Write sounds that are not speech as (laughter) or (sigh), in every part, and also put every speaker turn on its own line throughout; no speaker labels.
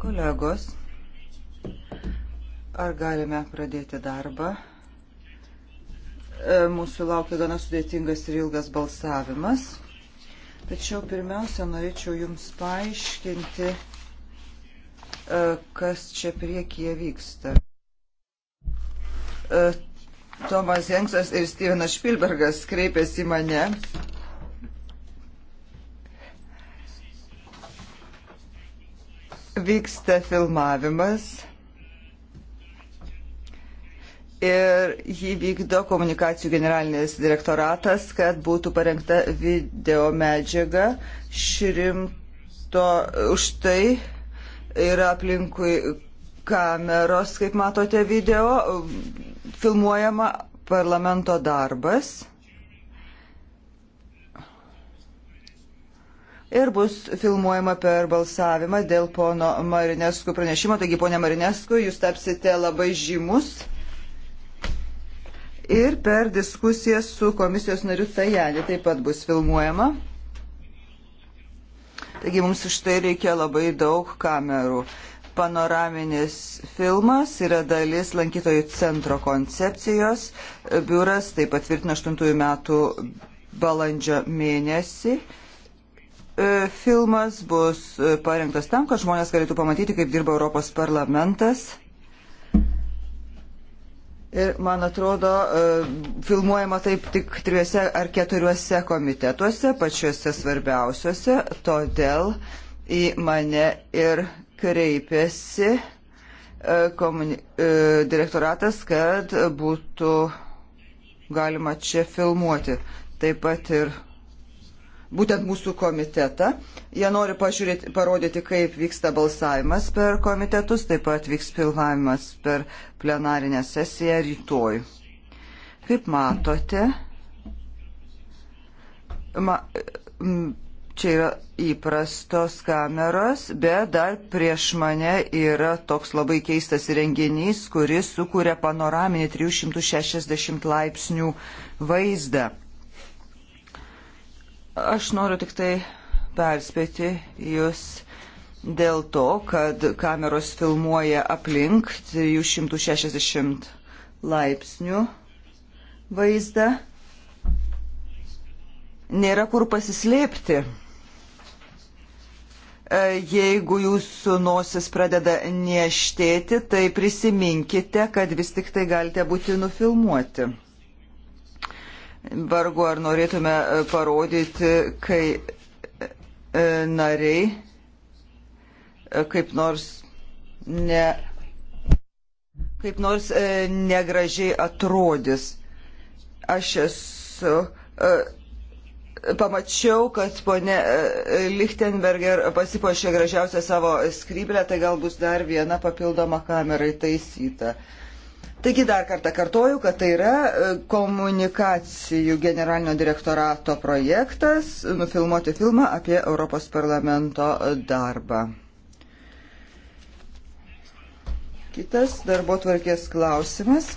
Kolegos, ar galime pradėti darbą? E, mūsų laukia gana sudėtingas ir ilgas balsavimas. Tačiau pirmiausia, norėčiau Jums paaiškinti, e, kas čia priekyje vyksta. E, Tomas Jenksas ir Stevenas Špilbergas kreipėsi į mane vyksta filmavimas ir jį vykdo komunikacijų generalinis direktoratas, kad būtų parengta video medžiaga šrimto už tai yra aplinkui kameros, kaip matote video, filmuojama parlamento darbas. ir bus filmuojama per balsavimą dėl pono Marinesku pranešimo. Taigi, ponė Marinesku, jūs tapsite labai žymus. Ir per diskusiją su komisijos nariu Tajanė taip pat bus filmuojama. Taigi mums iš tai reikia labai daug kamerų. Panoraminis filmas yra dalis lankytojų centro koncepcijos. Biuras tai patvirtino 8 metų balandžio mėnesį. E, filmas bus e, parengtas tam, kad žmonės galėtų pamatyti, kaip dirba Europos parlamentas. Ir, man atrodo, e, filmuojama taip tik trijuose ar keturiuose komitetuose, pačiuose svarbiausiuose, todėl į mane ir kreipėsi komuni... direktoratas, kad būtų galima čia filmuoti. Taip pat ir būtent mūsų komitetą. Jie nori pažiūrėti, parodyti, kaip vyksta balsavimas per komitetus, taip pat vyks filmavimas per plenarinę sesiją rytoj. Kaip matote, ma, čia yra įprastos kameros, bet dar prieš mane yra toks labai keistas renginys, kuris sukuria panoraminį 360 laipsnių vaizdą. Aš noriu tik tai perspėti jūs dėl to, kad kameros filmuoja aplink 360 laipsnių vaizdą. Nėra kur pasislėpti e, jeigu jūsų nosis pradeda nieštėti, tai prisiminkite, kad vis tik tai galite būti nufilmuoti vargu ar norėtume e, parodyti, kai e, nariai e, kaip nors ne kaip nors e, negražiai atrodys. Aš esu. E, pamačiau, kad ponė e, Lichtenberger pasipošė gražiausią savo skryblę, tai gal bus dar viena papildoma kamerai taisyta. E, Taigi dar kartą kartoju, kad tai yra e, komunikacijų generalinio direktorato projektas nufilmuoti filmą apie Europos parlamento e, darbą. Kitas darbo tvarkės klausimas.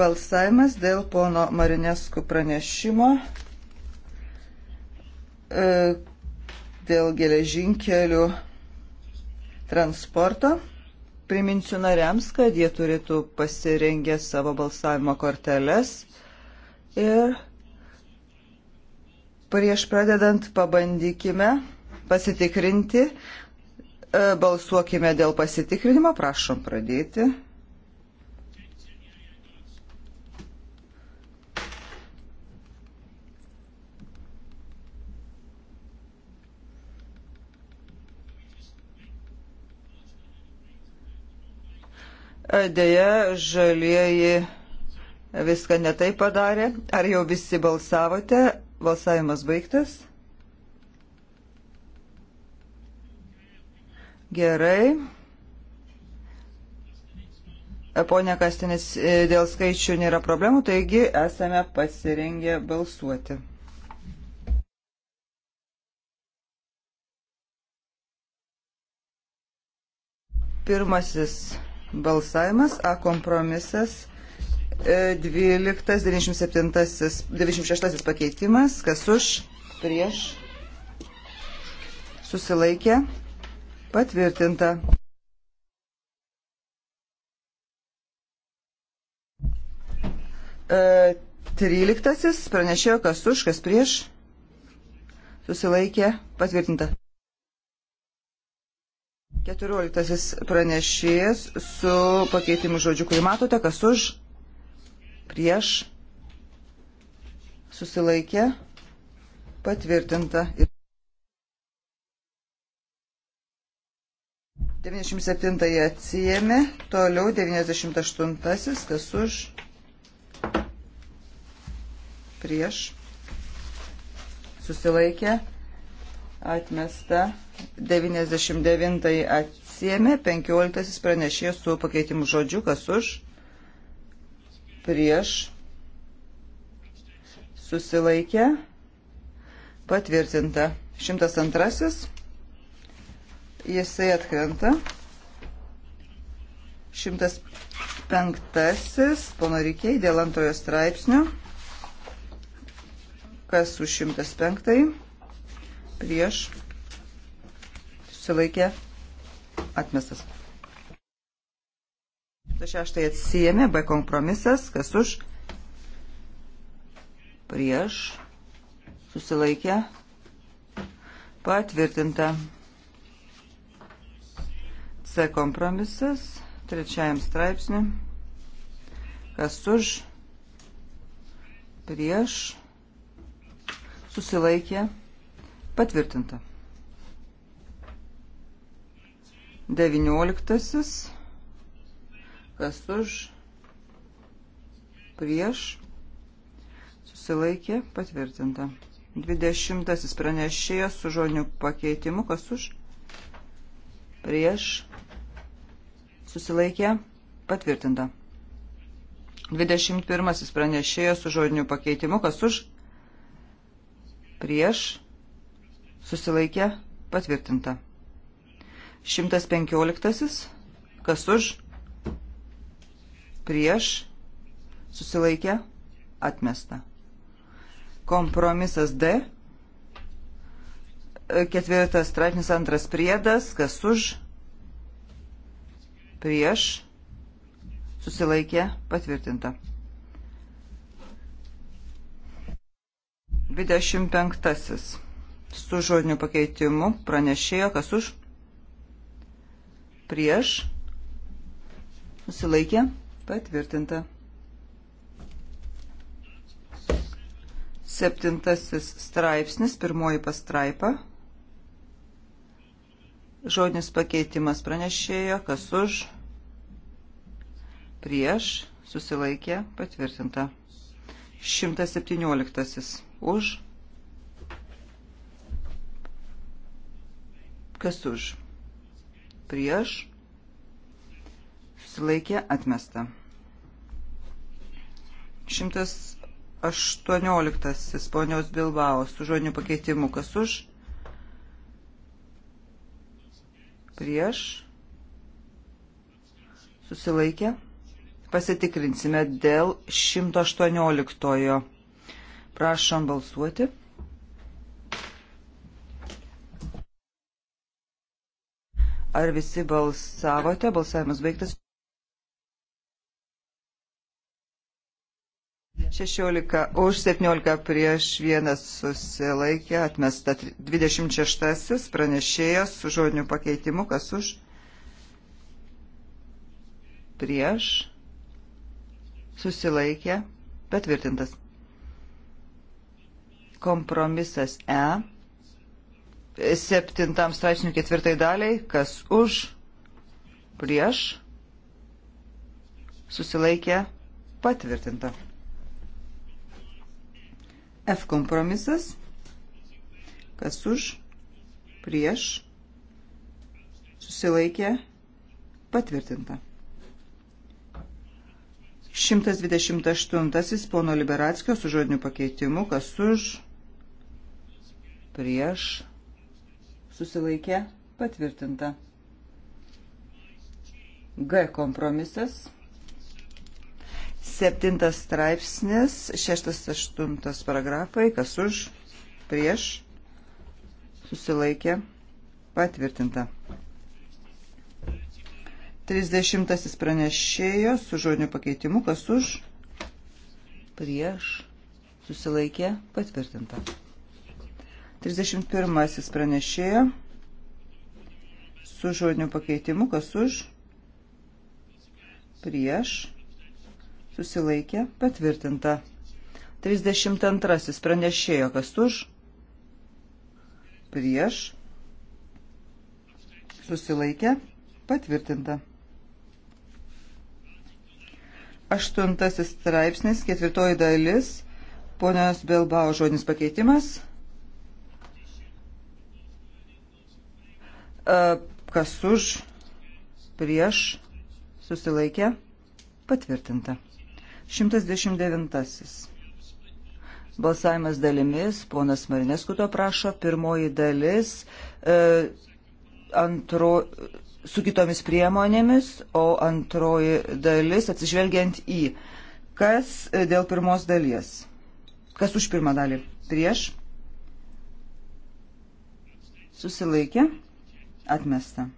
Balsavimas dėl pono Marineskų pranešimo e, dėl geležinkelių transporto priminsiu nariams, kad jie turėtų pasirengę savo balsavimo korteles ir prieš pradedant pabandykime pasitikrinti, e, balsuokime dėl pasitikrinimo, prašom pradėti. Deja, žalieji viską netai padarė. Ar jau visi balsavote? Balsavimas baigtas. Gerai. Pone Kastinis, e, dėl skaičių nėra problemų, taigi esame pasirengę balsuoti. Pirmasis balsavimas, A kompromisas, 12, 97, 96 pakeitimas, kas už, prieš, susilaikė, patvirtinta. E, tryliktasis pranešėjo, kas už, kas prieš, susilaikė, patvirtinta. Keturioliktasis pranešėjas su pakeitimu žodžiu, kurį matote, kas už, prieš, susilaikė, patvirtinta. 97-ąjį atsijėmė, toliau 98-asis, kas už, prieš, susilaikė, atmesta, 99 atsiemė, 15 pranešė su pakeitimu žodžiu, kas už, prieš, susilaikė, patvirtinta, 102, jisai atkrenta, 105, pono reikiai, dėl antrojo straipsnio, kas už 105 prieš, susilaikė, atmestas. 106 atsijėmė, B kompromisas, kas už, prieš, susilaikė, patvirtinta. C kompromisas, trečiajam straipsniui, kas už, prieš, susilaikė, patvirtinta Patvirtinta. Devinioliktasis. Kas už? Prieš. Susilaikė. Patvirtinta. Dvidešimtasis pranešėjas su žodiniu pakeitimu. Kas už? Prieš. Susilaikė. Patvirtinta. Dvidešimt pirmasis pranešėjas su žodiniu pakeitimu. Kas už? Prieš susilaikė, patvirtinta. 115. Kas už, prieš, susilaikė, atmesta. Kompromisas D. Ketvirtas straipsnis antras priedas. Kas už, prieš, susilaikė, patvirtinta. 25 su žodiniu pakeitimu pranešėjo, kas už, prieš, susilaikė, patvirtinta. Septintasis straipsnis, pirmoji pastraipa. Žodinis pakeitimas pranešėjo, kas už, prieš, susilaikė, patvirtinta. 117. Už, Kas už? Prieš. Susilaikė atmesta. 118. Ponios Bilbao su žodiniu pakeitimu. Kas už? Prieš. Susilaikė. Pasitikrinsime dėl 118. Prašom balsuoti. Ar visi balsavote? Balsavimas baigtas. 16 už 17 prieš vienas susilaikė, atmesta 26 pranešėjas su žodiniu pakeitimu, kas už prieš susilaikė, patvirtintas. Kompromisas E septintam straipsnių ketvirtai daliai, kas už, prieš, susilaikė, patvirtinta. F kompromisas, kas už, prieš, susilaikė, patvirtinta. 128 pono Liberatskio su žodiniu pakeitimu, kas už, prieš, susilaikė patvirtinta. G kompromisas. Septintas straipsnis, šeštas, aštuntas paragrafai, kas už, prieš, susilaikė, patvirtinta. Trisdešimtasis pranešėjo su žodiniu pakeitimu, kas už, prieš, susilaikė, patvirtinta. 31 pranešėjo su žodiniu pakeitimu, kas už, prieš, susilaikė, patvirtinta. 32 pranešėjo, kas už, prieš, susilaikė, patvirtinta. Aštuntasis straipsnis, ketvirtoji dalis, ponios Belbao žodinis pakeitimas – E, kas už, prieš, susilaikė, patvirtinta. 119. Balsavimas dalimis, ponas Marinesku to prašo, pirmoji dalis, e, antro, su kitomis priemonėmis, o antroji dalis atsižvelgiant į. Kas dėl pirmos dalies? Kas už pirmą dalį? Prieš? Susilaikė? Atmesta.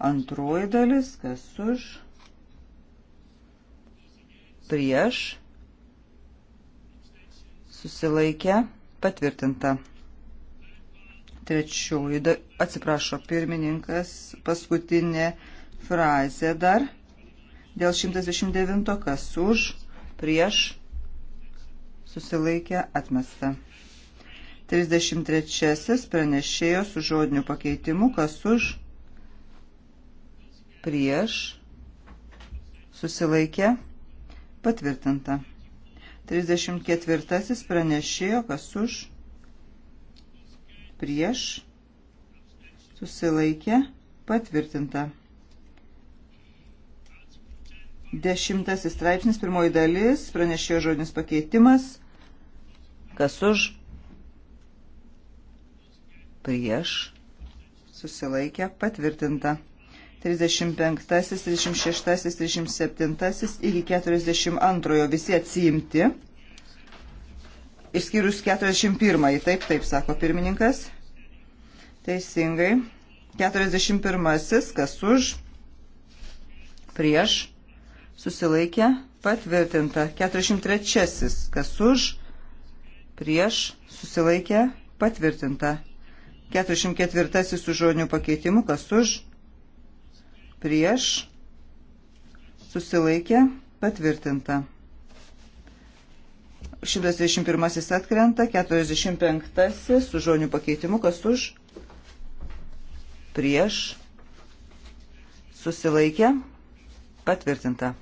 Antroji dalis, kas už, prieš, susilaikę, patvirtinta. Trečioji, da, atsiprašo, pirmininkas, paskutinė frazė dar. Dėl 129, kas už, prieš, susilaikę, atmesta. 33 pranešėjo su žodiniu pakeitimu, kas už, prieš, susilaikė, patvirtinta. 34 pranešėjo, kas už, prieš, susilaikė, patvirtinta. Dešimtasis straipsnis, pirmoji dalis, pranešėjo žodinis pakeitimas, kas už, prieš prieš, susilaikę, patvirtinta. 35, 36, 37 iki 42 visi atsiimti. Išskyrus 41, taip, taip sako pirmininkas. Teisingai. 41, kas už, prieš, susilaikė, patvirtinta. 43, kas už, prieš, susilaikė, patvirtinta. 44 su žodiniu pakeitimu, kas už, prieš, susilaikė, patvirtinta. 121 atkrenta, 45 su žodiniu pakeitimu, kas už, prieš, susilaikė, patvirtinta.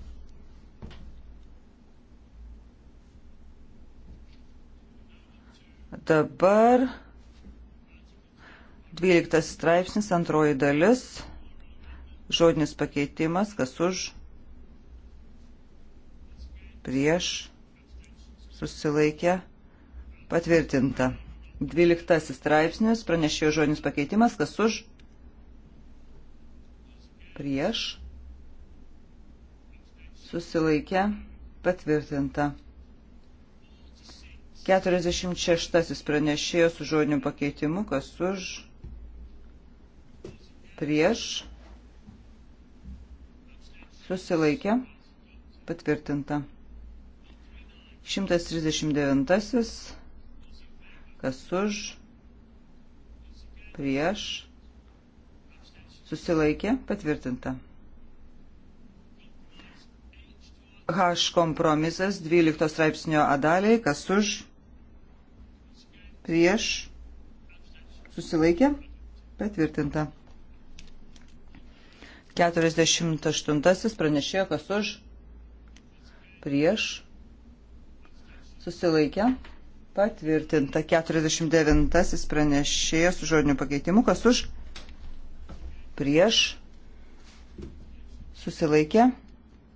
Dabar 12 straipsnis, antroji dalis, žodinis pakeitimas, kas už, prieš, susilaikė, patvirtinta. 12 straipsnis, pranešėjo žodinis pakeitimas, kas už, prieš, susilaikė, patvirtinta. 46 pranešėjo su žodiniu pakeitimu, kas už, prieš, susilaikė, patvirtinta. 139. Kas už, prieš, susilaikė, patvirtinta. H kompromisas 12 straipsnio adaliai, kas už, prieš, susilaikė, patvirtinta. 48 pranešėjo, kas už, prieš, susilaikė, patvirtinta. 49 pranešėjo su žodiniu pakeitimu, kas už, prieš, susilaikė,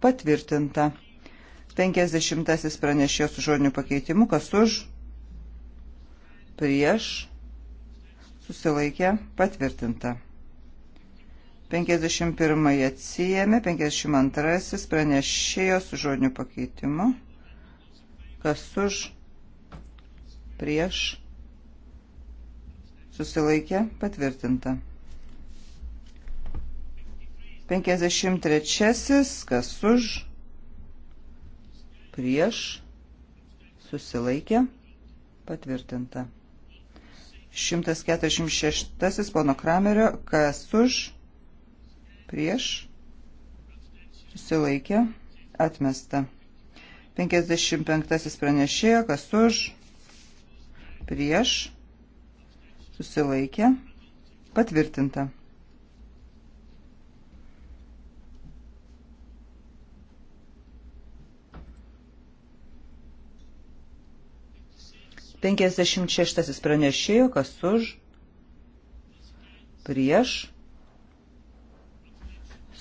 patvirtinta. 50 pranešėjo su žodiniu pakeitimu, kas už, prieš, susilaikė, patvirtinta. 51 atsijėmė, 52 pranešėjo su žodiniu pakeitimu. Kas už, prieš, susilaikė, patvirtinta. 53 kas už, prieš, susilaikė, patvirtinta. 146 pono Kramerio, kas už, prieš, susilaikė, atmesta. 55 pranešėjo, kas už, prieš, susilaikė, patvirtinta. Penkiasdešimt šeštasis pranešėjo, kas už, prieš,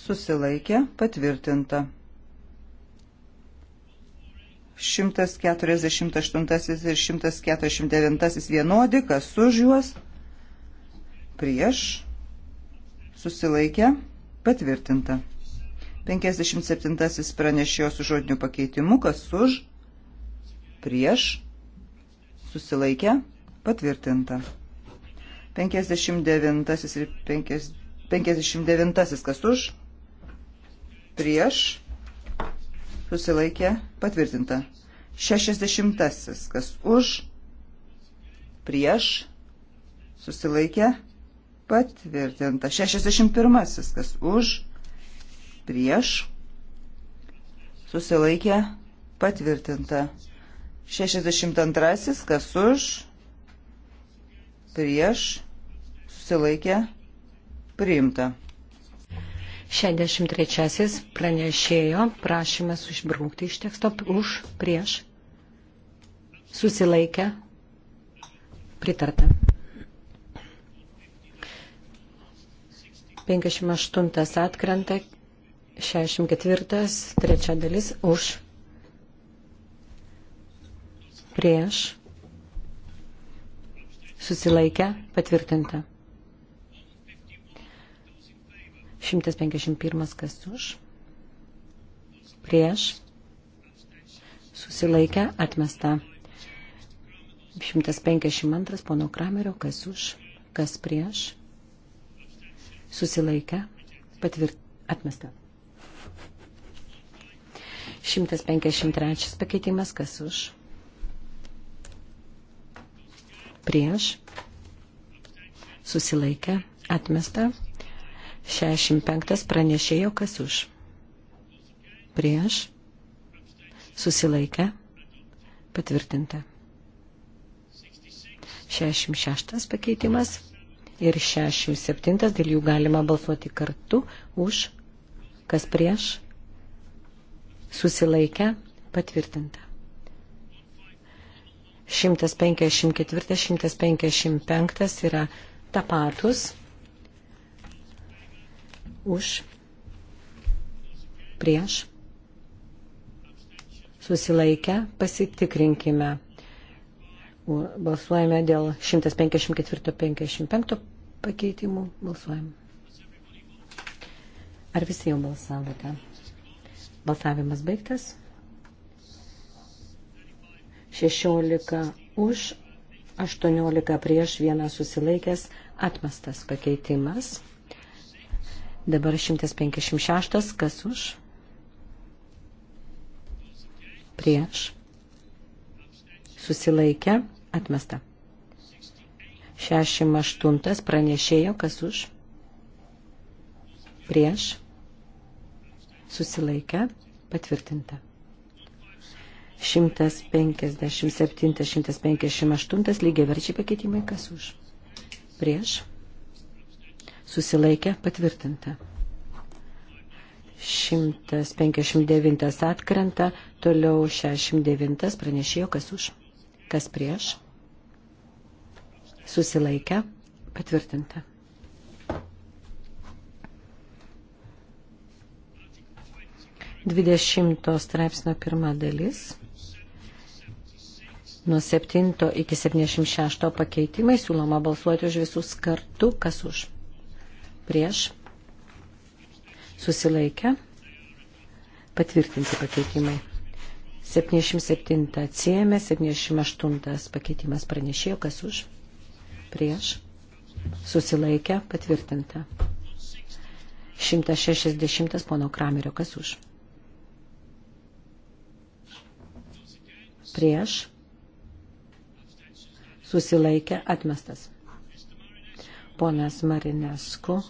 susilaikė patvirtinta. 148 ir 149 vienodi, kas už juos, prieš, susilaikė, patvirtinta. 57 pranešėjo su žodiniu pakeitimu, kas už, prieš, susilaikė, patvirtinta. 59 ir 59 kas už, prieš, susilaikė, patvirtinta. 60. Kas už, prieš, susilaikė, patvirtinta. 61. Kas už, prieš, susilaikė, patvirtinta. 62. Kas už, prieš, susilaikė, priimta.
63 pranešėjo prašymas užbraukti iš teksto už, prieš, susilaikę, pritarta. 58 atkrenta, 64, trečia dalis už, prieš, susilaikę, patvirtinta. 151 kas už, prieš, susilaikę, atmesta. 152 pono Kramerio, kas už, kas prieš, susilaikę, patvirt, atmesta. 153 pakeitimas, kas už, prieš, susilaikę, atmesta. 65 pranešėjo kas už. Prieš. Susilaikę. Patvirtinta. 66 pakeitimas ir 67 dėl jų galima balsuoti kartu už. Kas prieš. Susilaikę. Patvirtinta. 154, 155 yra tapatus už, prieš, susilaikę, pasitikrinkime. Balsuojame dėl 154-55 pakeitimų. Balsuojame. Ar visi jau balsavote? Balsavimas baigtas. 16 už, 18 prieš, vienas susilaikęs, atmestas pakeitimas. Dabar 156, kas už? Prieš. Susilaikę, atmesta. 68 pranešėjo, kas už? Prieš. Susilaikę, patvirtinta. 157-158 lygiai verčiai pakeitimai, kas už? Prieš susilaikė patvirtinta. 159 atkrenta, toliau 69 pranešėjo, kas už, kas prieš, susilaikė patvirtinta. Dvidešimto straipsnio pirma dalis. Nuo 7 iki 76 pakeitimai siūloma balsuoti už visus kartu, kas už prieš, susilaikę, patvirtinti pakeitimai. 77 atsijėmė, 78 pakeitimas pranešėjo, kas už, prieš, susilaikę, patvirtinta. 160 pono Kramerio, kas už, prieš, susilaikę, atmestas. Ponas Marinesku,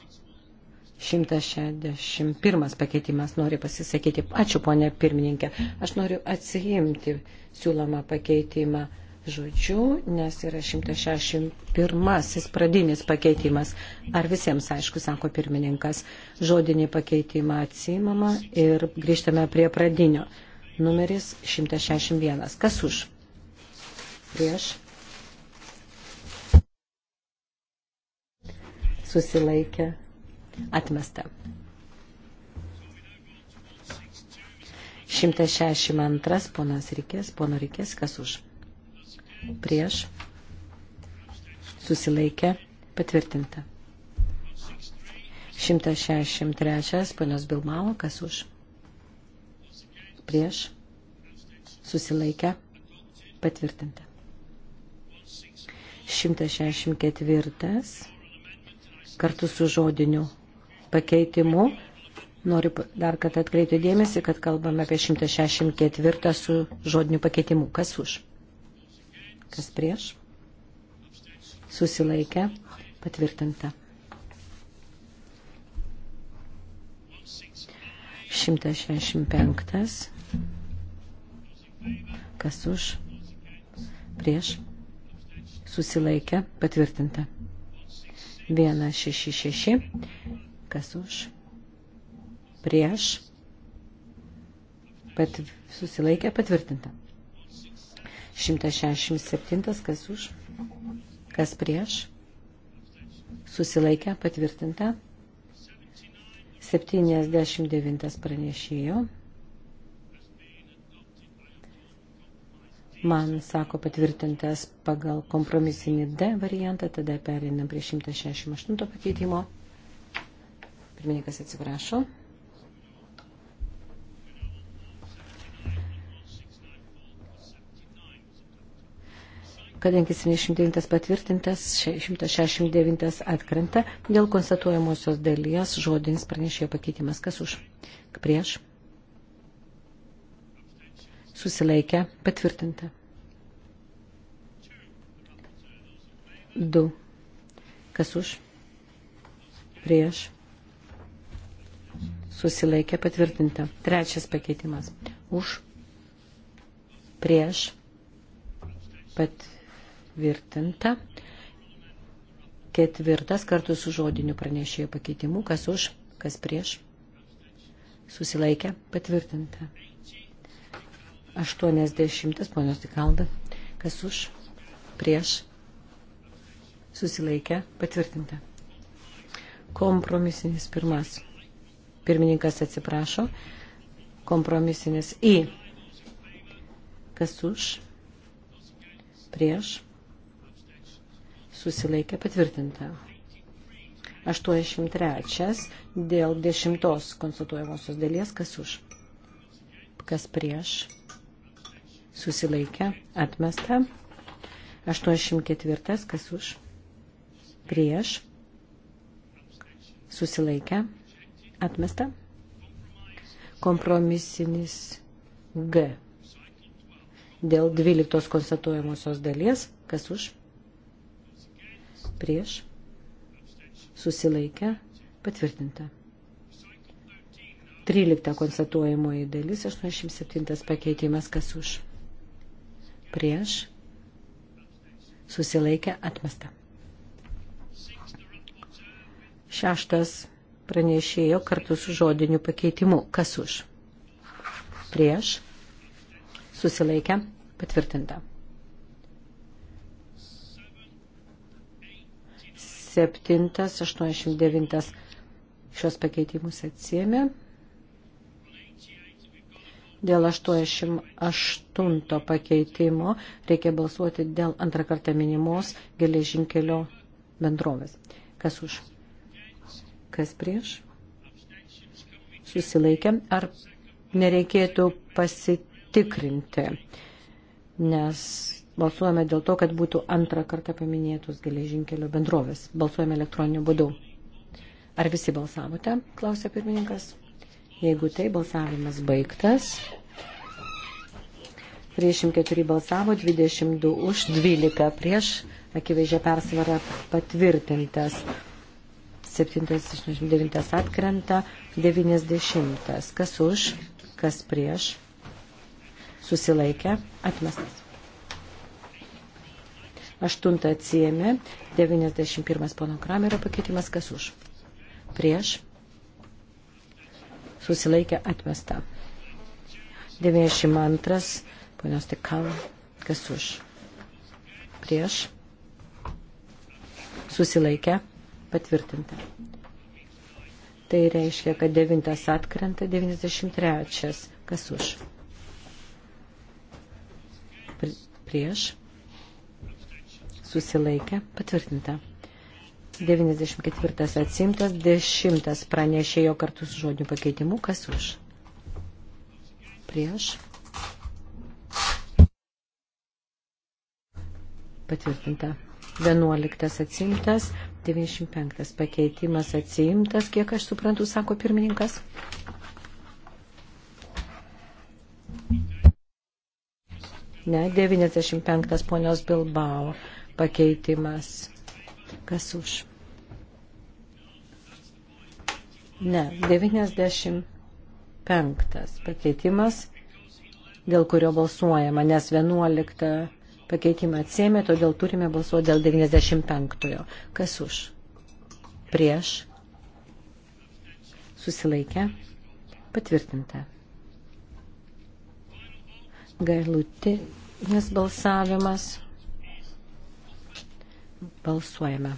161 pakeitimas nori pasisakyti. Ačiū, ponė pirmininkė. Aš noriu atsijimti siūlomą pakeitimą žodžių, nes yra 161 pradinis pakeitimas. Ar visiems aišku, sako pirmininkas, žodinį pakeitimą atsimama ir grįžtame prie pradinio. Numeris 161. Kas už? Prieš susilaikė, atmesta. 162 ponas Rikės, pono Rikės, kas už? Prieš. Susilaikė, patvirtinta. 163 ponios Bilmalo, kas už? Prieš. Susilaikė, patvirtinta. 164 kartu su žodiniu pakeitimu. Noriu dar kartą atkreipti dėmesį, kad kalbame apie 164 su žodiniu pakeitimu. Kas už? Kas prieš? Susilaikę. Patvirtinta. 165. Kas už? Prieš? Susilaikę. Patvirtinta. 166. Kas už? Prieš. Pat, susilaikė patvirtinta. 167. Kas už? Kas prieš? Susilaikė patvirtinta. 79 pranešėjo. man sako patvirtintas pagal kompromisinį D variantą, tada perinam prie 168 pakeitimo. Pirmininkas atsiprašo. Kadangi 79 patvirtintas, 169 atkrenta, dėl konstatuojamosios dalies žodinis pranešėjo pakeitimas. Kas už? Prieš? susilaikė, patvirtinta. 2. Kas už? Prieš. Susilaikė patvirtinta. Trečias pakeitimas. Už. Prieš. Patvirtinta. Ketvirtas kartu su žodiniu pranešėjo pakeitimu. Kas už? Kas prieš? Susilaikė patvirtinta. 80, ponios Tikalda, kas už, prieš, susilaikė, patvirtinta. Kompromisinis pirmas. Pirmininkas atsiprašo. Kompromisinis į. Kas už, prieš, susilaikė, patvirtinta. 83 dėl 10 konstatuojamosios dalies, kas už, kas prieš, susilaikė, atmesta. 84, kas už, prieš, susilaikė, atmesta. Kompromisinis G. Dėl 12 konstatuojamosios dalies, kas už, prieš, susilaikė, patvirtinta. 13 konstatuojamoji dalis, 87 pakeitimas, kas už prieš, susilaikė atmesta. Šeštas pranešėjo kartu su žodiniu pakeitimu. Kas už? Prieš, susilaikė, patvirtinta. Septintas, aštuoniasdešimt devintas šios pakeitimus atsiemė. Dėl 88 pakeitimo reikia balsuoti dėl antrą kartą minimos geležinkelio bendrovės. Kas už? Kas prieš? Susilaikėm. Ar nereikėtų pasitikrinti? Nes balsuojame dėl to, kad būtų antrą kartą paminėtos geležinkelio bendrovės. Balsuojame elektroniniu būdu. Ar visi balsavote? Klausė pirmininkas. Jeigu tai balsavimas baigtas. 34 balsavo, 22 už, 12 prieš, akivaizdžia persvara patvirtintas. 789 atkrenta, 90. Kas už, kas prieš, susilaikė, atmestas. 8 atsijėmė, 91 pono Kramerio pakeitimas, kas už, prieš, susilaikė atmesta. 92, ponios tikal, kas už, prieš, susilaikė, patvirtinta. Tai reiškia, kad 9 atkrenta, 93, kas už, prieš, susilaikė, patvirtinta. 94 atsimtas, 10 pranešėjo kartu su žodiniu pakeitimu, kas už. Prieš. Patvirtinta. 11 atsimtas, 95 pakeitimas atsimtas, kiek aš suprantu, sako pirmininkas. Ne, 95 ponios Bilbao pakeitimas Kas už? Ne, 95 pakeitimas, dėl kurio balsuojama, nes 11 pakeitimą atsėmė, todėl turime balsuoti dėl 95-ojo. Kas už? Prieš? Susilaikę? Patvirtinta. Gailutinis balsavimas. Balsuojame.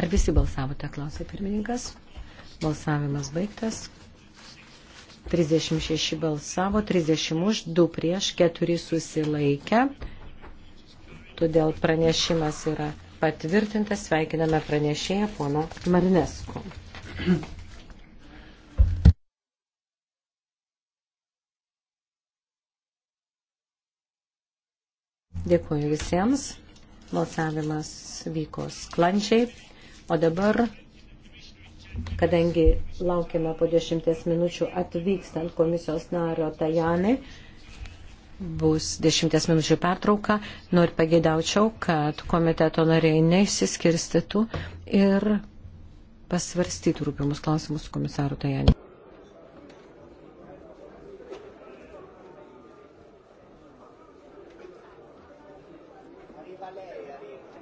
Ar visi balsavote, klausė pirmininkas. Balsavimas baigtas. 36 balsavo, 30 už, 2 prieš, 4 susilaikę. Todėl pranešimas yra patvirtintas. Sveikiname pranešėją pono Marinesku. Dėkuoju visiems. Balsavimas vyko sklančiai. O dabar, kadangi laukime po dešimties minučių atvykstant komisijos nario Tajanai, bus dešimties minučių pertrauka. Noriu pagėdaučiau, kad komiteto nariai neįsiskirstytų ir pasvarstytų rūpimus klausimus su komisaru Tajani. da lei arriva.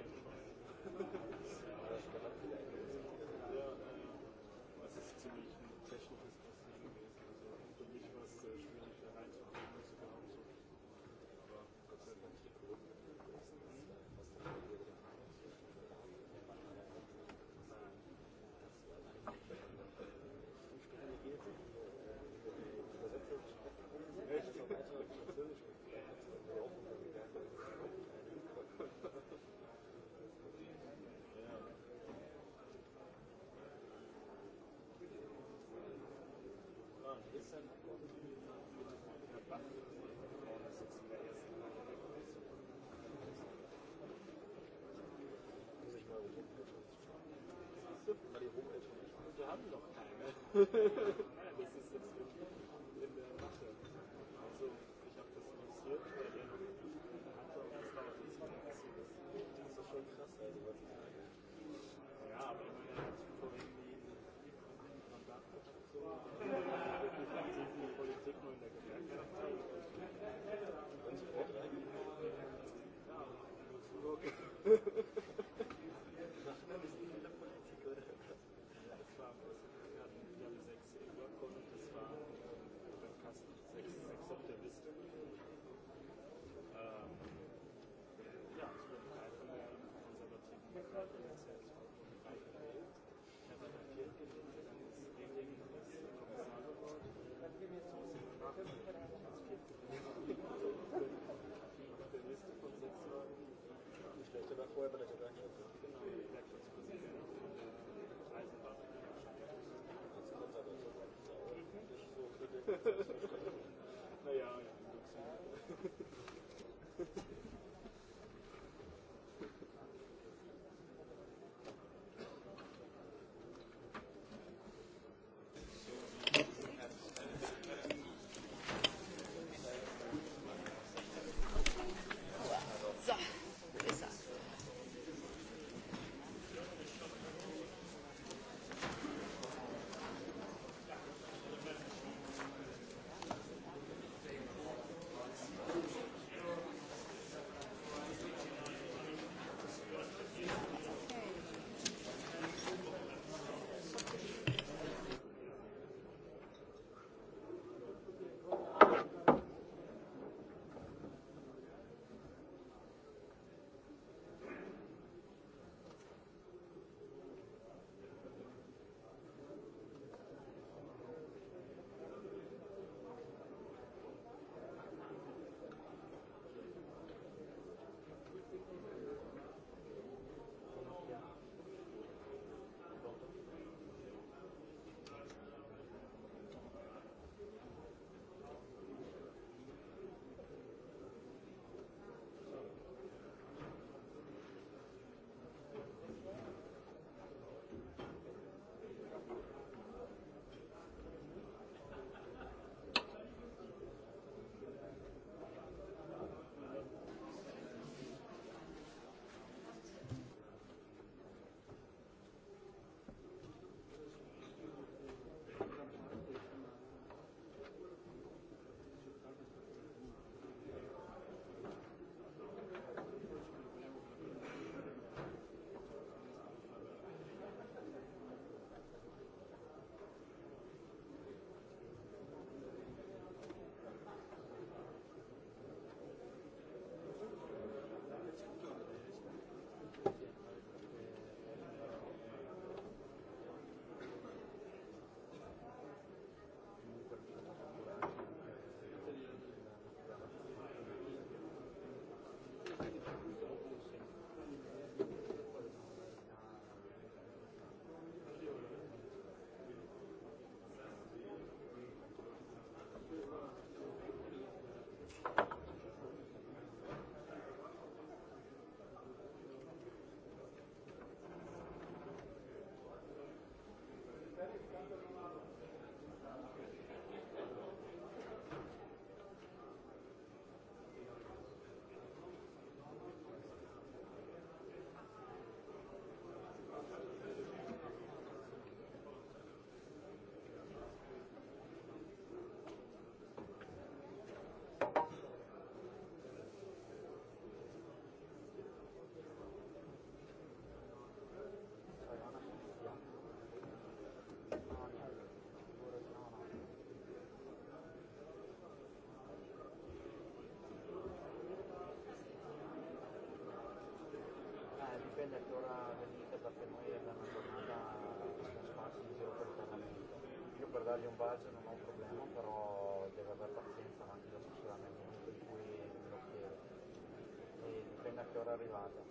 Wir haben noch keine. (laughs) per dargli un budget non ho un problema, però deve avere pazienza anche da succedere nel momento in cui me lo chiede. E dipende a che ora è arrivata.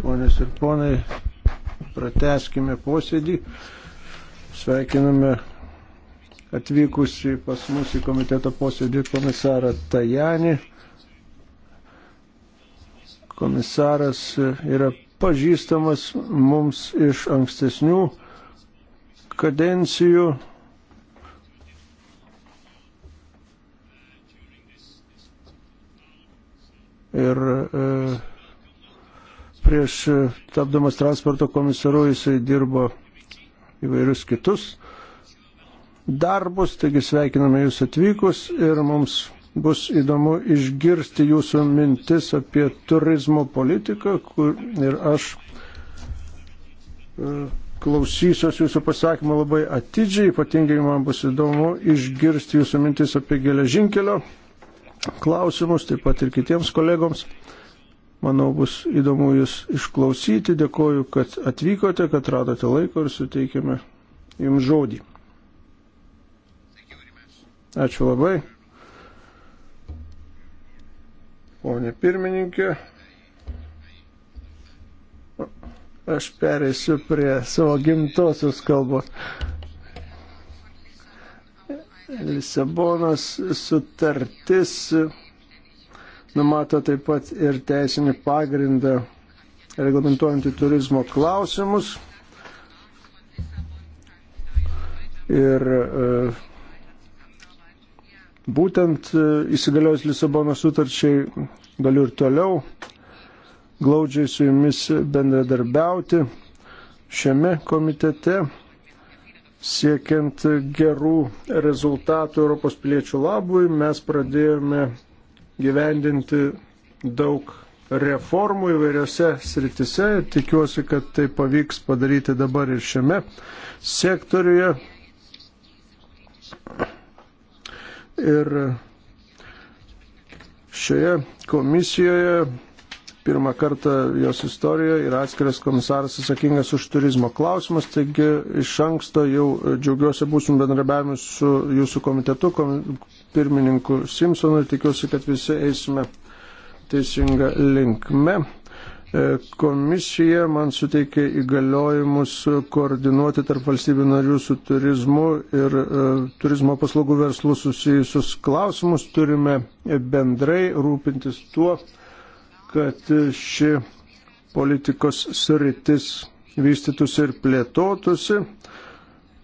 Ponės ir ponai, prateskime posėdį. Sveikiname atvykusi pas mūsų komiteto posėdį komisarą Tajanį. Komisaras yra pažįstamas mums iš ankstesnių kadencijų prieš e, tapdamas transporto komisaru jisai dirbo įvairius kitus darbus, taigi sveikiname jūs atvykus ir mums bus įdomu išgirsti jūsų mintis apie turizmo politiką kur, ir aš e, klausysiuos jūsų pasakymą labai atidžiai, ypatingai man bus įdomu išgirsti jūsų mintis apie geležinkelio klausimus, taip pat ir kitiems kolegoms. Manau, bus įdomu Jūs išklausyti. Dėkoju, kad atvykote, kad radote laiko ir suteikėme Jums žodį. Ačiū labai. Pone pirmininkė, aš perėsiu prie savo gimtosios kalbos. Lisabonos sutartis numato taip pat ir teisinį pagrindą reglamentuojantį turizmo klausimus. Ir e, būtent e, įsigaliojus Lisabono sutarčiai galiu ir toliau glaudžiai su jumis bendradarbiauti šiame komitete, siekiant gerų rezultatų Europos piliečių labui, mes pradėjome gyvendinti daug reformų įvairiose sritise. Tikiuosi, kad tai pavyks padaryti dabar ir šiame sektoriuje. Ir šioje komisijoje pirmą kartą jos istorijoje ir atskiras komisaras atsakingas už turizmo klausimus, taigi iš anksto jau džiaugiuosi būsim bendrabiavimu su jūsų komitetu, kom, pirmininku Simpsonu ir tikiuosi, kad visi eisime teisinga linkme. E, komisija man suteikė įgaliojimus koordinuoti tarp valstybių narių su turizmu ir e, turizmo paslaugų verslų susijusius klausimus. Turime bendrai rūpintis tuo, kad ši politikos sritis vystytųsi ir plėtotųsi.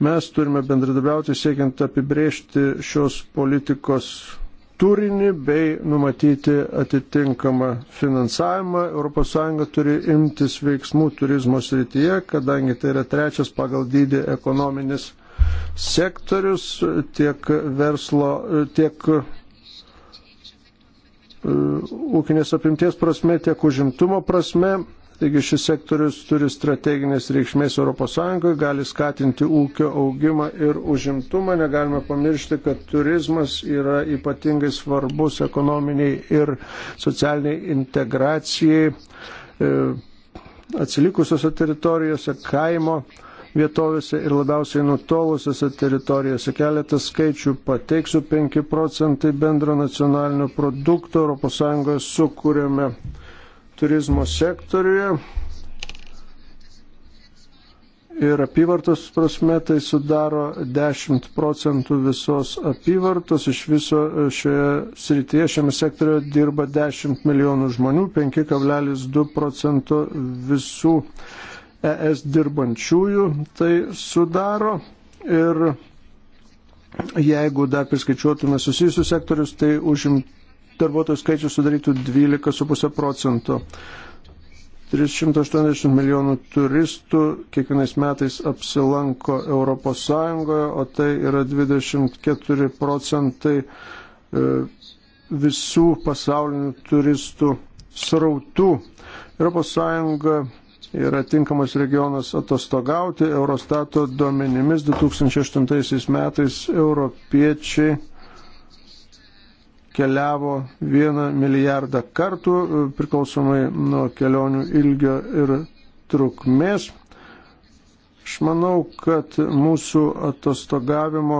Mes turime bendradabiauti siekiant apibrėžti šios politikos turinį bei numatyti atitinkamą finansavimą. ES turi imtis veiksmų turizmo srityje, kadangi tai yra trečias pagal dydį ekonominis sektorius tiek verslo, tiek E, ūkinės apimties prasme, tiek užimtumo prasme. Taigi šis sektorius turi strateginės reikšmės ES, gali skatinti ūkio augimą ir užimtumą. Negalime pamiršti, kad turizmas yra ypatingai svarbus ekonominiai ir socialiniai integracijai e, atsilikusiose teritorijose, kaimo vietovėse ir labiausiai nutolusiose teritorijose. Keletą skaičių pateiksiu. 5 procentai bendro nacionalinio produkto ES sukūrėme turizmo sektoriuje. Ir apyvartos prasme tai sudaro 10 procentų visos apyvartos. Iš viso e, šioje srityje, šiame sektoriuje dirba 10 milijonų žmonių, 5,2 procentų visų ES dirbančiųjų tai sudaro ir jeigu dar priskaičiuotume susijusius sektorius, tai užim darbuotojų skaičius sudarytų 12,5 procento. 380 milijonų turistų kiekvienais metais apsilanko Europos Sąjungoje, o tai yra 24 procentai e, visų pasaulinių turistų srautų. Europos Sąjunga yra tinkamas regionas atostogauti. Eurostato duomenimis 2008 metais europiečiai keliavo vieną milijardą kartų e, priklausomai nuo kelionių ilgio ir trukmės. Aš manau, kad mūsų atostogavimo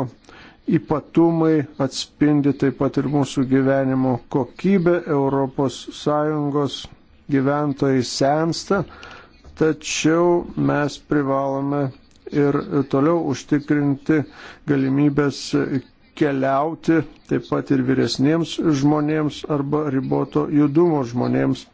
ypatumai atspindi taip pat ir mūsų gyvenimo kokybę. ES gyventojai sensta, tačiau mes privalome ir toliau užtikrinti galimybės keliauti taip pat ir vyresniems žmonėms arba riboto judumo žmonėms.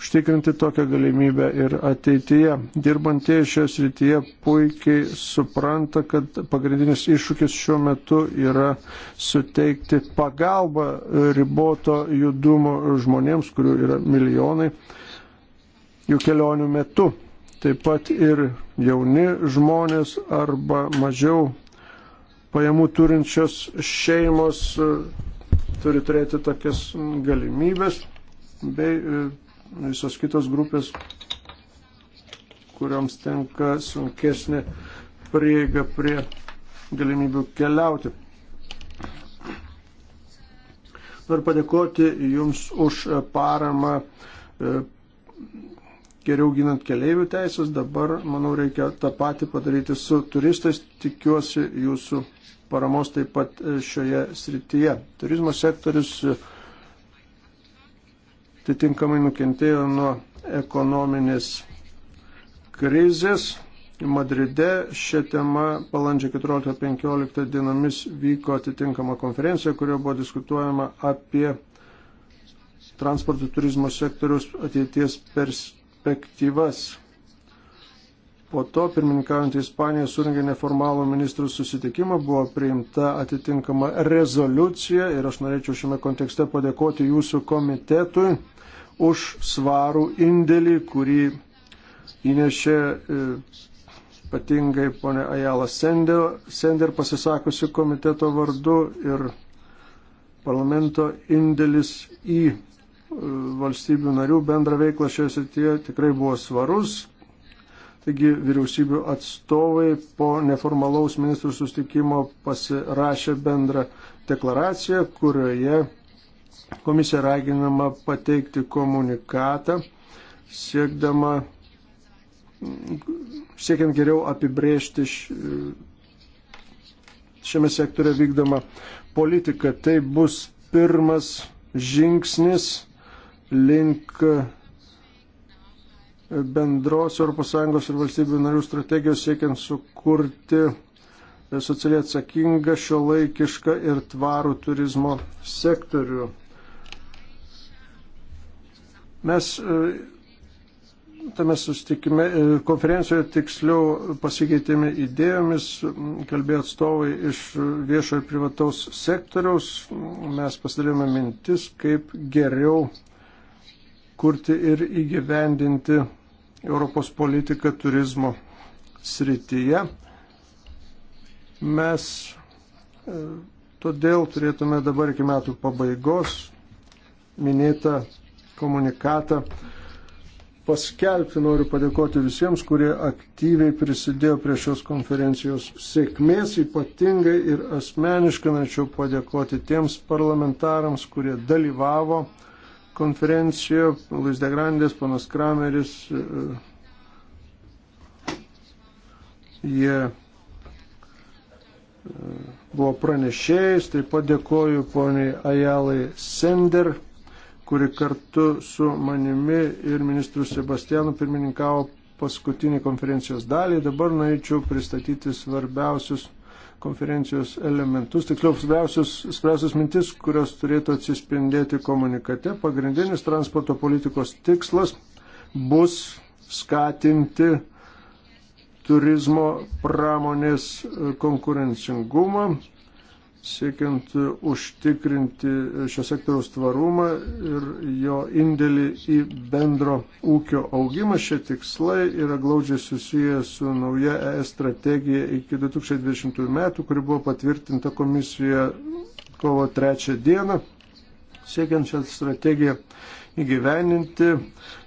Užtikrinti tokią galimybę ir ateityje. Dirbantieji šioje srityje puikiai supranta, kad pagrindinis iššūkis šiuo metu yra suteikti pagalbą riboto judumo žmonėms, kurių yra milijonai jų kelionių metu. Taip pat ir jauni žmonės arba mažiau pajamų turinčios šeimos e, turi turėti tokias galimybės bei e, visos kitos grupės, kuriams tenka sunkesnė prieiga prie galimybių keliauti. Noriu padėkoti Jums už paramą e, geriau ginant keleivių teisės, dabar, manau, reikia tą patį padaryti su turistais, tikiuosi jūsų paramos taip pat e, šioje srityje. Turizmo sektorius e, atitinkamai nukentėjo nuo ekonominės krizės. Madride šią temą balandžio 14-15 dienomis vyko atitinkama konferencija, kurioje buvo diskutuojama apie transporto turizmo sektoriaus ateities pers perspektyvas. Po to pirmininkaujant Ispanija surinkė neformalų ministrų susitikimą, buvo priimta atitinkama rezoliucija ir aš norėčiau šiame kontekste padėkoti jūsų komitetui už svarų indėlį, kurį įnešė e, ypatingai ponė Ajala Sender, Sender pasisakusi komiteto vardu ir parlamento indėlis į valstybių narių bendra veikla šioje srityje tikrai buvo svarus. Taigi vyriausybių atstovai po neformalaus ministrų sustikimo pasirašė bendrą deklaraciją, kurioje komisija raginama pateikti komunikatą, siekdama, siekiant geriau apibrėžti šiame sektorė vykdoma politika. Tai bus pirmas žingsnis link bendros ES ir valstybių narių strategijos siekiant sukurti socialiai atsakingą, šio laikišką ir tvarų turizmo sektorių. Mes e, tame sustikime, e, konferencijoje tiksliau pasikeitėme idėjomis, kalbėjo atstovai iš viešo ir privataus sektoriaus, mes pasidalėme mintis, kaip geriau kurti ir įgyvendinti Europos politiką turizmo srityje. Mes e, todėl turėtume dabar iki metų pabaigos minėtą komunikatą paskelbti. Noriu padėkoti visiems, kurie aktyviai prisidėjo prie šios konferencijos sėkmės, ypatingai ir asmeniškai norėčiau padėkoti tiems parlamentarams, kurie dalyvavo konferencijoje, Luis de Grandes, panas Krameris, e, jie e, buvo pranešėjais, taip pat dėkoju poniai Ajalai Sender, kuri kartu su manimi ir ministru Sebastianu pirmininkavo paskutinį konferencijos dalį. Dabar norėčiau pristatyti svarbiausius konferencijos elementus, tiksliau svarbiausias mintis, kurios turėtų atsispindėti komunikate. Pagrindinis transporto politikos tikslas bus skatinti turizmo pramonės konkurencingumą, siekiant užtikrinti šio sektoriaus tvarumą ir jo indėlį į bendro ūkio augimą. Šie tikslai yra glaudžiai susiję su nauja ES strategija iki 2020 metų, kuri buvo patvirtinta komisijoje kovo 3 dieną. Siekiant šią strategiją įgyveninti,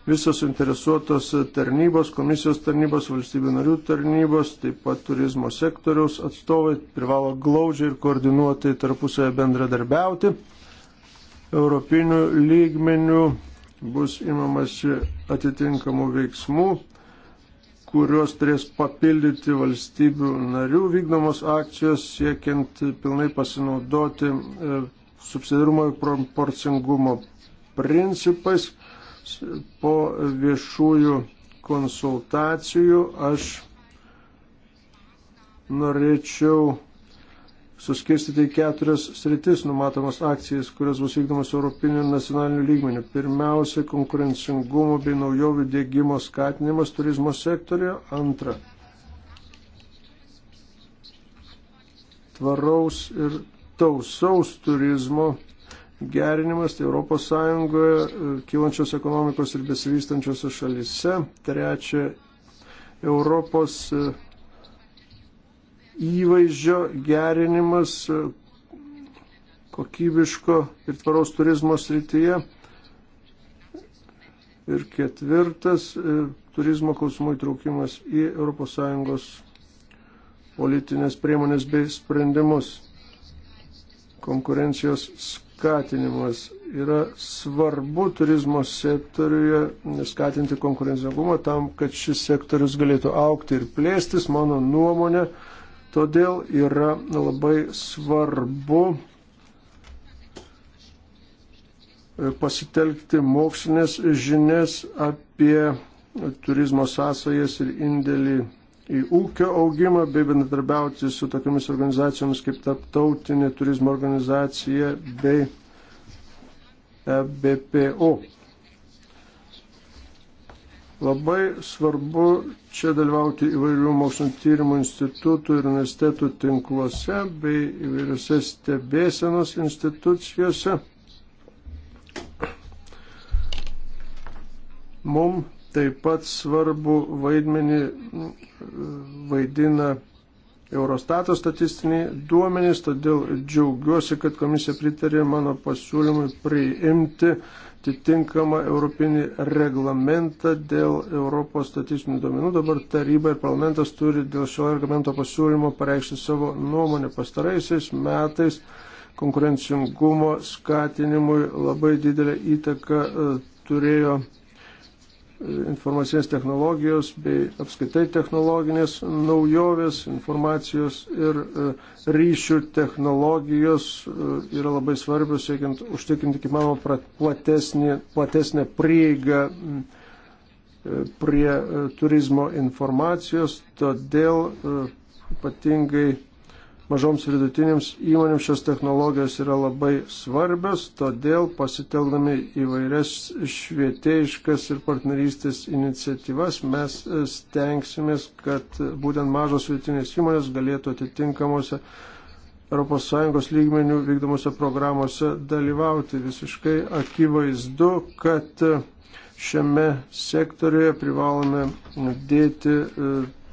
visos interesuotos tarnybos, komisijos tarnybos, valstybių narių tarnybos, taip pat turizmo sektoriaus atstovai privalo glaudžiai ir koordinuotai tarpusoje bendradarbiauti. Europinių lygmenių bus imamasi atitinkamų veiksmų, kuriuos turės papildyti valstybių narių vykdomos akcijos siekiant pilnai pasinaudoti e, subsidirumo ir proporcingumo principais po viešųjų konsultacijų aš norėčiau suskirstyti į keturias sritis numatomas akcijas, kurios bus vykdomas europiniu ir nacionaliniu lygmeniu. Pirmiausia, konkurencingumo bei naujovių dėgymo skatinimas turizmo sektorio. Antra, tvaraus ir tausaus turizmo gerinimas tai Europos Sąjungoje, e, kylančios ekonomikos ir besivystančiose šalise. Trečia, Europos e, įvaizdžio gerinimas e, kokybiško ir tvaraus turizmo srityje. Ir ketvirtas, turizmo klausimų įtraukimas į ES politinės priemonės bei sprendimus konkurencijos skatinimas. Yra svarbu turizmo sektoriuje skatinti konkurencingumą tam, kad šis sektorius galėtų aukti ir plėstis, mano nuomonė. Todėl yra labai svarbu pasitelkti mokslinės žinias apie turizmo sąsajas ir indėlį į ūkio augimą bei bendradarbiauti su tokiamis organizacijomis kaip Tarptautinė turizmo organizacija bei e BPO. Labai svarbu čia dalyvauti įvairių mokslinio tyrimų institutų ir universitetų tinkluose bei įvairiose stebėsenos institucijose. Mums Taip pat svarbu vaidmenį e, vaidina Eurostato statistiniai duomenys, todėl džiaugiuosi, kad komisija pritarė mano pasiūlymui priimti atitinkamą europinį reglamentą dėl Europos statistinių duomenų. Dabar taryba ir parlamentas turi dėl šio reglamento pasiūlymo pareikšti savo nuomonę pastaraisiais metais. Konkurencingumo skatinimui labai didelę įtaką e, turėjo informacinės technologijos bei apskaitai technologinės naujovės, informacijos ir e, ryšių technologijos e, yra labai svarbios, siekiant užtikrinti, kaip manoma, platesnį, platesnę prieigą e, prie turizmo informacijos, todėl ypatingai mažoms vidutinėms įmonėms šios technologijos yra labai svarbios, todėl pasitelkdami įvairias švietėjiškas ir partnerystės iniciatyvas mes stengsimės, kad būtent mažos vidutinės įmonės galėtų atitinkamuose ES lygmenių vykdomose programuose dalyvauti. Visiškai akivaizdu, kad šiame sektoriuje privalome dėti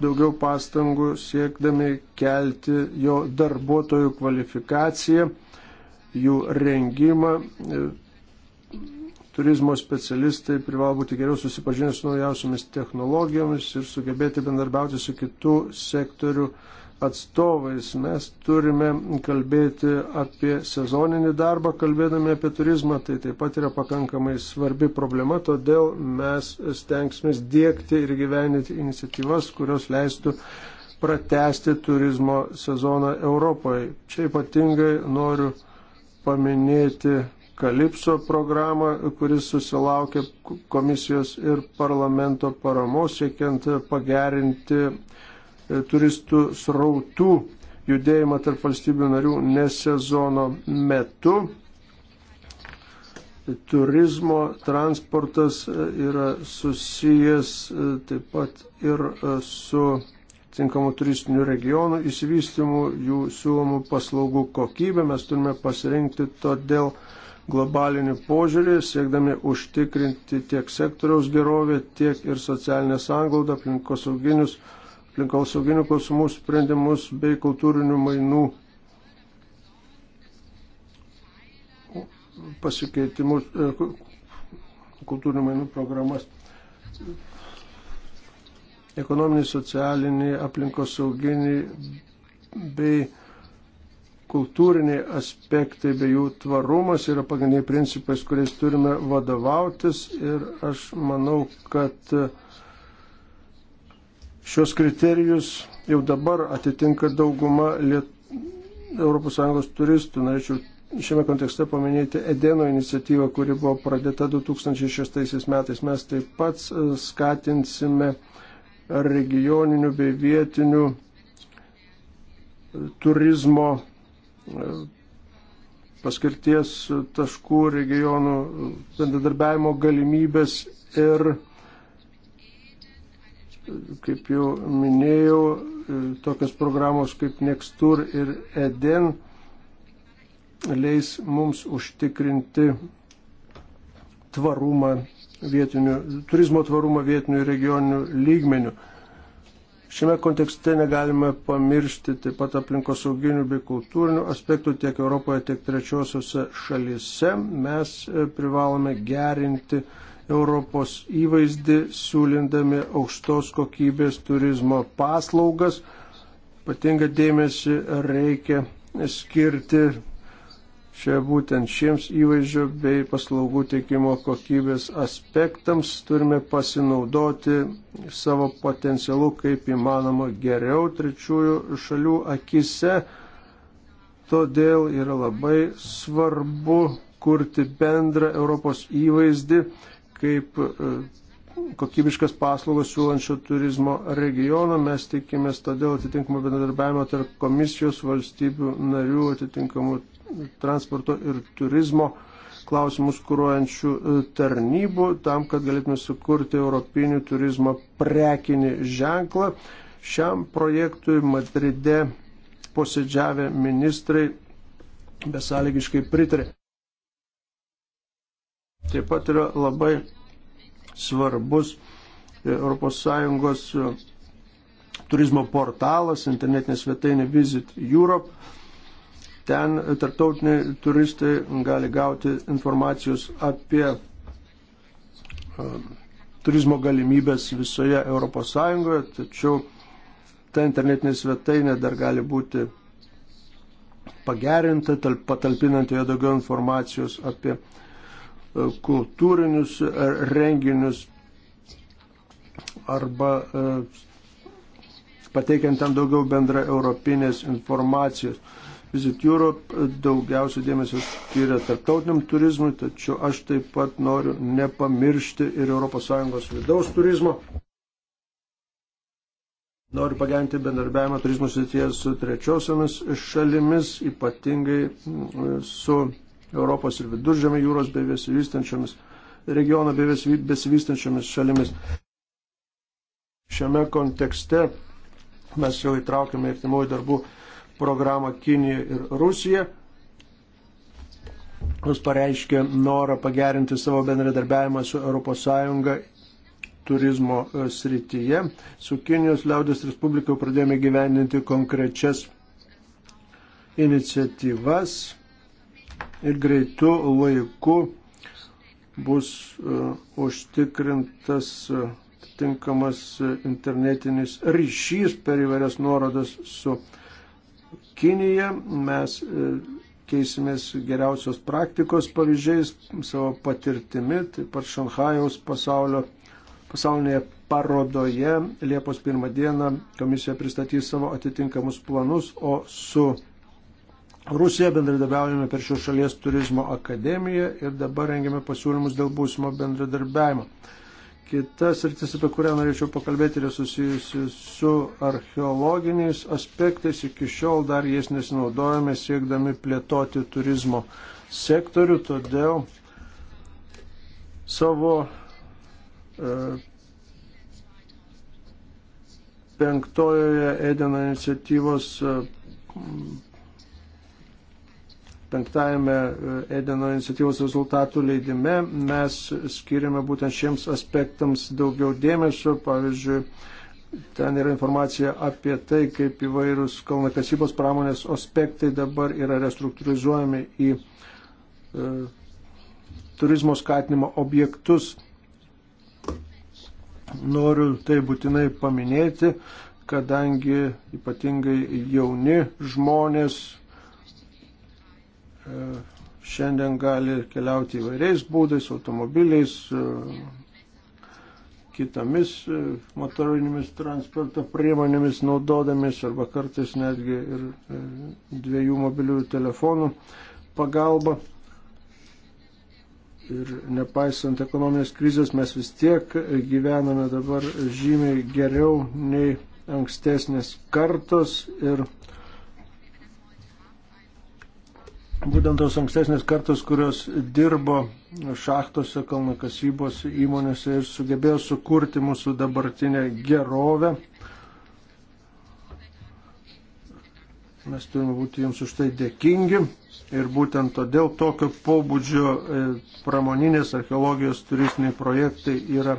daugiau pastangų siekdami kelti jo darbuotojų kvalifikaciją, jų rengimą. Turizmo specialistai privalo būti geriau susipažinę su naujausiamis technologijomis ir sugebėti bendarbiauti su kitų sektorių uh, atstovais. Mes turime kalbėti apie sezoninį darbą, kalbėdami apie turizmą, tai taip pat yra pakankamai svarbi problema, todėl mes stengsime dėkti ir gyveninti iniciatyvas, kurios leistų pratesti turizmo sezoną Europoje. Čia ypatingai noriu paminėti Kalipso programą, kuris susilaukė komisijos ir parlamento paramos, siekiant pagerinti E, turistų srautų judėjimą tarp valstybių narių ne sezono metu. Turizmo transportas e, yra susijęs e, taip pat ir su tinkamų turistinių regionų įsivystimu, jų siūlomų paslaugų kokybę. Mes turime pasirinkti todėl globalinį požiūrį, siekdami užtikrinti tiek sektoriaus gerovę, tiek ir socialinę sąnglaudą, aplinkosauginius sauginius aplinkosauginių klausimų sprendimus bei kultūrinių mainų pasikeitimus, e, kultūrinių mainų programas. Ekonominį, socialinį, aplinkosauginį bei kultūriniai aspektai bei jų tvarumas yra pagrindiniai principais, kuriais turime vadovautis ir aš manau, kad uh, Šios kriterijus jau dabar atitinka dauguma Liet... ES turistų. Norėčiau šiame kontekste paminėti Edeno iniciatyvą, kuri buvo pradėta 2006 metais. Mes taip pat skatinsime regioninių bei vietinių e, turizmo e, paskirties taškų regionų e, bendradarbiavimo galimybės ir kaip jau minėjau, e, tokios programos kaip Nextur ir Eden leis mums užtikrinti tvarumą vietinių, turizmo tvarumą vietinių regioninių lygmenių. Šiame kontekste negalime pamiršti taip pat aplinkosauginių bei kultūrinių aspektų tiek Europoje, tiek trečiosiuose šalyse. Mes e, privalome gerinti uh, Europos įvaizdį, siūlindami aukštos kokybės turizmo paslaugas. Patinga dėmesį reikia skirti čia būtent šiems įvaizdžio bei paslaugų teikimo kokybės aspektams turime pasinaudoti savo potencialu kaip įmanoma geriau trečiųjų šalių akise. Todėl yra labai svarbu kurti bendrą Europos įvaizdį kaip e, kokybiškas paslaugas siūlančio turizmo regiono. Mes tikimės todėl atitinkamo bendradarbiavimo tarp komisijos valstybių narių atitinkamų transporto ir turizmo klausimus kūruojančių e, tarnybų tam, kad galėtume sukurti Europinį turizmo prekinį ženklą. Šiam projektui Madride posėdžiavę ministrai besąlygiškai pritarė. Taip pat yra labai svarbus ES e, turizmo portalas, internetinė svetainė Visit Europe. Ten tarptautiniai turistai gali gauti informacijos apie e, turizmo galimybės visoje ES, tačiau ta internetinė svetainė dar gali būti pagerinta, patalpinant joje daugiau informacijos apie turizmo kultūrinius e, renginius arba e, pateikiant tam daugiau bendra europinės informacijos. Visit Europe e, daugiausia dėmesio skiria tarptautiniam turizmui, tačiau aš taip pat noriu nepamiršti ir ES vidaus turizmo. Noriu pagerinti bendarbiavimą turizmo srityje su trečiosiamis šalimis, ypatingai su Europos ir viduržėmio jūros bei besivystančiomis regiono bei besivystančiomis šalimis. Šiame kontekste mes jau įtraukėme ir timojų darbų programą Kinija ir Rusija. Jūs pareiškė norą pagerinti savo bendradarbiavimą su ES turizmo e, srityje. Su Kinijos liaudės Respublika pradėjome gyveninti konkrečias iniciatyvas ir greitų laikų bus e, užtikrintas e, tinkamas e, internetinis ryšys per įvairias nuorodas su Kinija. Mes keisimės geriausios praktikos pavyzdžiais, savo patirtimi, taip pat Šanhajaus pasaulio, pasaulinėje parodoje Liepos pirmą dieną komisija pristatys savo atitinkamus planus, o su Rusija bendradarbiaujame per šios šalies turizmo akademiją ir dabar rengiame pasiūlymus dėl būsimo bendradarbiavimo. Kita sritis, apie kurią norėčiau pakalbėti, yra susijusi su archeologiniais aspektais. Iki šiol dar jais nesinaudojame siekdami plėtoti turizmo sektorių, todėl savo e, penktojoje Edeno iniciatyvos e, penktajame e, Edeno iniciatyvos rezultatų leidime mes skiriame būtent šiems aspektams daugiau dėmesio, pavyzdžiui, Ten yra informacija apie tai, kaip įvairūs kalnakasybos pramonės aspektai dabar yra restruktūrizuojami į e, turizmo skatinimo objektus. Noriu tai būtinai paminėti, kadangi ypatingai jauni žmonės E, šiandien gali keliauti įvairiais būdais, automobiliais, e, kitomis e, motorinėmis transporto priemonėmis naudodamis arba kartais netgi ir dviejų mobiliųjų telefonų pagalba. Ir nepaisant ekonominės krizės mes vis tiek gyvename dabar žymiai geriau nei ankstesnės kartos ir Būtent tos ankstesnės kartos, kurios dirbo šachtose, kalnakasybos įmonėse ir sugebėjo sukurti mūsų dabartinę gerovę. Mes turime būti jums už tai dėkingi ir būtent todėl tokio pobūdžio e, pramoninės archeologijos turistiniai projektai yra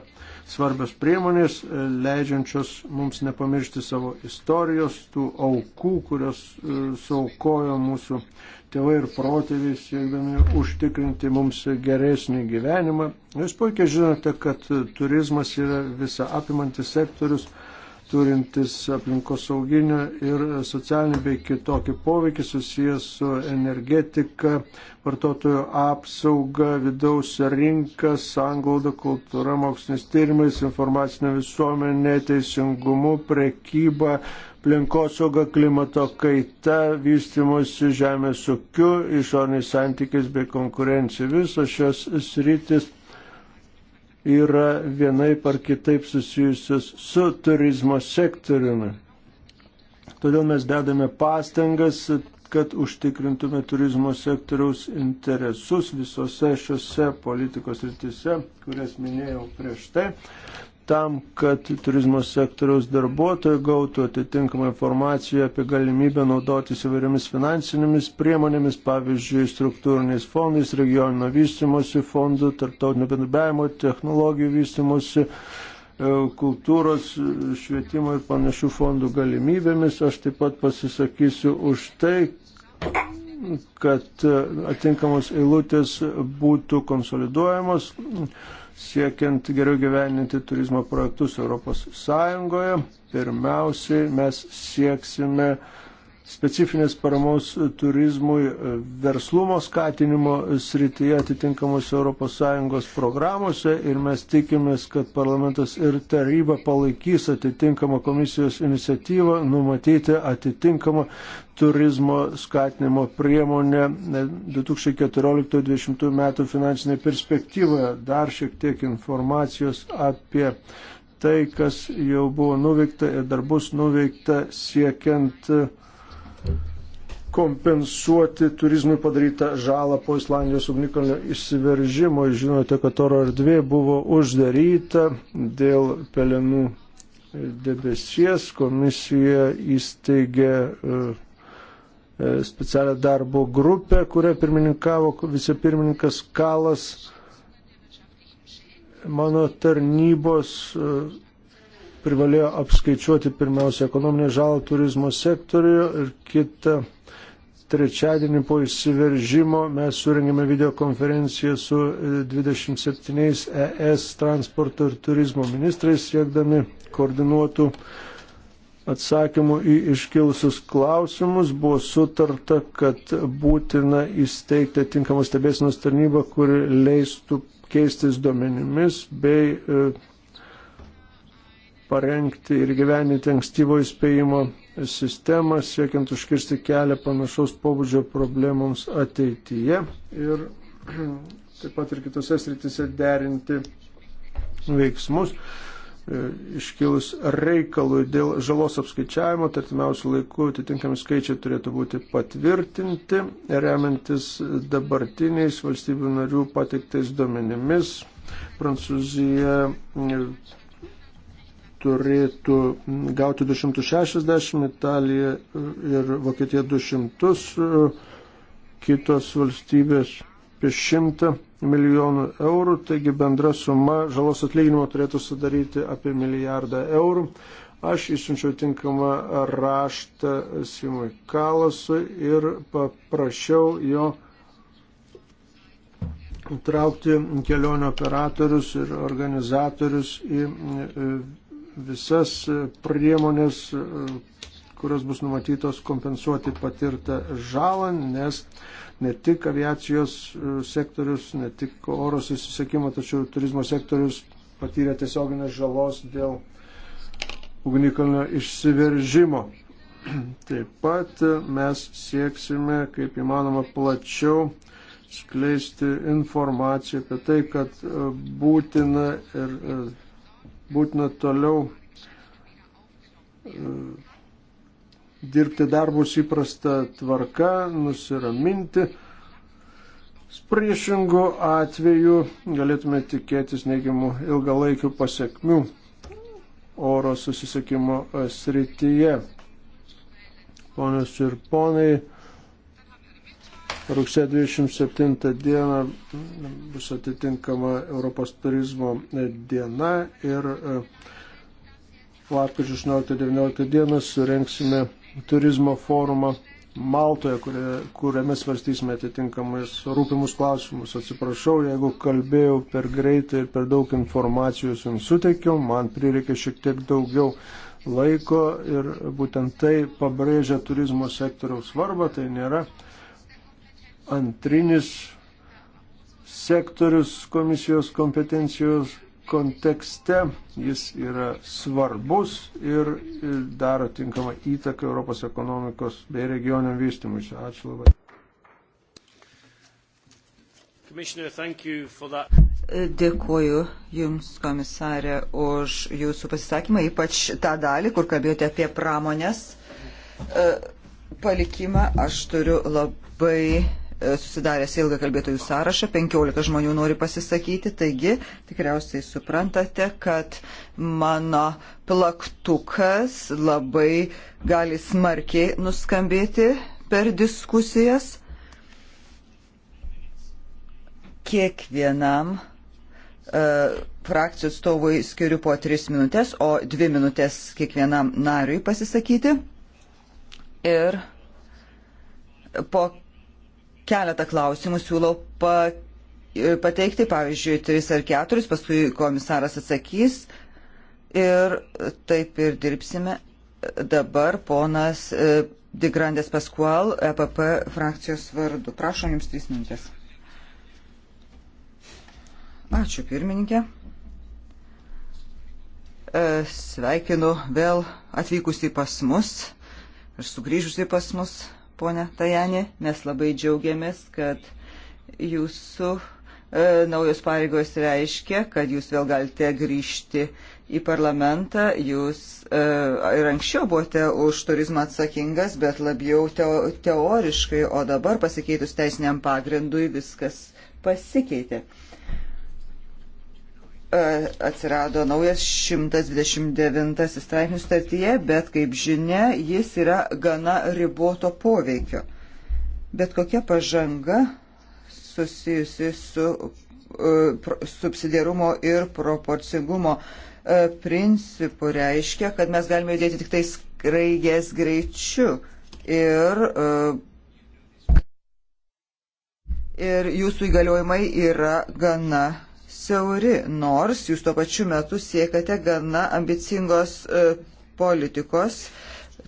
svarbios priemonės, e, leidžiančios mums nepamiršti savo istorijos, tų aukų, kurios e, saukojo mūsų tėvai ir protėviai siekdami užtikrinti mums geresnį gyvenimą. Jūs puikiai žinote, kad turizmas yra visa apimantis sektorius, turintis aplinkosauginį ir socialinį bei kitokį poveikį susijęs su energetika, vartotojų apsauga, vidaus rinka, sanglauda, kultūra, mokslinis tyrimais, informacinė visuomenė, teisingumu, prekyba, aplinkosauga, klimato kaita, vystimosi žemės ūkiu, išorniais santykis bei konkurencija. Visos šios sritis yra vienai par kitaip susijusios su turizmo sektoriumi. Todėl mes dedame pastangas, kad užtikrintume turizmo sektoriaus interesus visose šiose politikos rytise, kurias minėjau prieš tai tam, kad turizmo sektoriaus darbuotojai gautų atitinkamą informaciją apie galimybę naudotis įvairiomis finansinėmis priemonėmis, pavyzdžiui, struktūriniais fondais, regioninio vystimosi fondų, tarptautinio bendrabiavimo, technologijų vystimosi, e, kultūros, švietimo ir panašių fondų galimybėmis. Aš taip pat pasisakysiu už tai, kad e, atinkamos eilutės būtų konsoliduojamos siekiant geriau gyveninti turizmo projektus Europos Sąjungoje. Pirmiausiai mes sieksime uh, specifinės paramos turizmui verslumo skatinimo srityje atitinkamos ES programuose ir mes tikimės, kad parlamentas ir taryba palaikys atitinkamą komisijos iniciatyvą numatyti atitinkamą turizmo skatinimo priemonę 2014-2020 metų finansinėje perspektyvoje. Dar šiek tiek informacijos apie tai, kas jau buvo nuveikta ir dar bus nuveikta siekiant uh, kompensuoti turizmui padarytą žalą po Islandijos ugnikalnio išsiveržimo. Žinote, kad oro erdvė buvo uždaryta dėl pelenų debesies. Komisija įsteigė e, e, specialią darbo grupę, kurią pirmininkavo vicepirmininkas Kalas. Mano tarnybos e, privalėjo apskaičiuoti pirmiausia ekonominę žalą turizmo sektoriuje ir kitą trečiadienį po įsiveržimo mes suringėme videokonferenciją su 27 e, ES transporto ir turizmo ministrais, siekdami koordinuotų atsakymų į iškilusius klausimus. Buvo sutarta, kad būtina įsteigti tinkamą stebėsinos tarnybą, kuri leistų keistis duomenimis bei e, parengti ir gyveninti ankstyvo įspėjimo sistemą, siekiant užkirsti kelią panašaus pobūdžio problemams ateityje ir (clears throat) taip pat ir kitose sritise derinti veiksmus e, iškilus reikalui dėl žalos apskaičiavimo, tartimiausių tai laikų atitinkami skaičiai turėtų būti patvirtinti, remiantis dabartiniais valstybių narių pateiktais duomenimis. Prancūzija turėtų gauti 260, Italija ir Vokietija 200, kitos valstybės apie 100 milijonų eurų, taigi bendra suma žalos atlyginimo turėtų sudaryti apie milijardą eurų. Aš išsiunčiau tinkamą raštą Simui Kalasui ir paprašiau jo traukti kelionių operatorius ir organizatorius į visas e, priemonės, e, kurios bus numatytos kompensuoti patirtą žalą, nes ne tik aviacijos e, sektorius, ne tik oro susisiekimo, tačiau turizmo sektorius patyrė tiesioginės žalos dėl ugnikalnio išsiveržimo. (clears throat) Taip pat mes sieksime, kaip įmanoma, plačiau skleisti informaciją apie tai, kad būtina ir būtina toliau e, dirbti darbus įprasta tvarka, nusiraminti. Priešingų atvejų galėtume tikėtis neigiamų ilgalaikių pasiekmių oro susisiekimo srityje. Ponios ir ponai, Rugsėjo 27 dieną bus atitinkama Europos turizmo diena ir e, lapkričio 18-19 dieną surenksime turizmo forumą Maltoje, kuriame svarstysime atitinkamus rūpimus klausimus. Atsiprašau, jeigu kalbėjau per greitai ir per daug informacijos jums suteikiau, man prireikė šiek tiek daugiau laiko ir būtent tai pabrėžia turizmo sektoriaus svarbą, tai nėra antrinis sektorius komisijos kompetencijos kontekste. Jis yra svarbus ir daro tinkamą įtaką Europos ekonomikos bei regioniam vystymui. Ačiū labai.
Dėkuoju Jums, komisarė, už Jūsų pasisakymą, ypač tą dalį, kur kalbėjote apie pramonės e, palikimą. Aš turiu labai susidaręs ilgą kalbėtojų sąrašą, 15 žmonių nori pasisakyti, taigi tikriausiai suprantate, kad mano plaktukas labai gali smarkiai nuskambėti per diskusijas. Kiekvienam uh, frakcijų atstovui skiriu po 3 minutės, o 2 minutės kiekvienam nariui pasisakyti. Ir po keletą klausimų siūlau pa, e, pateikti, pavyzdžiui, tris ar keturis, paskui komisaras atsakys ir taip ir dirbsime. Dabar ponas e, Digrandės Paskual, EPP frakcijos vardu. Prašom jums trys minutės. Ačiū pirmininkė. E, sveikinu vėl atvykusi pas mus ir sugrįžusi pas mus Pone Tajani, mes labai džiaugiamės, kad jūsų e, naujos pareigos reiškia, kad jūs vėl galite grįžti į parlamentą. Jūs e, ir anksčiau buvote už turizmą atsakingas, bet labiau teo, teoriškai, o dabar pasikeitus teisiniam pagrindui viskas pasikeitė. E, atsirado naujas 129 straipsnis statyje, bet kaip žinia, jis yra gana riboto poveikio. Bet kokia pažanga susijusi su e, subsidiarumo ir proporcingumo e, principų reiškia, kad mes galime judėti tik tai skraigės greičiu. Ir, e, ir jūsų įgaliojimai yra gana siauri, nors jūs tuo pačiu metu siekate gana ambicingos e, politikos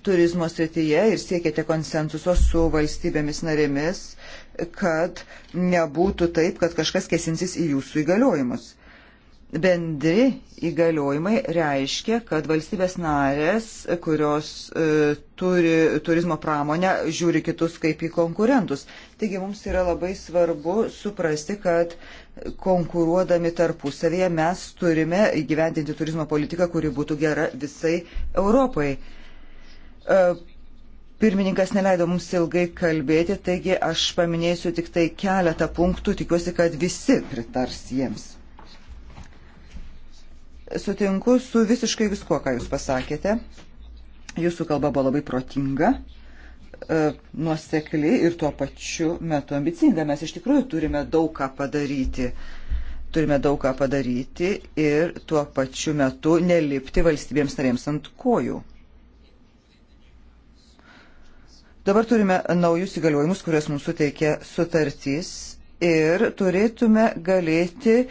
turizmo srityje ir siekite konsensuso su valstybėmis narėmis, kad nebūtų taip, kad kažkas kesinsis į jūsų įgaliojimus. Bendri įgaliojimai reiškia, kad valstybės narės, kurios e, turi turizmo pramonę, žiūri kitus kaip į konkurentus. Taigi mums yra labai svarbu suprasti, kad konkuruodami tarpusavėje mes turime įgyvendinti turizmo politiką, kuri būtų gera visai Europai. E, pirmininkas neleido mums ilgai kalbėti, taigi aš paminėsiu tik tai keletą punktų, tikiuosi, kad visi pritars jiems. Sutinku su visiškai viskuo, ką jūs pasakėte. Jūsų kalba buvo labai protinga. E, nuosekli ir tuo pačiu metu ambicinga. Mes iš tikrųjų turime daug ką padaryti. Turime daug ką padaryti ir tuo pačiu metu nelipti valstybėms narėms ant kojų. Dabar turime naujus įgaliojimus, kurias mums suteikia sutartys ir turėtume galėti e,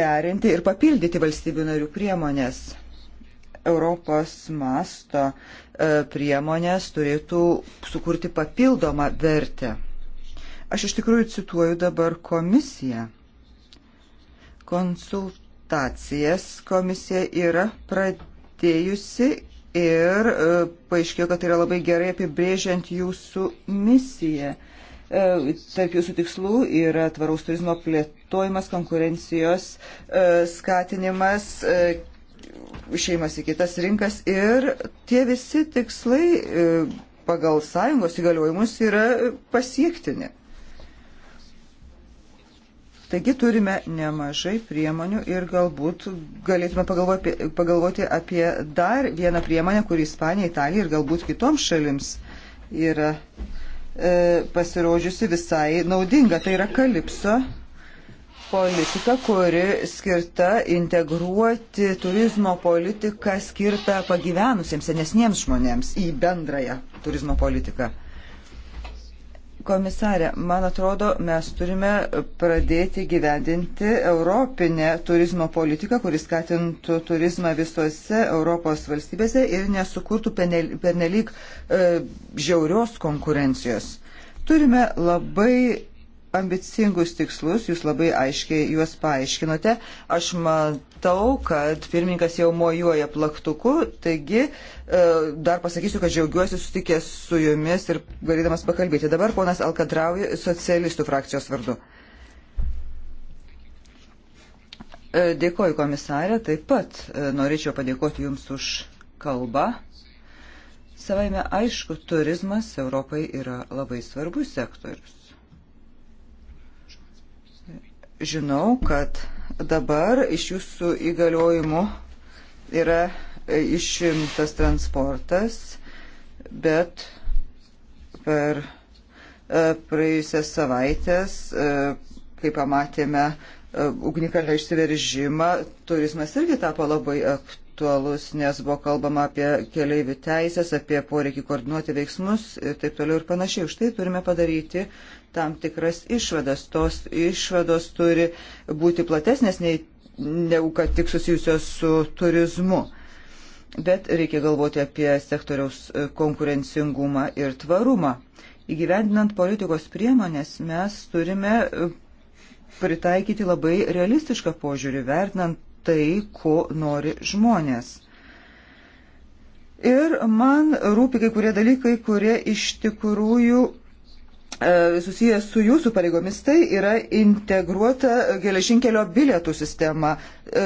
derinti ir papildyti valstybių narių priemonės. Europos masto E, priemonės turėtų sukurti papildomą vertę. Aš iš tikrųjų cituoju dabar komisiją. Konsultacijas komisija yra pradėjusi ir e, paaiškėjo, kad tai yra labai gerai apibrėžiant jūsų misiją. E, tarp jūsų tikslų yra tvaraus turizmo plėtojimas, konkurencijos skatinimas, išeimas į kitas rinkas ir tie visi tikslai e, pagal sąjungos įgaliojimus yra pasiektini. Taigi turime nemažai priemonių ir galbūt galėtume pagalvoti, pagalvoti apie dar vieną priemonę, kuri Ispanija, Italija ir galbūt kitoms šalims yra e, pasirodžiusi visai naudinga. Tai yra kalipso politika, kuri skirta integruoti turizmo politiką skirtą pagyvenusiems senesniems žmonėms į bendrąją turizmo politiką. Komisarė, man atrodo, mes turime pradėti gyvendinti europinę turizmo politiką, kuris skatintų turizmą visose Europos valstybėse ir nesukurtų pernelyg e, žiaurios konkurencijos. Turime labai ambicingus tikslus, jūs labai aiškiai juos paaiškinote. Aš matau, kad pirmininkas jau mojuoja plaktuku, taigi e, dar pasakysiu, kad džiaugiuosi sutikęs su jumis ir galėdamas pakalbėti. Dabar ponas Alkadrauji, socialistų frakcijos vardu. E, dėkoju komisarė, taip pat e, norėčiau padėkoti Jums už kalbą. Savaime aišku, turizmas Europai yra labai svarbus sektorius žinau, kad dabar iš jūsų įgaliojimų yra e, išimtas transportas, bet per e, praėjusias savaitės, e, kai pamatėme ugnikalnio išsiveržimą, turizmas irgi tapo labai aktualus, nes buvo kalbama apie keliaivių teisės, apie poreikį koordinuoti veiksmus ir taip toliau ir panašiai. Už tai turime padaryti tam tikras išvadas. Tos išvados turi būti platesnės nei, negu kad tik susijusios su turizmu. Bet reikia galvoti apie sektoriaus konkurencingumą ir tvarumą. Įgyvendinant politikos priemonės mes turime pritaikyti labai realistišką požiūrį, vertinant tai, ko nori žmonės. Ir man rūpi kai kurie dalykai, kurie iš tikrųjų E, susijęs su jūsų pareigomis, tai yra integruota geležinkelio bilietų sistema. E,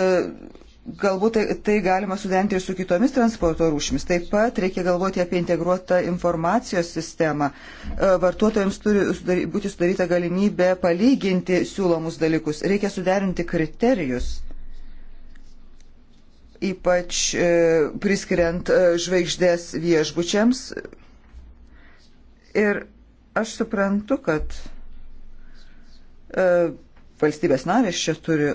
galbūt tai, tai galima sudenti ir su kitomis transporto rūšimis. Taip pat reikia galvoti apie integruotą informacijos sistemą. E, vartotojams turi sudary, būti sudaryta galimybė palyginti siūlomus dalykus. Reikia suderinti kriterijus. Ypač e, priskiriant e, žvaigždės viešbučiams. Ir Aš suprantu, kad e, valstybės narės čia turi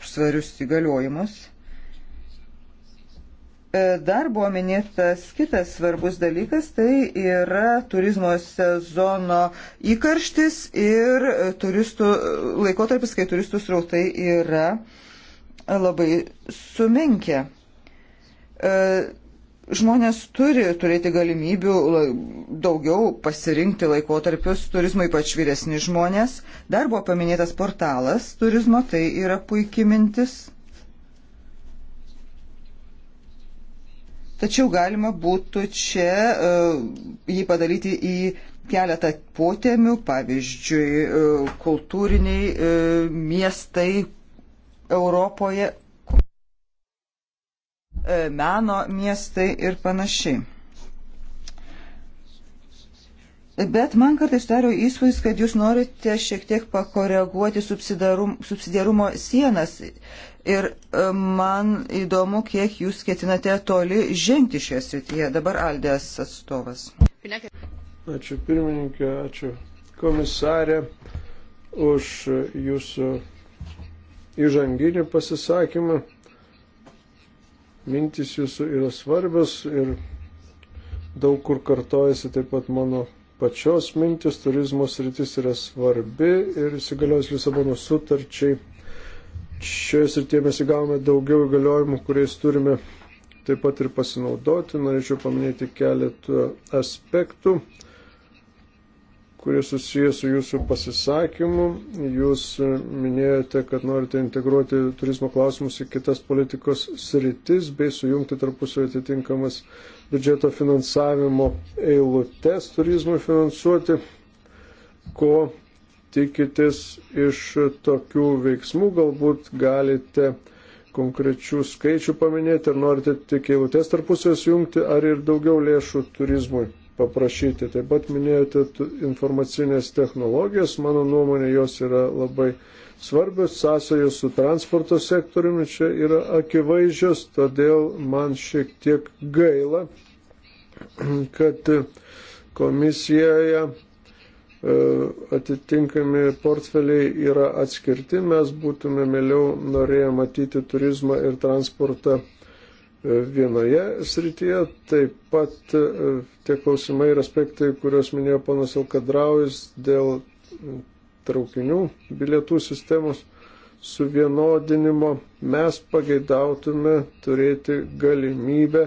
svarius įgaliojimus. E, dar buvo minėtas kitas svarbus dalykas, tai yra turizmo sezono įkarštis ir turistų laikotarpis, kai turistų srautai yra labai sumenkę. E, žmonės turi turėti galimybių daugiau pasirinkti laikotarpius turizmo, ypač vyresni žmonės. Dar buvo paminėtas portalas turizmo, tai yra puikia mintis. Tačiau galima būtų čia uh, jį padaryti į keletą potėmių, pavyzdžiui, uh, kultūriniai uh, miestai Europoje, E, meno miestai ir panašiai. Bet man kartais daro įspūdis, kad jūs norite šiek tiek pakoreguoti subsidiarumo sienas. Ir e, man įdomu, kiek jūs ketinate toli žengti šioje srityje.
Dabar Aldės atstovas. Ačiū pirmininkė, ačiū komisarė už jūsų įžanginį pasisakymą mintis jūsų yra svarbios ir daug kur kartojasi taip pat mano pačios mintis, turizmo sritis yra svarbi ir įsigaliojus Lisabono sutarčiai. Šioje srityje mes įgavome daugiau įgaliojimų, kuriais turime taip pat ir pasinaudoti. Norėčiau paminėti keletą aspektų kuris susijęs su jūsų pasisakymu. Jūs e, minėjote, kad norite integruoti turizmo klausimus į kitas politikos sritis bei sujungti tarpusavį atitinkamas biudžeto finansavimo eilutes turizmui finansuoti. Ko tikitės iš tokių veiksmų? Galbūt galite konkrečių skaičių paminėti, ar norite tik eilutes tarpusavį sujungti, ar ir daugiau lėšų turizmui paprašyti. Taip pat minėjote informacinės technologijas, mano nuomonė, jos yra labai svarbios, sąsajos su transporto sektoriumi čia yra akivaizdžios, todėl man šiek tiek gaila, (clears throat) kad komisijoje e, atitinkami portfeliai yra atskirti, mes būtume mieliau norėję matyti turizmą ir transportą vienoje srityje, taip pat e, tie klausimai ir aspektai, kuriuos minėjo ponas Alkadraujus dėl traukinių bilietų sistemos suvienodinimo, mes pageidautume turėti galimybę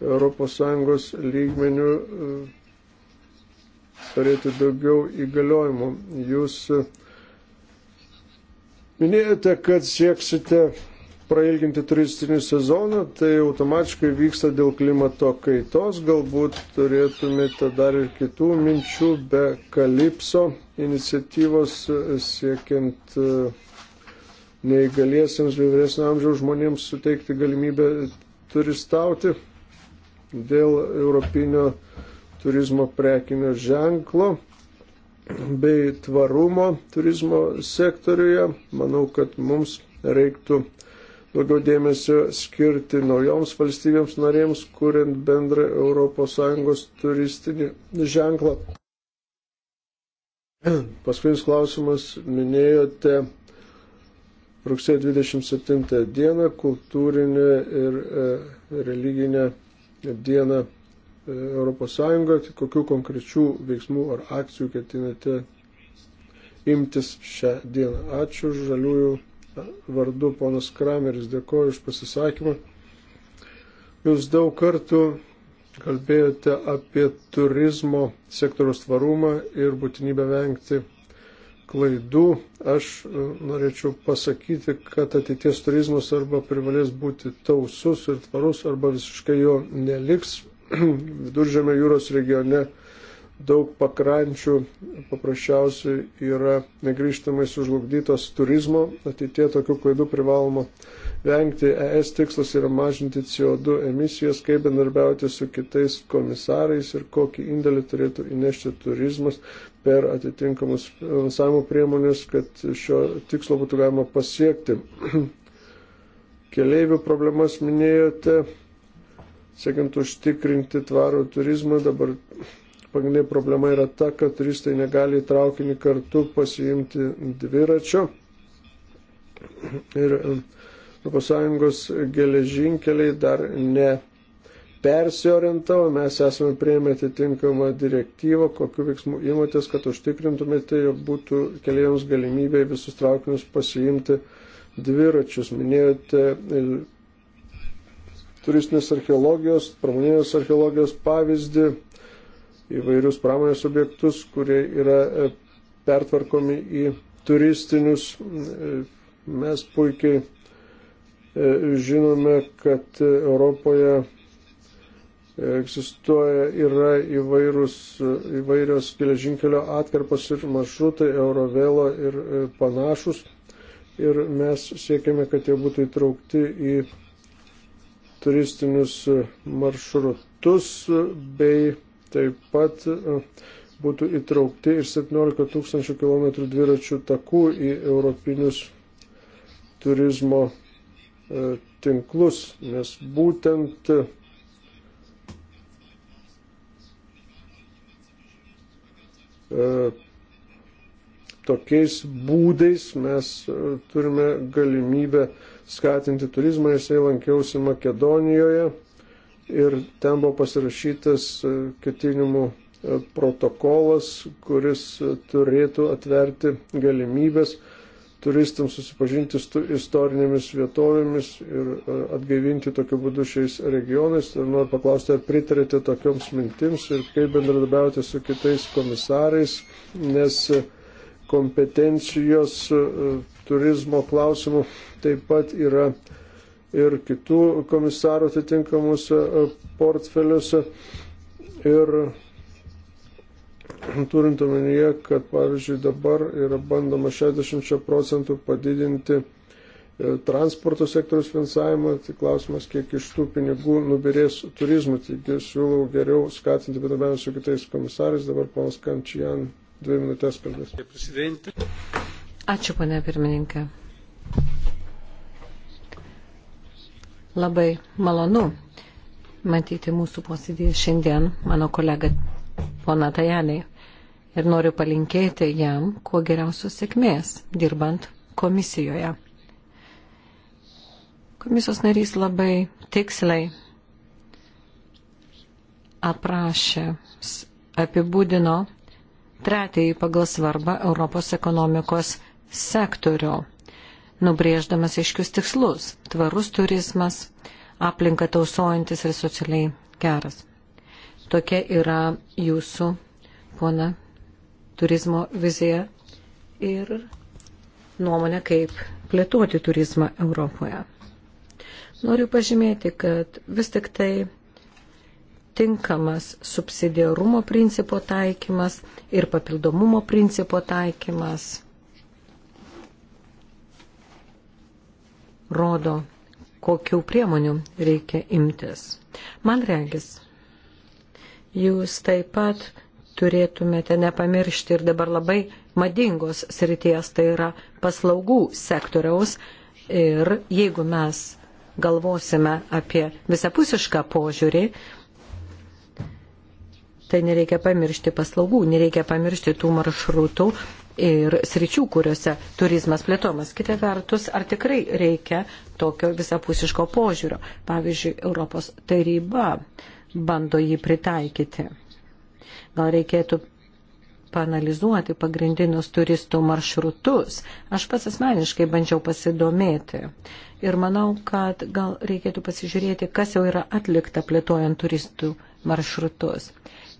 ES lygmenių e, turėti daugiau įgaliojimų. Jūs e, minėjote, kad sieksite prailginti turistinį sezoną, tai automatiškai vyksta dėl klimato kaitos. Galbūt turėtumėte dar ir kitų minčių be kalipso iniciatyvos e, siekiant e, neįgaliesiams bei vyresnio amžiaus žmonėms suteikti galimybę turistauti dėl Europinio turizmo prekinio ženklo bei tvarumo turizmo sektoriuje. Manau, kad mums reiktų daugiau dėmesio skirti naujoms valstybėms narėms, kuriant bendrą ES turistinį ženklą. (clears throat) Paskutinis klausimas minėjote rugsėjo 27 dieną, kultūrinę ir e, religinę dieną ES, tai kokiu konkrečių veiksmų ar akcijų ketinate imtis šią dieną. Ačiū žaliųjų vardu ponas Krameris. Dėkuoju už pasisakymą. Jūs daug kartų kalbėjote apie turizmo sektoriaus tvarumą ir būtinybę vengti klaidų. Aš e, norėčiau pasakyti, kad ateities turizmas arba privalės būti tausus ir tvarus, arba visiškai jo neliks. (clears throat) Viduržėme jūros regione daug pakrančių paprasčiausiai yra negryžtamai sužlugdytos turizmo, ateitie tokių klaidų privaloma vengti. ES tikslas yra mažinti CO2 emisijas, kaip bendarbiauti su kitais komisarais ir kokį indėlį turėtų įnešti turizmas per atitinkamus finansavimo priemonės, kad šio tikslo būtų galima pasiekti. (clears throat) Keleivių problemas minėjote, siekiant užtikrinti tvarų turizmą, dabar pagrindinė problema yra ta, kad turistai negali į traukinį kartu pasiimti dviračio. Ir ES geležinkeliai dar ne persiorientavo, mes esame prieimę atitinkamą direktyvą, kokiu veiksmu įmotės, kad užtikrintumėte, jog būtų keliams galimybė visus traukinius pasiimti dviračius. Minėjote turistinės archeologijos, pramoninės archeologijos pavyzdį, įvairius pramonės objektus, kurie yra e, pertvarkomi į turistinius. E, mes puikiai e, žinome, kad Europoje egzistuoja yra įvairūs, įvairios geležinkelio atkarpos ir maršrutai, Eurovelo ir panašus. Ir mes siekiame, kad jie būtų įtraukti į turistinius maršrutus bei Taip pat e, būtų įtraukti ir 17 tūkstančių km dviračių takų į europinius turizmo e, tinklus, nes būtent e, tokiais būdais mes turime galimybę skatinti turizmą. Jisai lankiausi Makedonijoje ir ten buvo pasirašytas e, ketinimų e, protokolas, kuris e, turėtų atverti galimybės turistams susipažinti su istorinėmis vietovėmis ir atgaivinti tokiu būdu šiais regionais. Ir noriu paklausti, ar pritarėte tokioms mintims ir kaip bendradarbiauti su kitais komisarais, nes kompetencijos turizmo klausimų taip pat yra ir kitų komisarų atitinkamuose e, portfeliuose. Ir turint omenyje, kad pavyzdžiui dabar yra bandoma 60 procentų padidinti e, transporto sektoriaus finansavimą, tai klausimas, kiek iš tų pinigų nubirės turizmų. Taigi siūlau geriau skatinti bendradarbiavimą su kitais komisarais. Dabar ponas Kančijan dvi minutės kalbės.
Ačiū, ponė pirmininkė. Labai malonu matyti mūsų posėdėje šiandien mano kolega pona Tajanai. Ir noriu palinkėti jam kuo geriausios sėkmės dirbant komisijoje. Komisijos narys labai tiksliai aprašė, apibūdino tretįjį pagal svarbą Europos ekonomikos sektorių nubrėždamas aiškius tikslus - tvarus turizmas, aplinka tausojantis ir socialiai geras. Tokia yra jūsų, pona, turizmo vizija ir nuomonė, kaip plėtoti turizmą Europoje. Noriu pažymėti, kad vis tik tai tinkamas subsidiarumo principo taikymas ir papildomumo principo taikymas rodo, kokių priemonių reikia imtis. Man regis, jūs taip pat turėtumėte nepamiršti ir dabar labai madingos srities, tai yra paslaugų sektoriaus. Ir jeigu mes galvosime apie visapusišką požiūrį, tai nereikia pamiršti paslaugų, nereikia pamiršti tų maršrutų, ir sričių, kuriuose turizmas plėtomas. Kita vertus, ar tikrai reikia tokio visapusiško požiūrio? Pavyzdžiui, Europos taryba bando jį pritaikyti. Gal reikėtų panalizuoti pagrindinius turistų maršrutus. Aš pats asmeniškai bandžiau pasidomėti. Ir manau, kad gal reikėtų pasižiūrėti, kas jau yra atlikta plėtojant turistų maršrutus.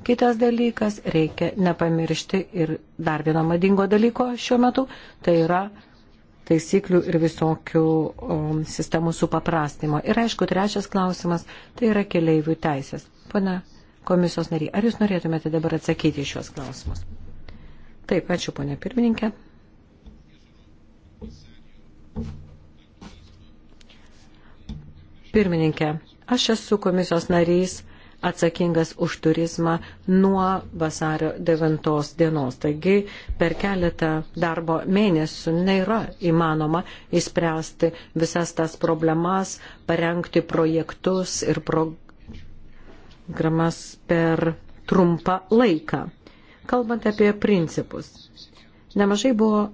Kitas dalykas, reikia nepamiršti ir dar vieno madingo dalyko šiuo metu, tai yra taisyklių ir visokių um, sistemų supaprastimo. Ir aišku, trečias klausimas, tai yra keleivių teisės. Pana komisijos nariai, ar jūs norėtumėte dabar atsakyti į šios klausimus? Taip, ačiū, ponė pirmininkė. Pirmininkė, aš esu komisijos narys atsakingas už turizmą nuo vasario 9 dienos. Taigi per keletą darbo mėnesių nėra įmanoma įspręsti visas tas problemas, parengti projektus ir programas per trumpą laiką. Kalbant apie principus. Nemažai buvo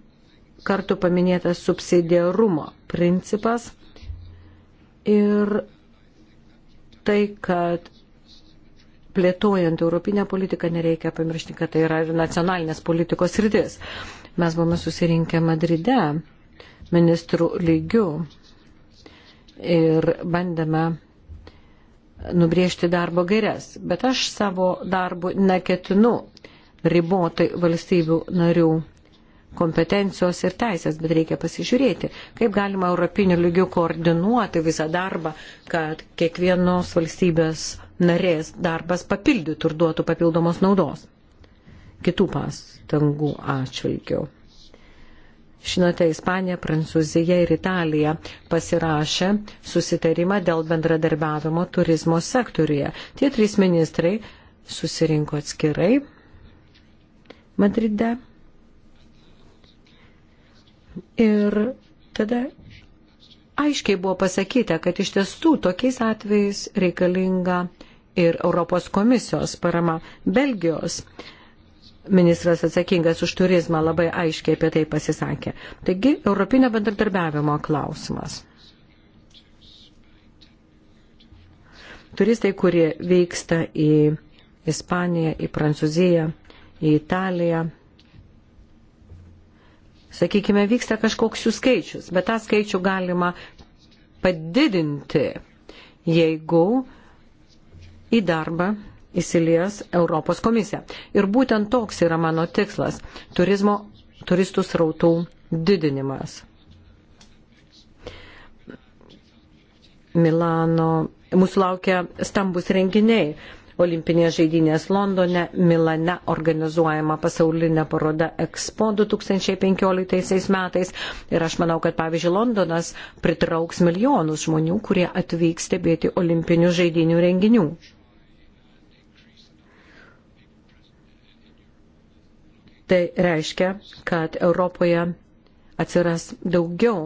kartų paminėtas subsidiarumo principas ir tai, kad plėtojant europinę politiką nereikia pamiršti, kad tai yra ir nacionalinės politikos rytis. Mes buvome susirinkę Madride ministrų lygių ir bandėme nubriežti darbo gairias, bet aš savo darbu neketinu ribotai valstybių narių kompetencijos ir teisės, bet reikia pasižiūrėti, kaip galima europinių lygių koordinuoti visą darbą, kad kiekvienos valstybės narės darbas papildytų ir duotų papildomos naudos kitų pastangų atšvilgių. Žinote, Ispanija, Prancūzija ir Italija pasirašė susitarimą dėl bendradarbiavimo turizmo sektoriuje. Tie trys ministrai susirinko atskirai Madride. Ir tada aiškiai buvo pasakyta, kad iš tiesų tokiais atvejais reikalinga ir Europos komisijos parama. Belgijos ministras atsakingas už turizmą labai aiškiai apie tai pasisakė. Taigi, Europinio bendradarbiavimo klausimas. Turistai, kurie vyksta į Ispaniją, į Prancūziją, į Italiją, sakykime, vyksta kažkoks jų skaičius, bet tą skaičių galima padidinti, jeigu į darbą įsilies Europos komisija. Ir būtent toks yra mano tikslas - turizmo, turistų srautų didinimas. Milano, mūsų laukia stambus renginiai. Olimpinės žaidynės Londone, Milane organizuojama pasaulinė paroda Expo 2015 metais. Ir aš manau, kad pavyzdžiui Londonas pritrauks milijonus žmonių, kurie atvyks stebėti olimpinių žaidinių renginių. Tai reiškia, kad Europoje atsiras daugiau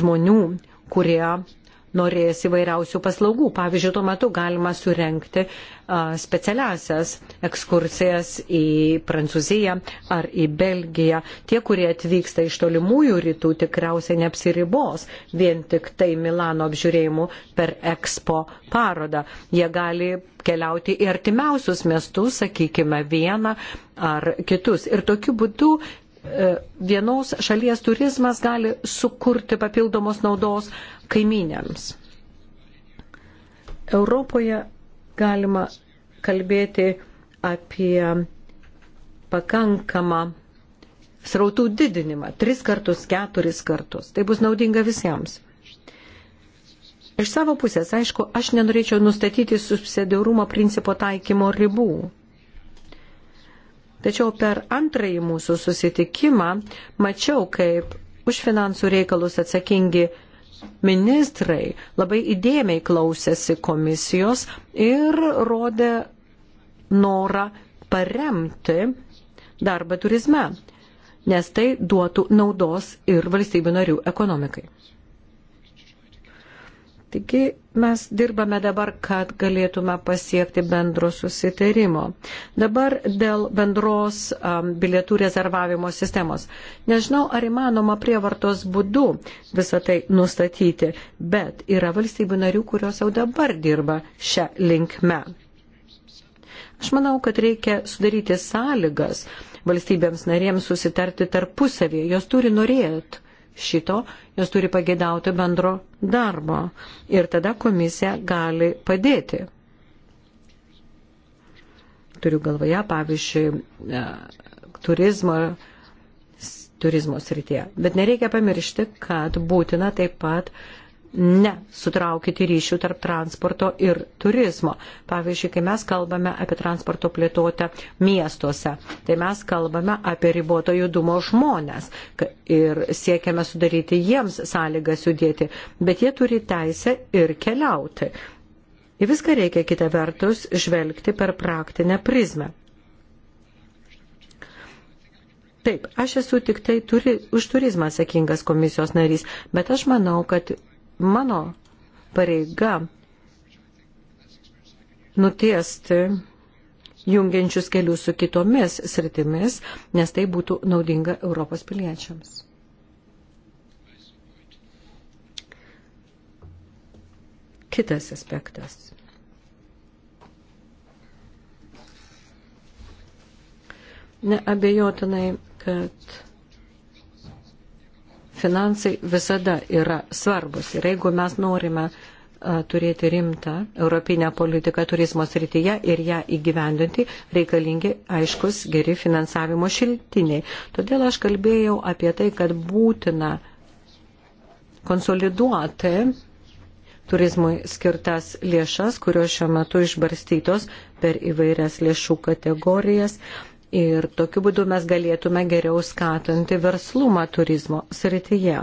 žmonių, kurie norės įvairiausių paslaugų. Pavyzdžiui, tuo metu galima surenkti specialiasias ekskursijas į Prancūziją ar į Belgiją. Tie, kurie atvyksta iš tolimųjų rytų, tikriausiai neapsiribos vien tik tai Milano apžiūrėjimu per Expo parodą. Jie gali keliauti į artimiausius miestus, sakykime, vieną ar kitus. Ir tokiu būdu E, vienos šalies turizmas gali sukurti papildomos naudos kaiminėms. Europoje galima kalbėti apie pakankamą srautų didinimą - tris kartus, keturis kartus. Tai bus naudinga visiems. Iš savo pusės, aišku, aš nenorėčiau nustatyti subsidiarumo principo taikymo ribų. Tačiau per antrąjį mūsų susitikimą mačiau, kaip už finansų reikalus atsakingi ministrai labai įdėmiai klausėsi komisijos ir rodė norą paremti darbą turizme, nes tai duotų naudos ir valstybių narių ekonomikai. Taigi mes dirbame dabar, kad galėtume pasiekti bendro susitarimo. Dabar dėl bendros um, bilietų rezervavimo sistemos. Nežinau, ar įmanoma prievartos būdu visą tai nustatyti, bet yra valstybių narių, kurios jau dabar dirba šią linkmę. Aš manau, kad reikia sudaryti sąlygas valstybėms narėms susitarti tarpusavėje. Jos turi norėti šito, jos turi pagėdauti bendro darbo. Ir tada komisija gali padėti. Turiu galvoje, pavyzdžiui, e, turizmo, turizmo srityje. Bet nereikia pamiršti, kad būtina taip pat nesutraukyti ryšių tarp transporto ir turizmo. Pavyzdžiui, kai mes kalbame apie transporto plėtotą miestuose, tai mes kalbame apie riboto judumo žmonės ir siekiame sudaryti jiems sąlygas judėti, bet jie turi teisę ir keliauti. Į viską reikia kitą vertus žvelgti per praktinę prizmę. Taip, aš esu tik tai turi, už turizmą atsakingas komisijos narys, bet aš manau, kad mano pareiga nutiesti jungiančius kelius su kitomis sritimis, nes tai būtų naudinga Europos piliečiams. Kitas aspektas. Neabejotinai, kad Finansai visada yra svarbus ir jeigu mes norime turėti rimtą europinę politiką turizmo srityje ir ją įgyvendinti, reikalingi aiškus geri finansavimo šiltiniai. Todėl aš kalbėjau apie tai, kad būtina konsoliduoti turizmui skirtas lėšas, kurios šiuo metu išbarstytos per įvairias lėšų kategorijas. Ir tokiu būdu mes galėtume geriau skatinti verslumą turizmo srityje.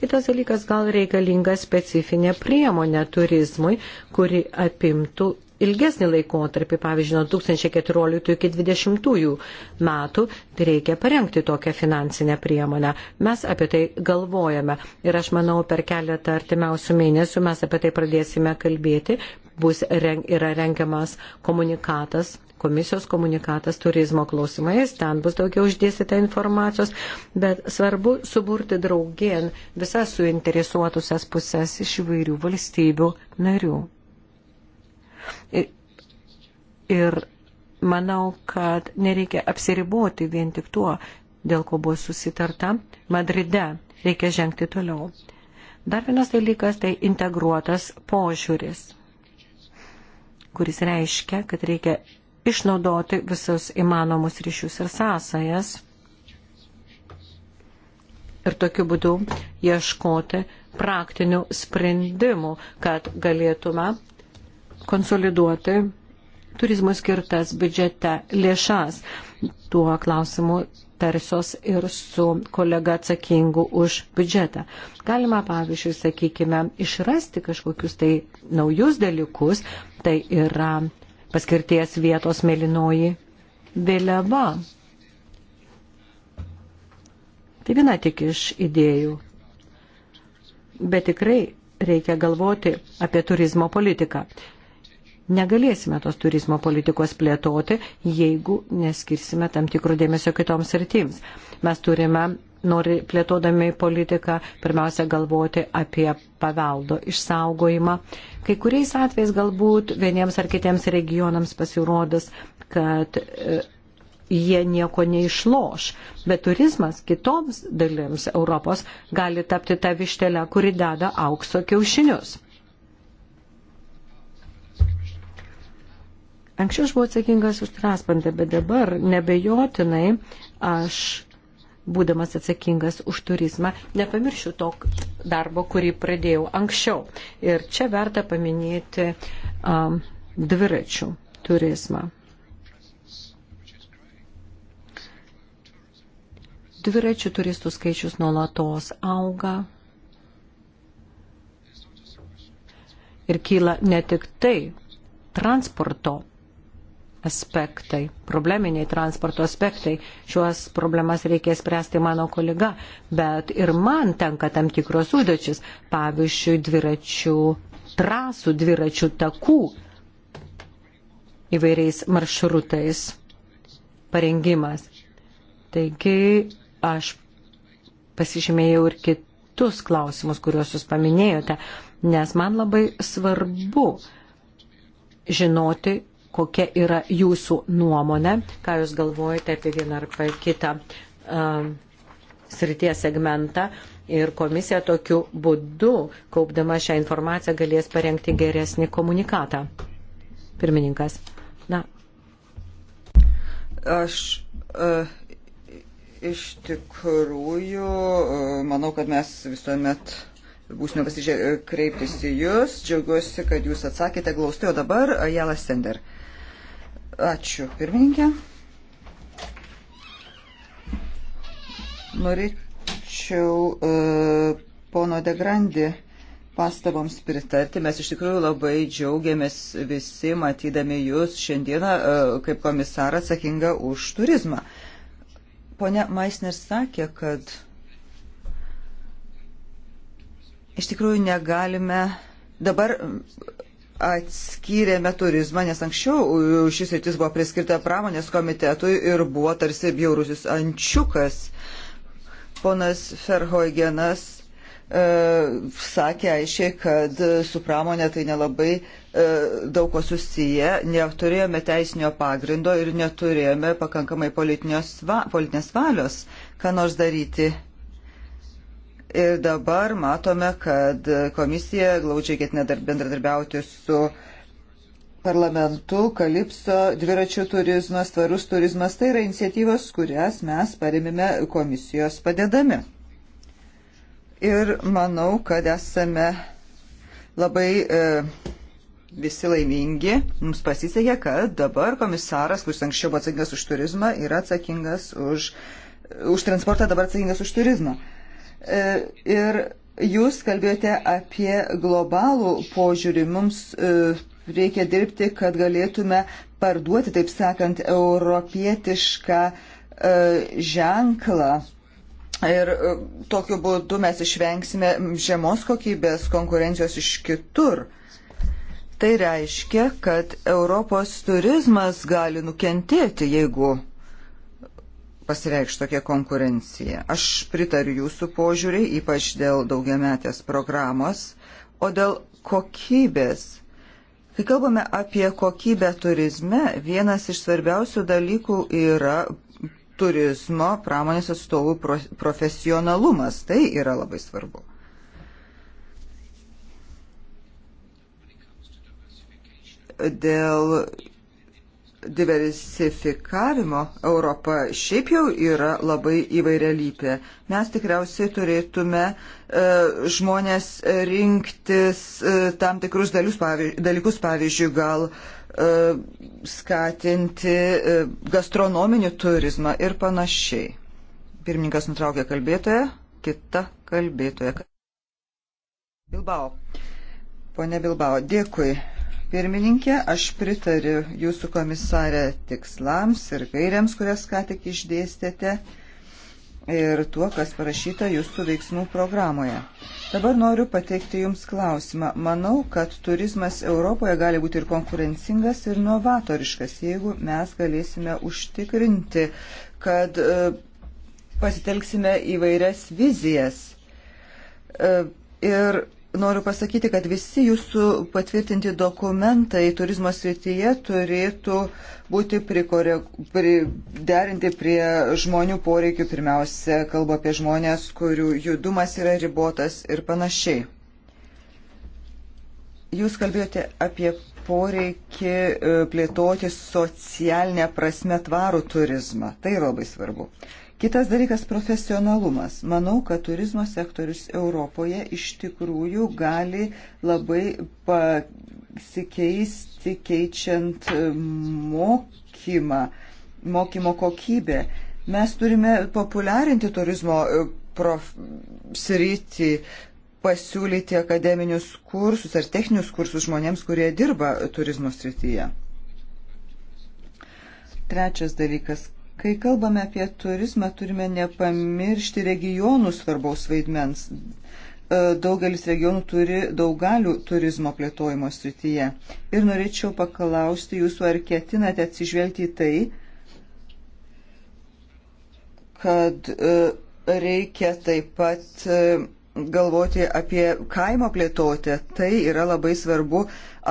Kitas dalykas gal reikalinga specifinė priemonė turizmui, kuri apimtų ilgesnį laikotarpį, pavyzdžiui, nuo 2014 iki 2020 metų, tai reikia parengti tokią finansinę priemonę. Mes apie tai galvojame ir aš manau, per keletą artimiausių mėnesių mes apie tai pradėsime kalbėti, bus reng, yra rengiamas komunikatas komisijos komunikatas turizmo klausimais, ten bus daugiau uždėsite informacijos, bet svarbu suburti draugien visas suinteresuotusias pusės iš įvairių valstybių narių. Ir, ir manau, kad nereikia apsiriboti vien tik tuo, dėl ko buvo susitarta Madride. Reikia žengti toliau. Dar vienas dalykas tai integruotas požiūris, kuris reiškia, kad reikia išnaudoti visus įmanomus ryšius ir sąsajas ir tokiu būdu ieškoti praktinių sprendimų, kad galėtume konsoliduoti turizmui skirtas biudžete lėšas. Tuo klausimu tarsios ir su kolega atsakingu už biudžetą. Galima, pavyzdžiui, sakykime, išrasti kažkokius tai naujus dalykus, tai yra paskirties vietos mėlynoji vėliava. Tai viena tik iš idėjų. Bet tikrai reikia galvoti apie turizmo politiką. Negalėsime tos turizmo politikos plėtoti, jeigu neskirsime tam tikro dėmesio kitoms sritims. Mes turime nori plėtodami politiką pirmiausia galvoti apie paveldo išsaugojimą. Kai kuriais atvejais galbūt vieniems ar kitiems regionams pasirodys, kad e, jie nieko neišloš, bet turizmas kitoms dalims Europos gali tapti tą vištelę, kuri deda aukso kiaušinius. Anksčiau aš buvau atsakingas už transportą, bet dabar nebejotinai aš būdamas atsakingas už turizmą, nepamiršiu to darbo, kurį pradėjau anksčiau. Ir čia verta paminėti um, dviračių turizmą. Dviračių turistų skaičius nuolatos auga. Ir kyla ne tik tai transporto aspektai, probleminiai transporto aspektai. Šiuos problemas reikia spręsti mano kolega, bet ir man tenka tam tikros užduočius, pavyzdžiui, dviračių trasų, dviračių takų įvairiais maršrutais parengimas. Taigi aš pasižymėjau ir kitus klausimus, kuriuos jūs paminėjote, nes man labai svarbu žinoti, kokia yra jūsų nuomonė, ką jūs galvojate apie vieną ar kitą um, srities segmentą. Ir komisija tokiu būdu, kaupdama šią informaciją, galės parengti geresnį komunikatą. Pirmininkas. Na.
Aš uh, iš tikrųjų uh, manau, kad mes visuomet būsime pasižiūrėję kreiptis į Jūs. Džiaugiuosi, kad Jūs atsakėte glaustai, o dabar Jela Sender. Uh, Ačiū, pirmininkė. Norėčiau uh, pono Degrandi pastaboms pritarti. Mes iš tikrųjų labai džiaugiamės visi matydami jūs šiandieną e, kaip komisarą atsakingą už turizmą. Pone Maisner sakė, kad iš tikrųjų negalime dabar atskyrėme turizmą, nes anksčiau šis rytis buvo priskirta pramonės komitetui ir buvo tarsi bjaurusis ančiukas. Ponas Ferhoigenas e, sakė aiškiai, kad su pramonė tai nelabai e, daug ko susiję, neturėjome teisinio pagrindo ir neturėjome pakankamai va, politinės valios, ką nors daryti Ir dabar matome, kad komisija glaudžiai ketina bendradarbiauti su parlamentu, kalipso, dviračių turizmas, tvarus turizmas. Tai yra iniciatyvos, kurias mes paremime komisijos padedami. Ir manau, kad esame labai e, visi laimingi. Mums pasisekė, kad dabar komisaras, kuris anksčiau buvo atsakingas už turizmą, yra atsakingas už, už transportą, dabar atsakingas už turizmą. E, E, ir jūs kalbėjote apie globalų požiūrį. Mums e, reikia dirbti, kad galėtume parduoti, taip sakant, europietišką e, ženklą. Ir tokiu būdu mes išvengsime žemos kokybės konkurencijos iš kitur. Tai reiškia, kad Europos turizmas gali nukentėti, jeigu pasireikš tokia konkurencija. Aš pritariu jūsų požiūriai, ypač dėl daugiametės programos, o dėl kokybės. Kai kalbame apie kokybę turizme, vienas iš svarbiausių dalykų yra turizmo pramonės atstovų profesionalumas. Tai yra labai svarbu. Dėl diversifikavimo Europa šiaip jau yra labai įvairialypė. Mes tikriausiai turėtume e, žmonės rinktis e, tam tikrus dalius, pavyž, dalykus, pavyzdžiui, gal e, skatinti e, gastronominį turizmą ir panašiai. Pirmininkas nutraukė kalbėtoją, kita kalbėtoja. Bilbao. Pone Bilbao, dėkui pirmininkė, aš pritariu jūsų komisarė tikslams ir gairiams, kurias ką tik išdėstėte ir tuo, kas parašyta jūsų veiksmų programoje. Dabar noriu pateikti Jums klausimą. Manau, kad turizmas Europoje gali būti ir konkurencingas, ir novatoriškas, jeigu mes galėsime užtikrinti, kad e, pasitelksime įvairias vizijas. E, ir Noriu pasakyti, kad visi jūsų patvirtinti dokumentai turizmo srityje turėtų būti prikore, pri, derinti prie žmonių poreikių. Pirmiausia, kalbu apie žmonės, kurių judumas yra ribotas ir panašiai. Jūs kalbėjote apie poreikį e, plėtoti socialinę prasme tvarų turizmą. Tai yra labai svarbu. Kitas dalykas - profesionalumas. Manau, kad turizmo sektorius Europoje iš tikrųjų gali labai pasikeisti keičiant mokymą, mokymo kokybę. Mes turime populiarinti turizmo e, prof... sritį, pasiūlyti akademinius kursus ar techninius kursus žmonėms, kurie dirba turizmo srityje. Trečias dalykas Kai kalbame apie turizmą, turime nepamiršti regionų svarbaus vaidmens. E, daugelis regionų turi daug galių turizmo plėtojimo srityje. Ir norėčiau paklausti jūsų, ar ketinate atsižvelgti į tai, kad e, reikia taip pat e, galvoti apie kaimo plėtotę. Tai yra labai svarbu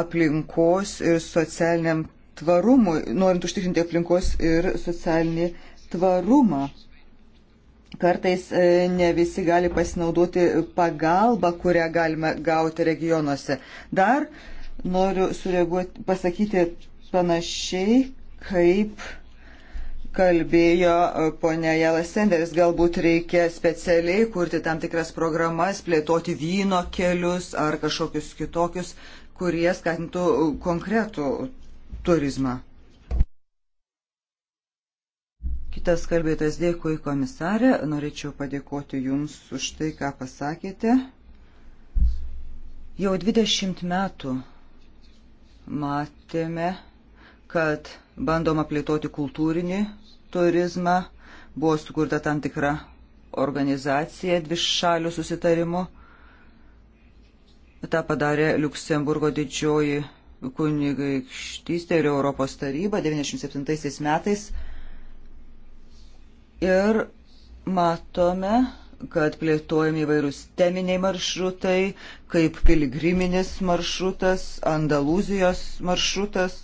aplinkos ir socialiniam tvarumui, norint užtikrinti aplinkos ir socialinį tvarumą. Kartais e, ne visi gali pasinaudoti pagalbą, kurią galime gauti regionuose. Dar noriu sureaguoti, pasakyti panašiai, kaip kalbėjo e, ponia Jelas Senderis, galbūt reikia specialiai kurti tam tikras programas, plėtoti vyno kelius ar kažkokius kitokius, kurie skatintų konkretų turizmą. Kitas kalbėtas dėkui komisarė. Norėčiau padėkoti Jums už tai, ką pasakėte. Jau 20 metų matėme, kad bandoma plėtoti kultūrinį turizmą. Buvo sukurta tam tikra organizacija dvišalių susitarimu. Ta padarė Luksemburgo didžioji kunigaikštystė ir Europos taryba 97 metais. Ir matome, kad plėtojami įvairūs teminiai maršrutai, kaip piligriminis maršrutas, Andalūzijos maršrutas,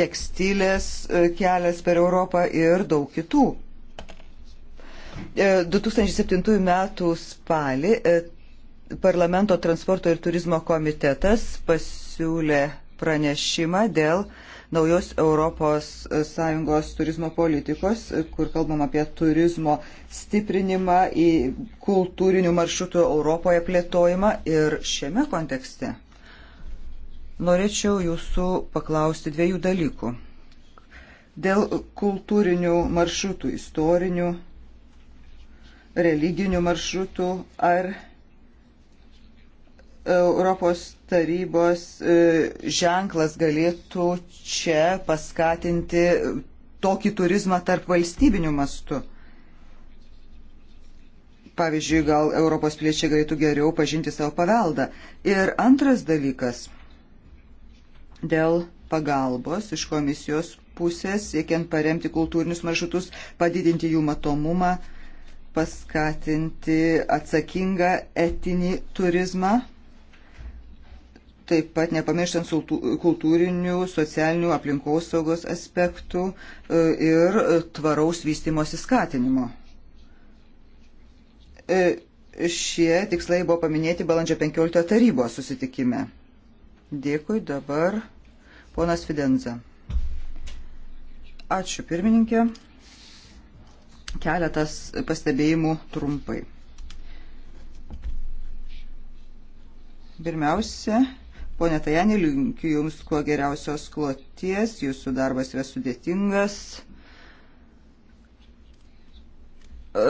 tekstilės e, kelias per Europą ir daug kitų. 2007 e, m. spalį e, parlamento transporto ir turizmo komitetas pas pasiūlė pranešimą dėl naujos ES turizmo politikos, kur kalbam apie turizmo stiprinimą, į kultūrinių maršrutų Europoje plėtojimą ir šiame kontekste. Norėčiau jūsų paklausti dviejų dalykų. Dėl kultūrinių maršrutų, istorinių, religinių maršrutų ar Europos tarybos e, ženklas galėtų čia paskatinti tokį turizmą tarp valstybinių mastų. Pavyzdžiui, gal Europos piliečiai galėtų geriau pažinti savo paveldą. Ir antras dalykas dėl pagalbos iš komisijos pusės, siekiant paremti kultūrinius maršrutus, padidinti jų matomumą, paskatinti atsakingą etinį turizmą taip pat nepamirštant kultūrinių, socialinių, aplinkosaugos aspektų e, ir e, tvaraus vystimosi skatinimo. E, šie tikslai buvo paminėti balandžio 15 tarybos susitikime. Dėkui dabar ponas Fidenza. Ačiū pirmininkė. Keletas pastebėjimų trumpai. Pirmiausia, Pone Tajani, linkiu Jums kuo geriausios kloties, Jūsų darbas yra sudėtingas. E,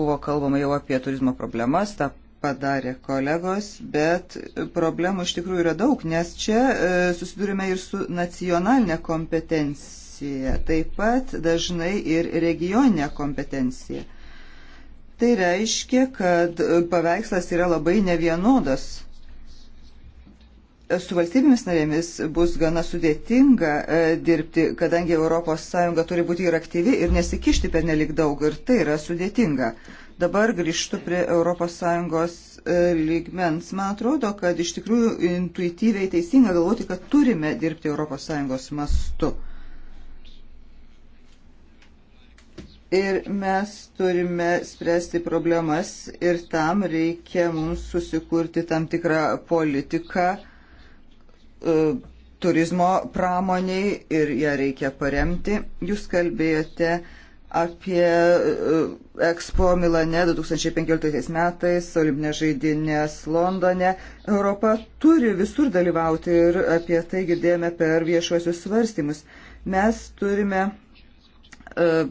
buvo kalbama jau apie turizmo problemas, tą padarė kolegos, bet problemų iš tikrųjų yra daug, nes čia e, susidurime ir su nacionalinė kompetencija, taip pat dažnai ir regioninė kompetencija. Tai reiškia, kad e, paveikslas yra labai nevienodas su valstybėmis narėmis bus gana sudėtinga e, dirbti, kadangi ES turi būti ir aktyvi ir nesikišti per nelik daug ir tai yra sudėtinga. Dabar grįžtu prie ES e, lygmens. Man atrodo, kad iš tikrųjų intuityviai teisinga galvoti, kad turime dirbti ES mastu. Ir mes turime spręsti problemas ir tam reikia mums susikurti tam tikrą politiką E, turizmo pramoniai ir ją reikia paremti. Jūs kalbėjote apie e, Expo Milane 2015 metais, Olimpinės žaidinės Londone. Europa turi visur dalyvauti ir apie tai girdėjome per viešuosius svarstymus. Mes turime e,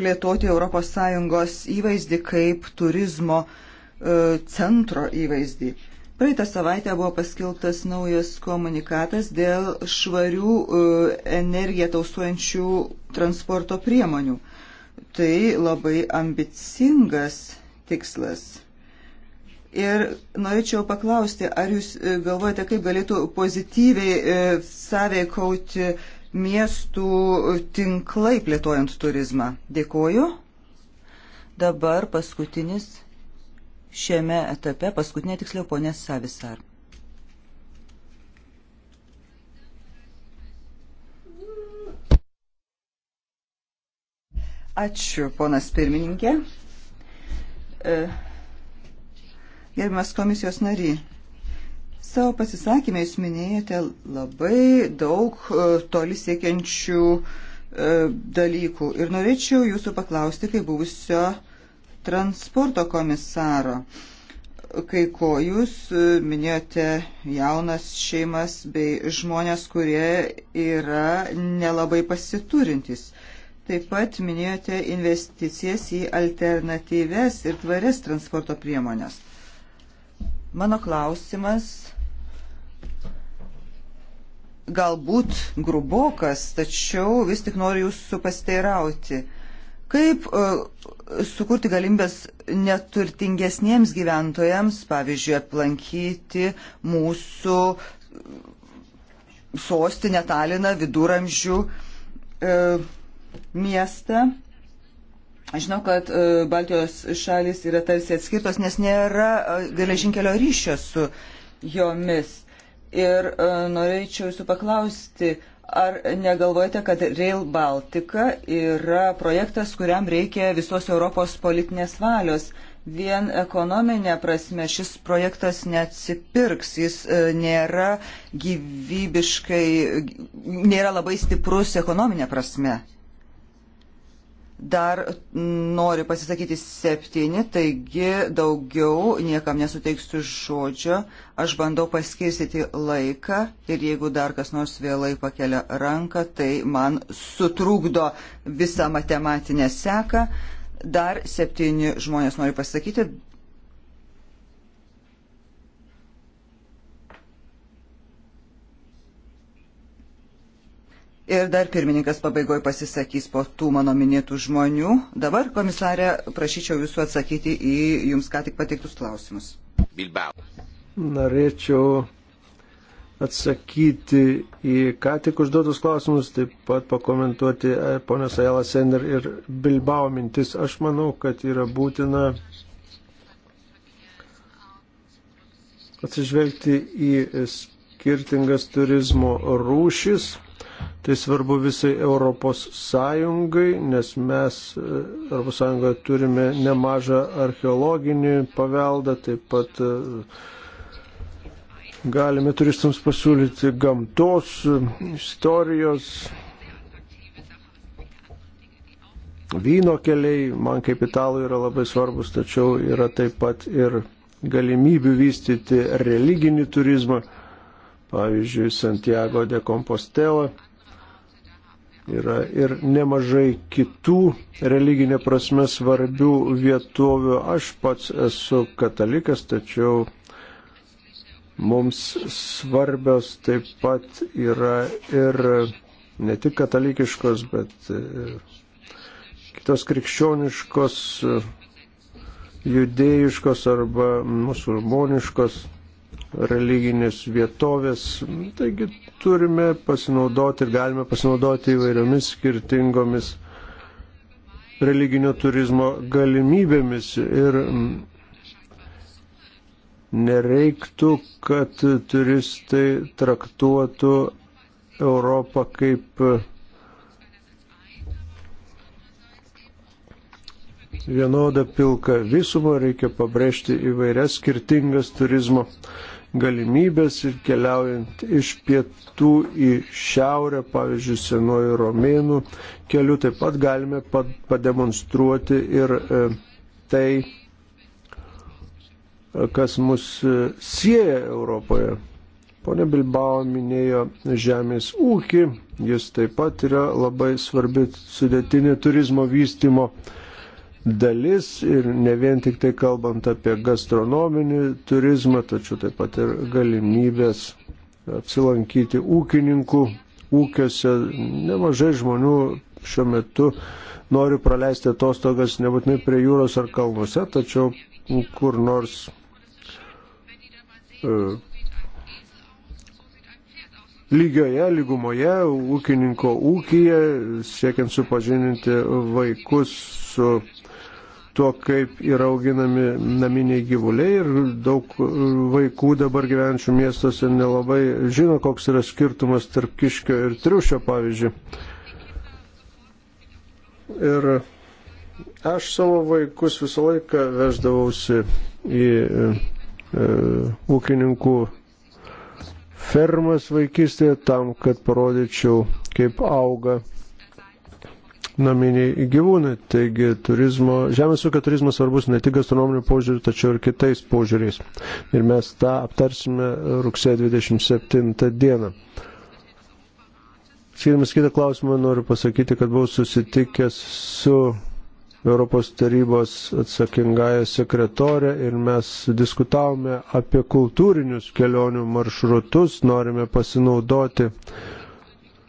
plėtoti ES įvaizdį kaip turizmo centro įvaizdį. Praeitą savaitę buvo paskelbtas naujas komunikatas dėl švarių e, energiją tausuojančių transporto priemonių. Tai labai ambicingas tikslas. Ir norėčiau paklausti, ar jūs e, galvojate, kaip galėtų pozityviai e, sąveikauti miestų tinklai plėtojant turizmą? Dėkoju. Dabar paskutinis šiame etape, paskutinė tiksliau ponė Savisar. Ačiū, ponas pirmininkė. E, gerbiamas komisijos nariai, savo pasisakymę jūs minėjote labai daug e, toli siekiančių e, dalykų ir norėčiau jūsų paklausti, kaip buvusio transporto komisaro. Kai ko jūs e, minėjote jaunas šeimas bei žmonės, kurie yra nelabai pasiturintys. Taip pat minėjote investicijas į alternatyves ir tvarias transporto priemonės. Mano klausimas galbūt grubokas, tačiau vis tik noriu jūsų pasteirauti. Kaip e, sukurti galimbės neturtingesniems gyventojams, pavyzdžiui, aplankyti mūsų sostinę Taliną, viduramžių e, miestą. Aš žinau, kad e, Baltijos šalis yra tarsi atskirtos, nes nėra e, geležinkelio ryšio su jomis. Ir e, norėčiau jūsų paklausti, e, Ar negalvojate, kad Rail Baltica yra projektas, kuriam reikia visos Europos politinės valios? Vien ekonominė prasme šis projektas neatsipirks, jis e, nėra gyvybiškai, nėra labai stiprus ekonominė prasme. Dar nori pasisakyti septyni, taigi daugiau niekam nesuteiksiu žodžio. Aš bandau paskirstyti laiką ir jeigu dar kas nors vėlai pakelia ranką, tai man sutrukdo visą matematinę seką. Dar septyni žmonės nori pasisakyti, Ir dar pirmininkas pabaigoje pasisakys po tų mano minėtų žmonių. Dabar, komisarė, prašyčiau jūsų atsakyti į jums ką tik pateiktus klausimus.
Bilbao.
Norėčiau atsakyti į ką tik užduotus klausimus, taip pat pakomentuoti e, ponios Ajala Sender ir Bilbao mintis. Aš manau, kad yra būtina atsižvelgti į skirtingas turizmo rūšis Tai svarbu visai Europos Sąjungai, nes mes e, Europos Sąjungoje turime nemažą archeologinį paveldą, taip pat e, galime turistams pasiūlyti gamtos, e, istorijos, vyno keliai, man kaip italui yra labai svarbus, tačiau yra taip pat ir galimybių vystyti religinį turizmą, pavyzdžiui, Santiago de Compostela. Yra ir nemažai kitų religinė prasme svarbių vietovių. Aš pats esu katalikas, tačiau mums svarbios taip pat yra ir ne tik katalikiškos, bet kitos krikščioniškos, judėjiškos arba musulmoniškos religinės vietovės. Taigi turime pasinaudoti ir galime pasinaudoti įvairiomis skirtingomis religinio turizmo galimybėmis ir mm, nereiktų, kad turistai traktuotų Europą kaip vienodą pilką visumą, reikia pabrėžti įvairias skirtingas turizmo galimybės ir keliaujant iš pietų į šiaurę, pavyzdžiui, senuoju romėnų keliu, taip pat galime pademonstruoti ir e, tai, kas mus e, sieja Europoje. Pone Bilbao minėjo žemės ūkį, jis taip pat yra labai svarbi sudėtinė turizmo vystimo dalis ir ne vien tik tai kalbant apie gastronominį turizmą, tačiau taip pat ir galimybės apsilankyti ūkininkų ūkiuose. Nemažai žmonių šiuo metu nori praleisti atostogas nebūtinai prie jūros ar kalnuose, tačiau kur nors e, lygioje, lygumoje, ūkininko ūkyje, siekiant supažininti vaikus su tuo, kaip yra auginami naminiai gyvuliai ir daug vaikų dabar gyvenčių miestuose nelabai žino, koks yra skirtumas tarp kiškio ir triušio, pavyzdžiui. Ir aš savo vaikus visą laiką veždavausi į e, e ūkininkų fermas vaikystėje tam, kad parodyčiau, kaip auga naminiai gyvūnai. Taigi turizmo, žemės ūkio turizmas svarbus ne tik gastronominiu požiūriu, tačiau ir kitais požiūriais. Ir mes tą aptarsime rugsėjo 27 dieną. Skirimas kitą klausimą noriu pasakyti, kad buvau susitikęs su Europos tarybos atsakingąją sekretorę ir mes diskutavome apie kultūrinius kelionių maršrutus, norime pasinaudoti uh,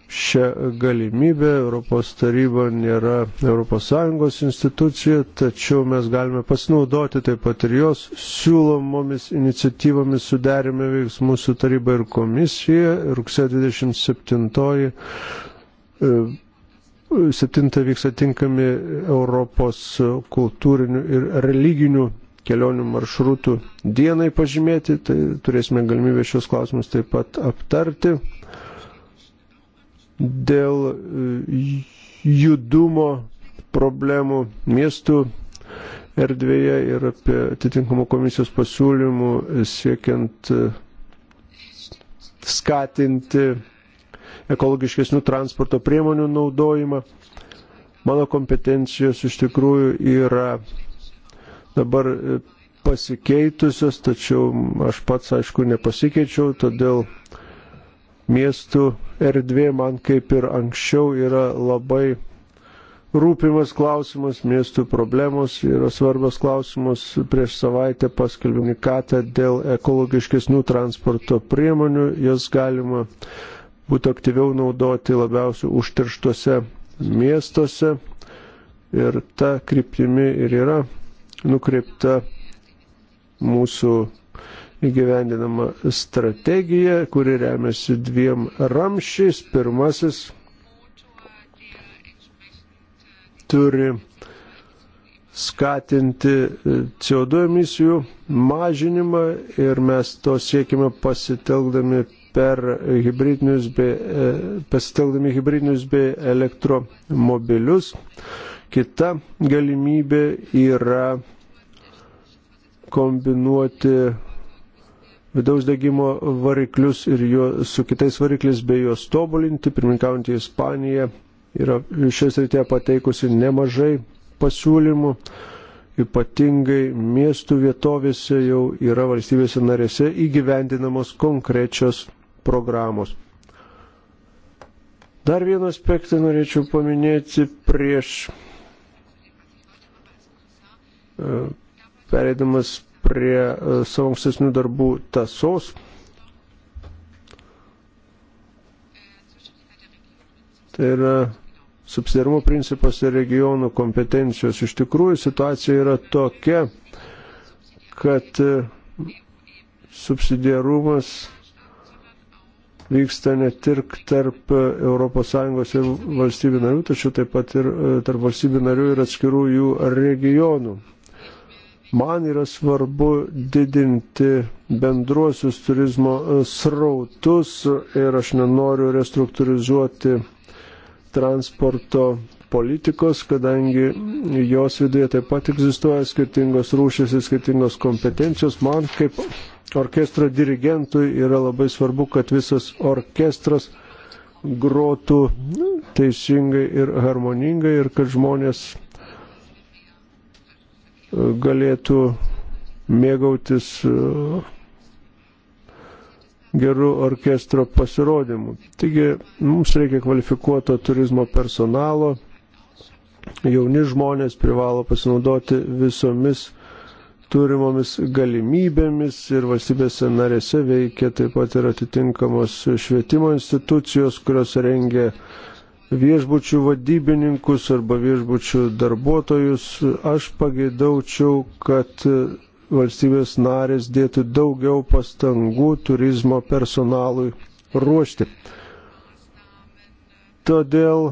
šią galimybę. Europos taryba nėra ES institucija, tačiau mes galime pasinaudoti taip pat ir jos siūlomomis iniciatyvomis suderime veiksmus su taryba ir komisija. Rugsėjo 27. 7 vyks atinkami Europos kultūrinių ir religinių kelionių maršrutų dienai pažymėti, tai turėsime galimybę šios klausimus taip pat aptarti dėl e, judumo problemų miestų erdvėje ir apie atitinkamų komisijos pasiūlymų siekiant e, skatinti ekologiškesnių transporto priemonių naudojimą. Mano kompetencijos iš tikrųjų yra dabar e, pasikeitusios, tačiau aš pats, aišku, nepasikeičiau, todėl uh, miestų erdvė man kaip ir anksčiau yra labai rūpimas klausimas, miestų problemos yra svarbas klausimas. Prieš savaitę paskelbėme katą dėl ekologiškesnių transporto priemonių, jas galima būtų aktyviau naudoti labiausiai užterštuose miestuose ir ta kryptimi ir yra nukreipta mūsų įgyvendinama strategija, kuri remiasi dviem ramšiais. Pirmasis turi skatinti e, CO2 emisijų mažinimą ir mes to siekime pasitelkdami per hybridinius bei, e, pasitelkdami hybridinius bei elektromobilius. Kita galimybė yra kombinuoti vidaus degimo variklius ir juo, su kitais varikliais bei juos tobulinti. Pirminkaujantį Ispaniją yra šios rytėje pateikusi nemažai pasiūlymų. Ypatingai miestų vietovėse jau yra valstybėse narėse įgyvendinamos konkrečios programos. Dar vieną aspektą norėčiau paminėti prieš e, pereidamas prie e, savo ankstesnių darbų tasos. Tai yra subsidiarumo principas ir regionų kompetencijos. Iš tikrųjų situacija yra tokia, kad e, subsidiarumas vyksta ne tik tarp ES ir valstybių narių, tačiau taip pat ir e, tarp valstybių narių ir atskirų jų regionų. Man yra svarbu didinti bendruosius turizmo e, srautus ir aš nenoriu restruktūrizuoti transporto politikos, kadangi jos viduje taip pat egzistuoja skirtingos rūšis ir skirtingos kompetencijos. Man kaip orkestro dirigentui yra labai svarbu, kad visas orkestras grotų nu, teisingai ir harmoningai ir kad žmonės galėtų mėgautis e, gerų orkestro pasirodymų. Taigi mums reikia kvalifikuoto turizmo personalo, jauni žmonės privalo pasinaudoti visomis turimomis galimybėmis ir valstybėse narėse veikia taip pat ir atitinkamos švietimo institucijos, kurios rengia viešbučių vadybininkus arba viešbučių darbuotojus. Aš pageidaučiau, kad valstybės narės dėtų daugiau pastangų turizmo personalui ruošti. Todėl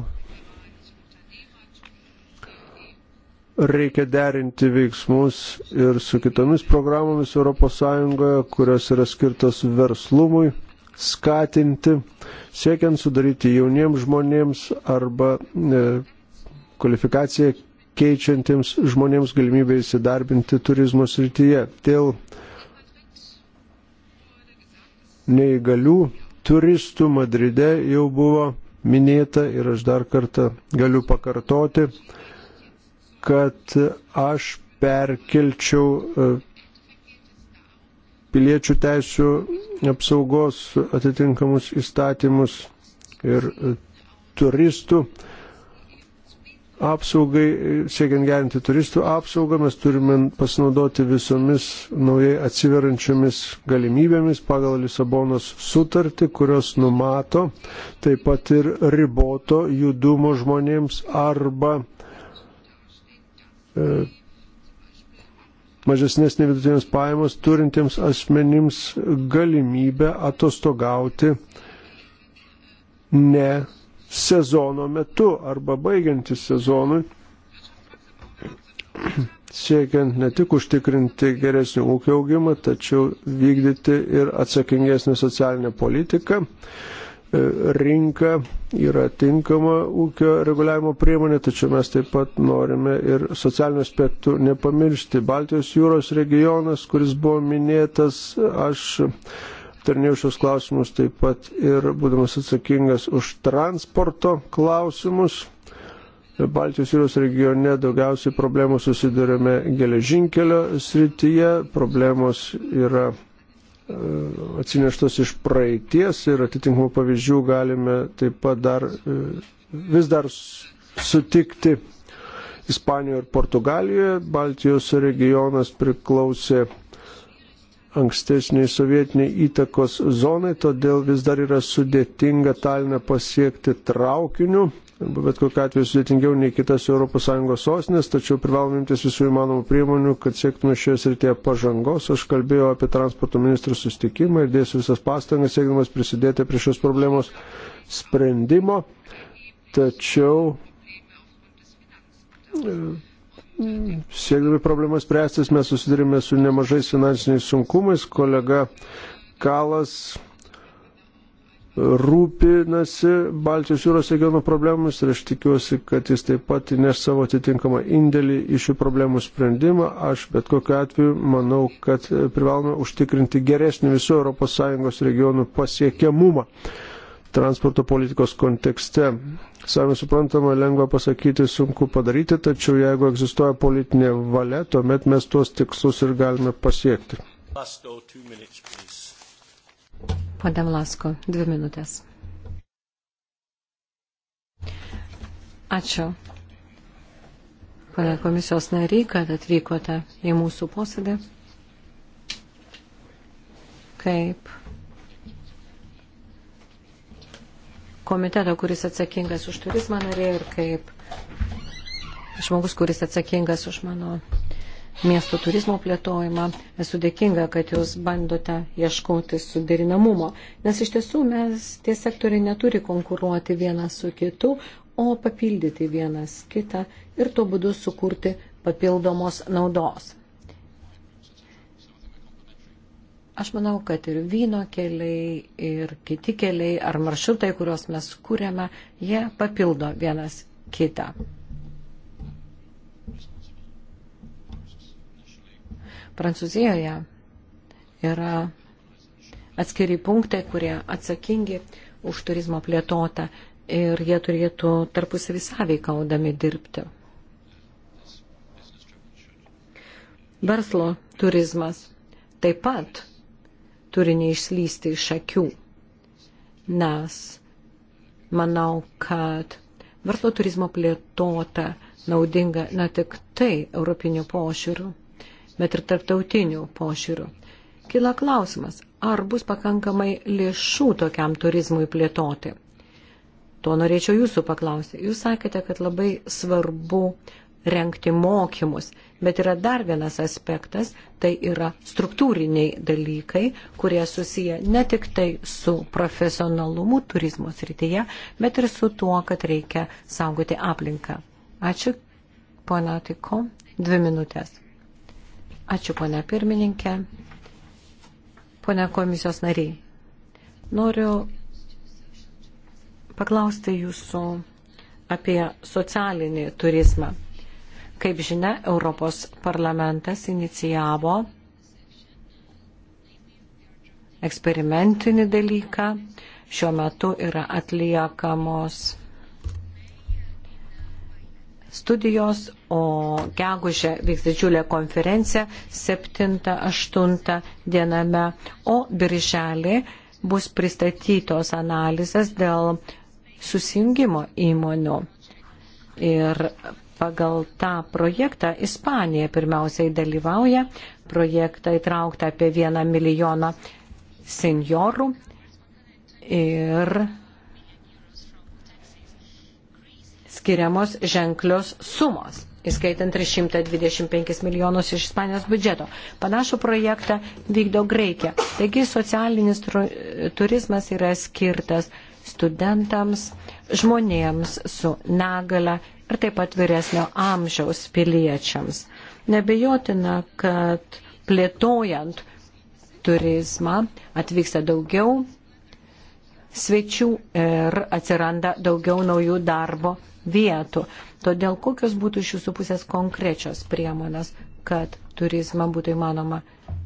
reikia derinti veiksmus ir su kitomis programomis ES, kurios yra skirtos verslumui skatinti, siekiant sudaryti jauniems žmonėms arba e, kvalifikaciją keičiantiems žmonėms galimybę įsidarbinti turizmo srityje. Dėl neįgalių turistų Madride jau buvo minėta ir aš dar kartą galiu pakartoti, kad aš perkelčiau e, piliečių teisų apsaugos atitinkamus įstatymus ir e, turistų apsaugai, siekiant gerinti turistų apsaugą, mes turime pasinaudoti visomis naujai atsiverančiomis galimybėmis pagal Lisabonos sutartį, kurios numato taip pat ir riboto judumo žmonėms arba e, mažesnės nevidutinės pajamos turintiems asmenims galimybę atostogauti ne sezono metu arba baigiantis sezonui, (clears throat) siekiant ne tik užtikrinti geresnį ūkio augimą, tačiau vykdyti ir atsakingesnį socialinę politiką rinka yra tinkama ūkio reguliavimo priemonė, tačiau mes taip pat norime ir socialinių aspektų nepamiršti. Baltijos jūros regionas, kuris buvo minėtas, aš aptarnėjau šios klausimus taip pat ir būdamas atsakingas už transporto klausimus. Baltijos jūros regione daugiausiai problemų susidurime geležinkelio srityje, problemos yra E, atsineštos iš praeities ir atitinkamų pavyzdžių galime taip pat dar, e, vis dar sutikti Ispanijoje ir Portugalijoje. Baltijos regionas priklausė ankstesniai sovietiniai įtakos zonai, todėl vis dar yra sudėtinga Taliną pasiekti traukiniu bet kokiu atveju sudėtingiau nei kitas ES sostinės, tačiau privalome imtis visų įmanomų priemonių, kad siektume šioje srityje pažangos. Aš kalbėjau apie transporto ministrų sustikimą ir dėsiu visas pastangas, siekdamas prisidėti prie šios problemos sprendimo. Tačiau e, siekdami problemas spręstis mes susidurime su nemažais finansiniais sunkumais. Kolega Kalas rūpinasi Baltijos jūros regiono problemus ir aš tikiuosi, kad jis taip pat įneš savo atitinkamą indėlį į šių problemų sprendimą. Aš bet kokiu atveju manau, kad privalome užtikrinti geresnį visų ES regionų pasiekiamumą transporto politikos kontekste. Savai suprantama, lengva pasakyti, sunku padaryti, tačiau jeigu egzistuoja politinė valia, tuomet mes tuos tikslus ir galime pasiekti.
Pasto, two minutes, please.
Pone Vlasko, dvi minutės. Ačiū. Pane komisijos nariai, kad atvykote į mūsų posėdį. Kaip komiteto, kuris atsakingas už turizmą narė ir kaip žmogus, kuris atsakingas už mano miesto turizmo plėtojimą. Esu dėkinga, kad jūs bandote ieškoti suderinamumo, nes iš tiesų mes tie sektoriai neturi konkuruoti vienas su kitu, o papildyti vienas kitą ir tuo būdu sukurti papildomos naudos. Aš manau, kad ir vyno keliai, ir kiti keliai, ar maršrutai, kuriuos mes kūrėme, jie papildo vienas kitą. Prancūzijoje yra atskiri punktai, kurie atsakingi už turizmo plėtotą ir jie turėtų tarpusavį sąveikaudami dirbti. Verslo turizmas taip pat turi neišslysti iš akių, nes manau, kad verslo turizmo plėtota naudinga ne tik tai europinių pošiūrių, bet ir tarptautinių pošiūrių. Kila klausimas, ar bus pakankamai lėšų tokiam turizmui plėtoti? To norėčiau jūsų paklausti. Jūs sakėte, kad labai svarbu renkti mokymus, bet yra dar vienas aspektas, tai yra struktūriniai dalykai, kurie susiję ne tik tai su profesionalumu turizmo srityje, bet ir su tuo, kad reikia saugoti aplinką. Ačiū, pana Tiko, dvi minutės. Ačiū, ponia pirmininkė. Pone komisijos nariai, noriu paklausti jūsų apie socialinį turizmą. Kaip žinia, Europos parlamentas inicijavo eksperimentinį dalyką. Šiuo metu yra atliekamos studijos, o gegužę vyks didžiulė konferencija 7-8 diename, o birželį bus pristatytos analizės dėl susijungimo įmonių. Ir pagal tą projektą Ispanija pirmiausiai dalyvauja. Projektą įtraukta apie vieną milijoną seniorų ir skiriamos ženklios sumos įskaitant 325 milijonus iš Ispanijos biudžeto. Panašų projektą vykdo Graikija. Taigi socialinis turizmas yra skirtas studentams, žmonėms su negale ir taip pat vyresnio amžiaus piliečiams. Nebejotina, kad plėtojant turizmą atvyksta daugiau svečių ir atsiranda daugiau naujų darbo vietų. Todėl kokios būtų iš jūsų pusės konkrečios priemonės, kad turizmą būtų įmanoma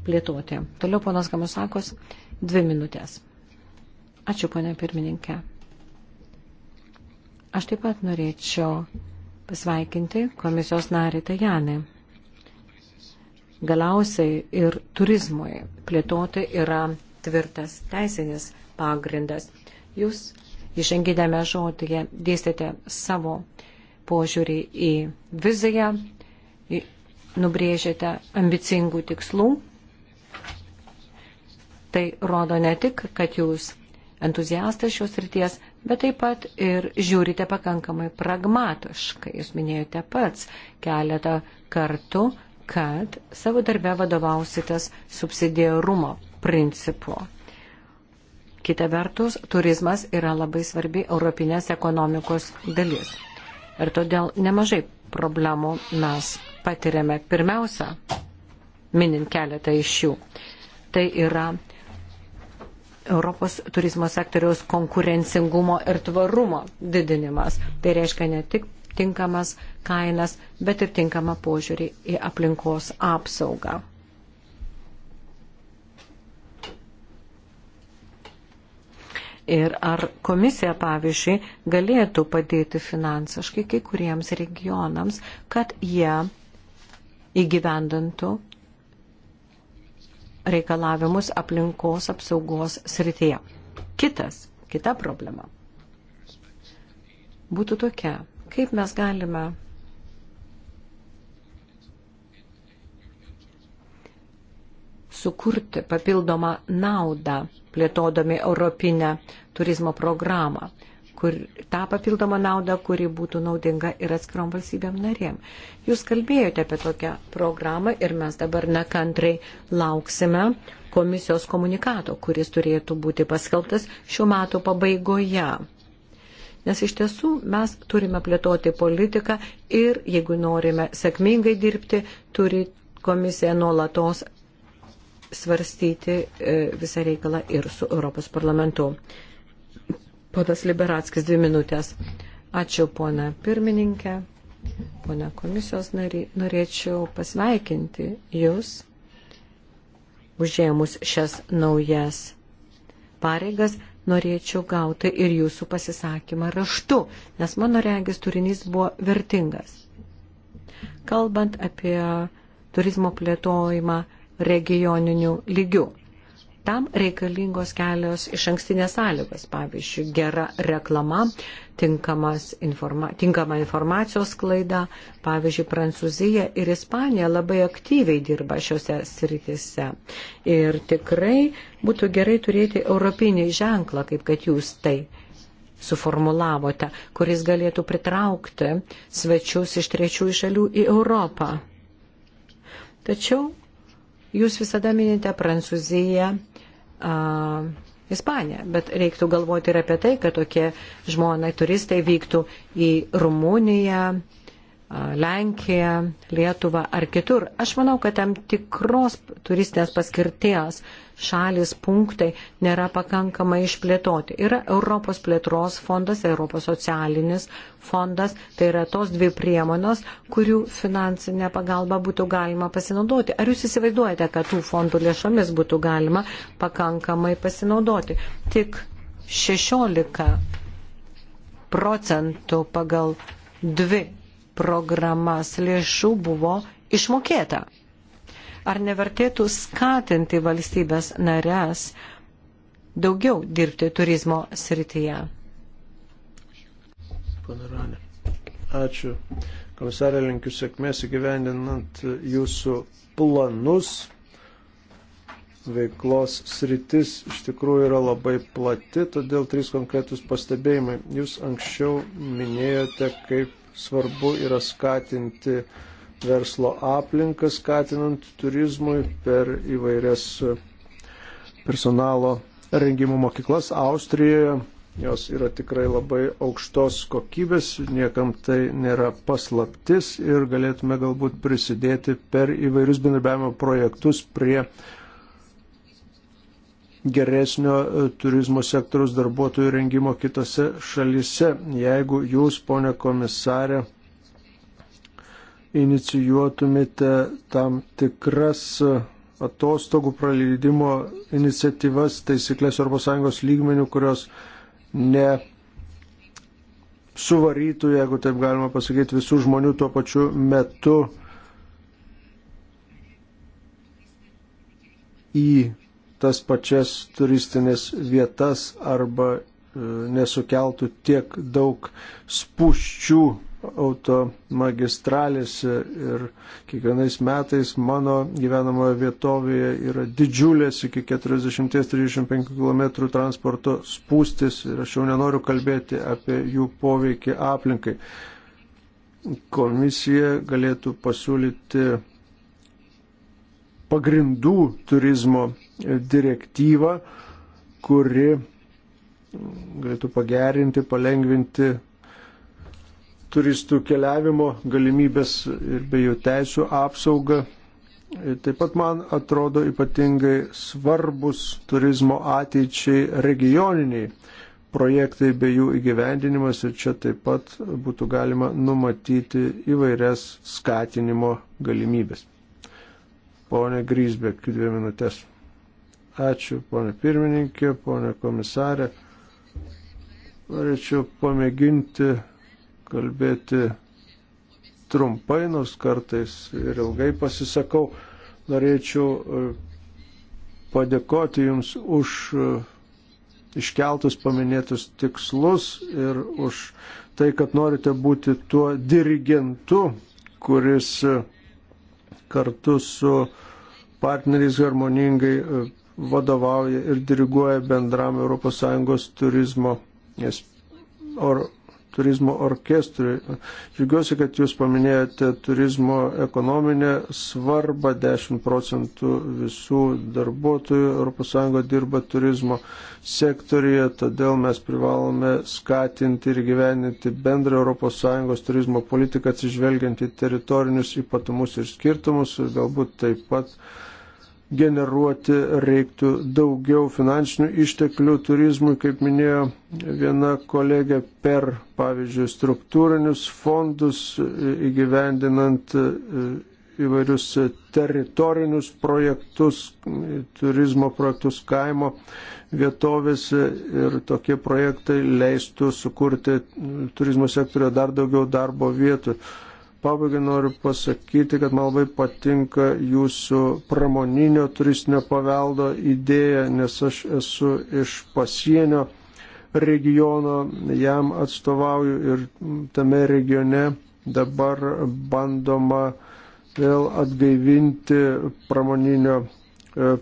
plėtoti. Toliau ponas Kamusakos, dvi minutės. Ačiū, ponė pirmininkė. Aš taip pat norėčiau pasveikinti komisijos narį Tajanį. Galiausiai ir turizmui plėtoti yra tvirtas teisinis pagrindas. Jūs įžanginėme žodėje dėstėte savo požiūrį į viziją, nubrėžėte ambicingų tikslų. Tai rodo ne tik, kad jūs entuziastas šios ryties, bet taip pat ir žiūrite pakankamai pragmatiškai. Jūs minėjote pats keletą kartų, kad savo darbę vadovausitės subsidiarumo principu. Kita vertus, turizmas yra labai svarbi europinės ekonomikos dalis. Ir todėl nemažai problemų mes patiriame. Pirmiausia, minint keletą iš jų, tai yra Europos turizmo sektoriaus konkurencingumo ir tvarumo didinimas. Tai reiškia ne tik tinkamas kainas, bet ir tinkamą požiūrį į aplinkos apsaugą. ir ar komisija, pavyzdžiui, galėtų padėti finansiškai kai kuriems regionams, kad jie įgyvendintų reikalavimus aplinkos apsaugos srityje. Kitas, kita problema būtų tokia, kaip mes galime sukurti papildomą naudą plėtodami Europinę turizmo programą kur, tą papildomą naudą, kuri būtų naudinga ir atskirom valstybėm narėm. Jūs kalbėjote apie tokią programą ir mes dabar nekantrai lauksime komisijos komunikato, kuris turėtų būti paskelbtas šiuo metu pabaigoje. Nes iš tiesų mes turime plėtoti politiką ir jeigu norime sėkmingai dirbti, turi komisija nuolatos svarstyti e, visą reikalą ir su Europos parlamentu. Ponas Liberatskis, dvi minutės. Ačiū, pona pirmininkė, pona komisijos nariai. Norėčiau pasveikinti Jūs užėmus šias naujas pareigas norėčiau gauti ir jūsų pasisakymą raštu, nes mano regis turinys buvo vertingas. Kalbant apie turizmo plėtojimą regioninių lygių. Tam reikalingos kelios iš ankstinės sąlygos, pavyzdžiui, gera reklama, informa, tinkama informacijos klaida. Pavyzdžiui, Prancūzija ir Ispanija labai aktyviai dirba šiuose sritise. Ir tikrai būtų gerai turėti europinį ženklą, kaip kad jūs tai suformulavote, kuris galėtų pritraukti svečius iš trečiųjų šalių į Europą. Tačiau Jūs visada minite Prancūziją, uh, Ispaniją, bet reiktų galvoti ir apie tai, kad tokie žmonai turistai vyktų į Rumuniją, Lenkiją, Lietuvą ar kitur. Aš manau, kad tam tikros turistinės paskirties šalis punktai nėra pakankamai išplėtoti. Yra Europos plėtros fondas, Europos socialinis fondas, tai yra tos dvi priemonos, kurių finansinė pagalba būtų galima pasinaudoti. Ar jūs įsivaizduojate, kad tų fondų lėšomis būtų galima pakankamai pasinaudoti? Tik 16 procentų pagal dvi programas lėšų buvo išmokėta. Ar nevertėtų skatinti valstybės narės daugiau dirbti turizmo srityje?
Panoranė. Ačiū. Komisarė, linkiu sėkmės įgyvendinant jūsų planus. Veiklos sritis iš tikrųjų yra labai plati, todėl trys konkretus pastebėjimai. Jūs anksčiau minėjote, kaip svarbu yra skatinti verslo aplinką, skatinant turizmui per įvairias personalo rengimo mokyklas Austrijoje. Jos yra tikrai labai aukštos kokybės, niekam tai nėra paslaptis ir galėtume galbūt prisidėti per įvairius bendrabiavimo projektus prie uh, geresnio e, turizmo sektoriaus darbuotojų rengimo kitose šalise. Jeigu jūs, ponė komisarė, inicijuotumėte tam tikras e, atostogų praleidimo iniciatyvas, taisyklės ES lygmenių, kurios ne suvarytų, jeigu taip galima pasakyti, visų žmonių tuo pačiu metu į tas pačias turistinės vietas arba e, nesukeltų tiek daug spūščių automagistralėse ir kiekvienais metais mano gyvenamoje vietovėje yra didžiulės iki 40-35 km transporto spūstis ir aš jau nenoriu kalbėti apie jų poveikį aplinkai. Komisija galėtų pasiūlyti pagrindų turizmo direktyvą, kuri galėtų pagerinti, palengvinti turistų keliavimo galimybės ir be jų teisų apsaugą. Ir taip pat man atrodo ypatingai svarbus turizmo ateičiai regioniniai projektai bei jų įgyvendinimas ir čia taip pat būtų galima numatyti įvairias skatinimo galimybės. Pone Grysbek, dvi minutės. Ačiū, ponė pirmininkė, ponė komisarė. Norėčiau pamėginti kalbėti trumpai, nors kartais ir ilgai pasisakau. Norėčiau e, padėkoti Jums už e, iškeltus paminėtus tikslus ir už tai, kad norite būti tuo dirigentu, kuris e, kartu su partneriais harmoningai vadovauja ir diriguoja bendram ES turizmo, or, turizmo orkestrui. Džiugiuosi, kad jūs paminėjote turizmo ekonominę svarbą. 10 procentų visų darbuotojų ES dirba turizmo sektorija, todėl mes privalome skatinti ir gyveninti bendrą ES turizmo politiką atsižvelgiant į teritorinius ypatumus ir skirtumus ir galbūt taip pat generuoti reiktų daugiau finansinių išteklių turizmui, kaip minėjo viena kolegė, per, pavyzdžiui, struktūrinius fondus e, įgyvendinant e, įvairius teritorinius projektus, turizmo projektus kaimo vietovėse ir tokie projektai leistų sukurti e, turizmo sektorio dar daugiau darbo vietų pabaigai noriu pasakyti, kad man labai patinka jūsų pramoninio turistinio paveldo idėja, nes aš esu iš pasienio regiono, jam atstovauju ir tame regione dabar bandoma vėl atgaivinti pramoninio e,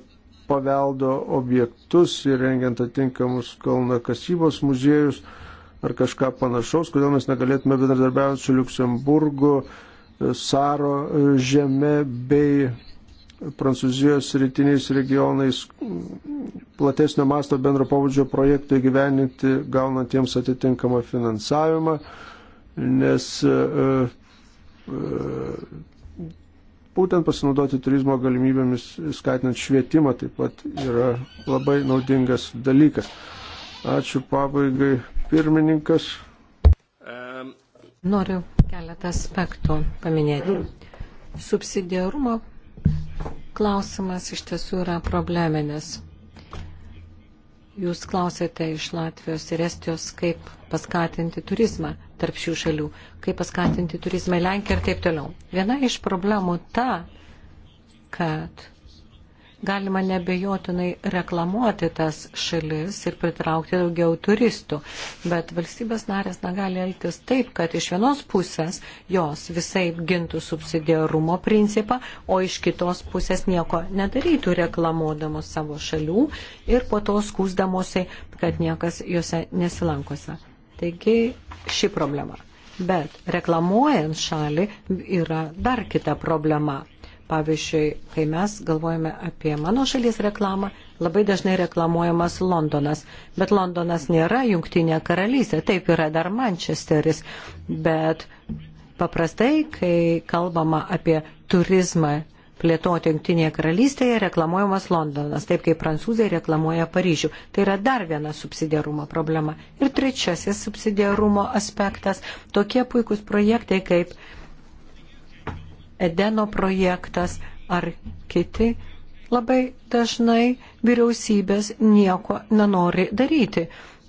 paveldo objektus ir rengiant atinkamus kalnakasybos muziejus ar kažką panašaus, kodėl mes negalėtume bendradarbiauti su Luksemburgu, Saro žeme bei Prancūzijos rytiniais regionais platesnio masto bendro pavadžio projektų įgyveninti, gaunant jiems atitinkamą finansavimą, nes e, e, būtent pasinaudoti turizmo galimybėmis, skatinant švietimą, taip pat yra labai naudingas dalykas. Ačiū pabaigai pirmininkas.
Noriu keletą aspektų paminėti. Subsidiarumo klausimas iš tiesų yra probleminis. Jūs klausėte iš Latvijos ir Estijos, kaip paskatinti turizmą tarp šių šalių, kaip paskatinti turizmą į Lenkiją ir taip toliau. Viena iš problemų ta, kad galima nebejotinai reklamuoti tas šalis ir pritraukti daugiau turistų. Bet valstybės narės negali elgtis taip, kad iš vienos pusės jos visai gintų subsidiarumo principą, o iš kitos pusės nieko nedarytų reklamuodamos savo šalių ir po to skūsdamosi, kad niekas juose nesilankosi. Taigi ši problema. Bet reklamuojant šalį yra dar kita problema Pavyzdžiui, kai mes galvojame apie mano šalies reklamą, labai dažnai reklamuojamas Londonas, bet Londonas nėra jungtinė karalystė, taip yra dar Mančesteris, bet paprastai, kai kalbama apie turizmą plėtoti jungtinėje karalystėje, reklamuojamas Londonas, taip kaip prancūzai reklamuoja Paryžių. Tai yra dar viena subsidiarumo problema. Ir trečiasis subsidiarumo aspektas - tokie puikūs projektai kaip Edeno projektas ar kiti, labai dažnai vyriausybės nieko nenori daryti.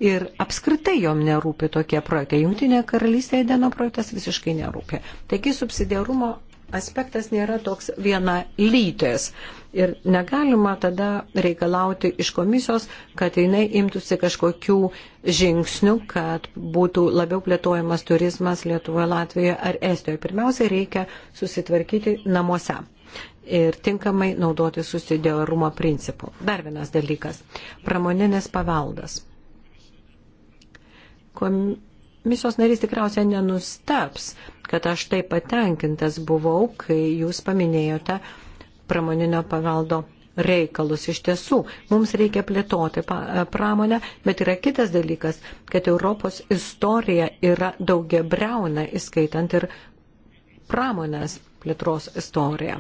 Ir apskritai jom nerūpi tokie projektai. Jungtinė karalystė Edeno projektas visiškai nerūpi. Taigi subsidiarumo aspektas nėra toks viena lytis. Ir negalima tada reikalauti iš komisijos, kad jinai imtųsi kažkokių žingsnių, kad būtų labiau plėtojamas turizmas Lietuvoje, Latvijoje ar Estijoje. Pirmiausia, reikia susitvarkyti namuose ir tinkamai naudoti susidėrumo principų. Dar vienas dalykas - pramoninis paveldas. Komisijos narys tikriausiai nenusteps, kad aš taip patenkintas buvau, kai jūs paminėjote pramoninio paveldo reikalus. Iš tiesų, mums reikia plėtoti e, pramonę, bet yra kitas dalykas, kad Europos istorija yra daugia breuna, įskaitant ir pramonės plėtros istoriją.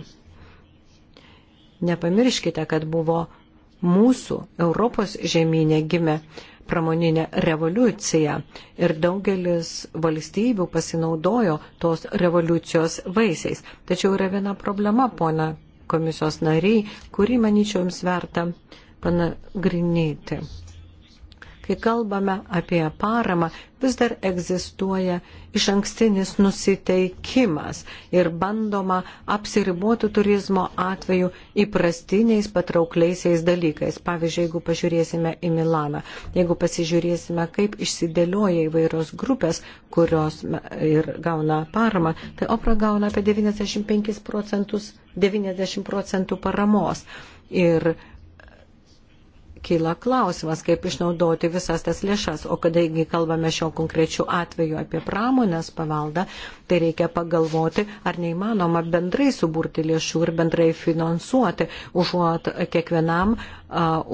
Nepamirškite, kad buvo mūsų Europos žemynė gimė pramoninę revoliuciją ir daugelis valstybių pasinaudojo tos revoliucijos vaisiais. Tačiau yra viena problema, pona komisijos nariai, kurį, manyčiau, jums verta panagrinėti kai kalbame apie paramą, vis dar egzistuoja iš ankstinis nusiteikimas ir bandoma apsiriboti turizmo atveju įprastiniais patraukliaisiais dalykais. Pavyzdžiui, jeigu pažiūrėsime į Milaną, jeigu pasižiūrėsime, kaip išsidėlioja įvairios grupės, kurios ir gauna paramą, tai opera gauna apie 95 procentus, 90 procentų paramos. Ir kyla klausimas, kaip išnaudoti visas tas lėšas. O kadangi kalbame šio konkrečiu atveju apie pramonės pavaldą, tai reikia pagalvoti, ar neįmanoma bendrai suburti lėšų ir bendrai finansuoti, užuot kiekvienam uh,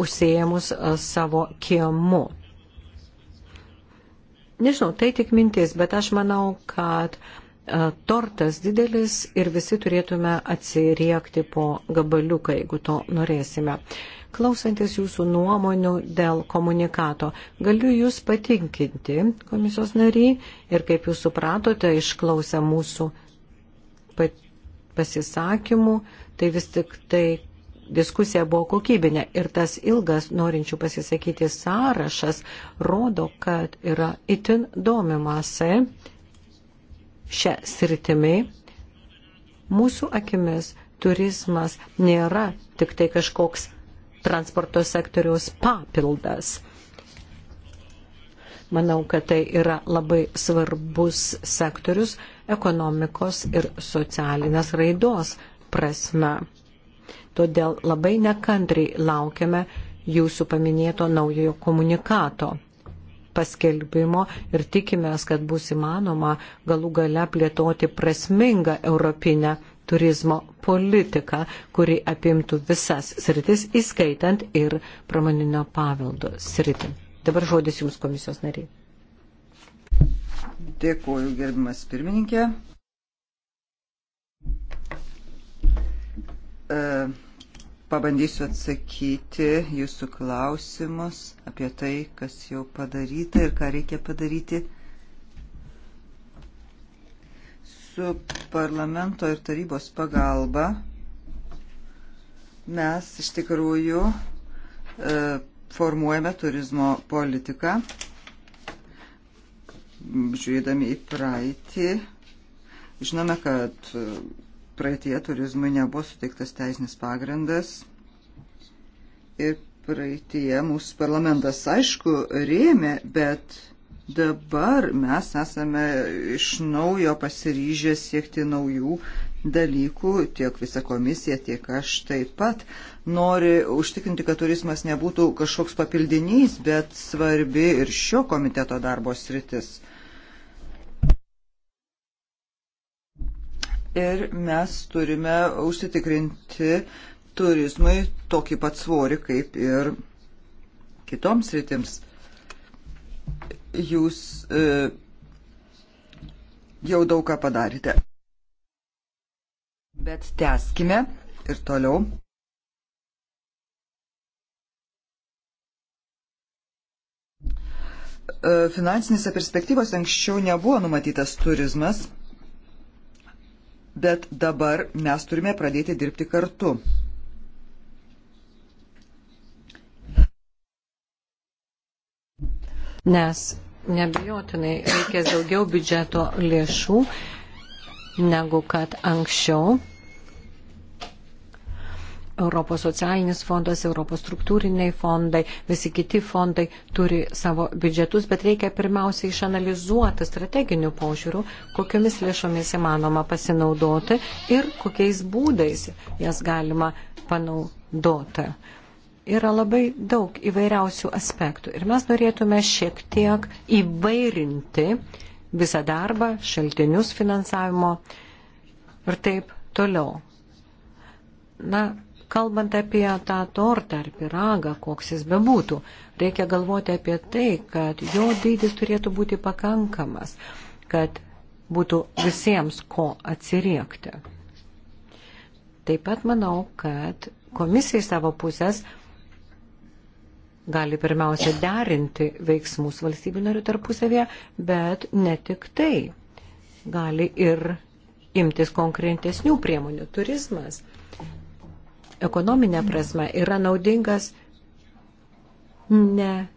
užsiemus uh, savo kiemu. Nežinau, tai tik mintis, bet aš manau, kad uh, tortas didelis ir visi turėtume atsiriekti po gabaliuką, jeigu to norėsime. Uh, Klausantis jūsų nuomonių dėl komunikato, galiu jūs patinkinti, komisijos nariai, ir kaip jūs supratote, išklausę mūsų pasisakymų, tai vis tik tai diskusija buvo kokybinė ir tas ilgas norinčių pasisakyti sąrašas rodo, kad yra itin domimasi šią sritimi. Mūsų akimis turizmas nėra tik tai kažkoks transporto sektoriaus papildas. Manau, kad tai yra labai svarbus sektorius ekonomikos ir socialinės raidos prasme. Todėl labai nekantriai laukiame jūsų paminėto naujojo komunikato paskelbimo ir tikimės, kad bus įmanoma galų gale plėtoti prasmingą europinę turizmo politiką, kuri apimtų visas sritis, įskaitant ir pramoninio paveldo sritį. Dabar žodis Jums komisijos nariai.
Dėkuoju, gerbimas pirmininkė. E, pabandysiu atsakyti jūsų klausimus apie tai, kas jau padaryta ir ką reikia padaryti. su parlamento ir tarybos pagalba mes iš tikrųjų e, formuojame turizmo politiką, žiūrėdami į praeitį. Žinome, kad praeitie turizmui nebuvo suteiktas teisinis pagrindas ir praeitie mūsų parlamentas, aišku, rėmė, bet Dabar mes esame iš naujo pasiryžę siekti naujų dalykų, tiek visa komisija, tiek aš taip pat nori užtikrinti, kad turizmas nebūtų kažkoks papildinys, bet svarbi ir šio komiteto darbo sritis. Ir mes turime užsitikrinti turizmui tokį pat svorį kaip ir kitoms sritims jūs e, jau daug ką padarėte. Bet tęskime ir toliau. E, finansinėse perspektyvose anksčiau nebuvo numatytas turizmas, bet dabar mes turime pradėti dirbti kartu.
Nes nebejotinai reikės daugiau biudžeto lėšų negu kad anksčiau. Europos socialinis fondas, Europos struktūriniai fondai, visi kiti fondai turi savo biudžetus, bet reikia pirmiausia išanalizuoti strateginių požiūrių, kokiomis lėšomis įmanoma pasinaudoti ir kokiais būdais jas galima panaudoti yra labai daug įvairiausių aspektų ir mes norėtume šiek tiek įvairinti visą darbą, šaltinius finansavimo ir taip toliau. Na, kalbant apie tą tortą ar piragą, koks jis bebūtų, reikia galvoti apie tai, kad jo dydis turėtų būti pakankamas, kad būtų visiems ko atsiriekti. Taip pat manau, kad komisija savo pusės gali pirmiausia derinti veiksmus valstybių narių tarpusavėje, bet ne tik tai. Gali ir imtis konkrentesnių priemonių. Turizmas ekonominė prasme yra naudingas ne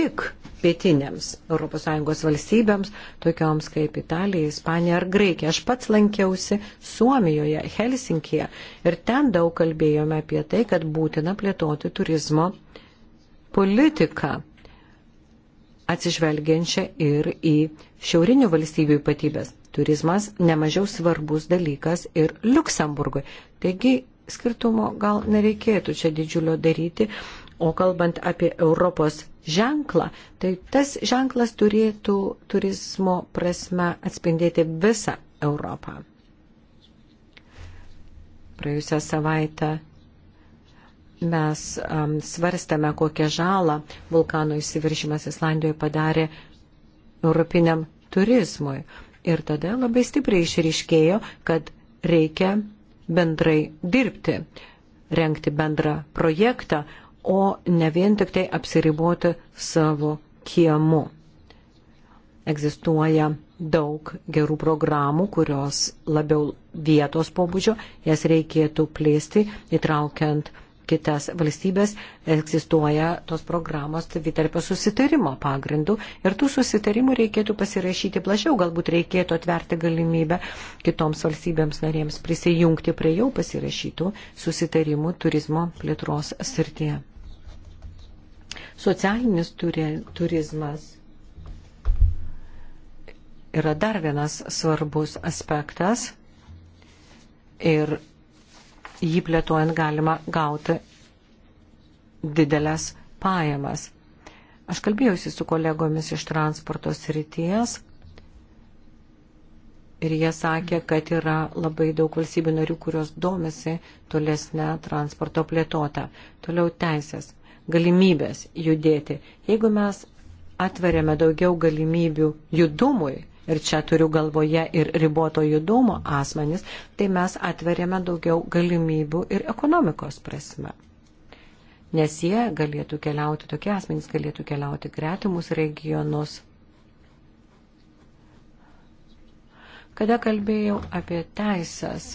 tik pietinėms ES valstybėms, tokioms kaip Italija, Ispanija ar Graikija. Aš pats lankiausi Suomijoje, Helsinkije ir ten daug kalbėjome apie tai, kad būtina plėtoti turizmo politiką, atsižvelgiančią ir į šiaurinių valstybių ypatybės. Turizmas nemažiau svarbus dalykas ir Luksemburgui. Taigi skirtumo gal nereikėtų čia didžiulio daryti, o kalbant apie Europos ženklą, tai tas ženklas turėtų turizmo prasme atspindėti visą Europą. Praėjusią savaitę mes um, svarstame, kokią žalą vulkano įsiviršimas Islandijoje padarė europiniam turizmui. Ir tada labai stipriai išryškėjo, kad reikia bendrai dirbti, renkti bendrą projektą, o ne vien tik tai apsiriboti savo kiemu. Egzistuoja daug gerų programų, kurios labiau vietos pobūdžio, jas reikėtų plėsti, įtraukiant kitas valstybės egzistuoja tos programos savitarpio susitarimo pagrindu ir tų susitarimų reikėtų pasirašyti plačiau, galbūt reikėtų atverti galimybę kitoms valstybėms narėms prisijungti prie jau pasirašytų susitarimų turizmo plėtros srityje. Socialinis turizmas yra dar vienas svarbus aspektas ir jį plėtojant galima gauti didelės pajamas. Aš kalbėjausi su kolegomis iš transporto srities ir jie sakė, kad yra labai daug valstybių narių, kurios domisi tolesnę transporto plėtotą. Toliau teisės, galimybės judėti. Jeigu mes atveriame daugiau galimybių judumui, ir čia turiu galvoje ir riboto judumo asmenys, tai mes atveriame daugiau galimybių ir ekonomikos prasme. Nes jie galėtų keliauti, tokie asmenys galėtų keliauti gretimus regionus. Kada kalbėjau apie teisės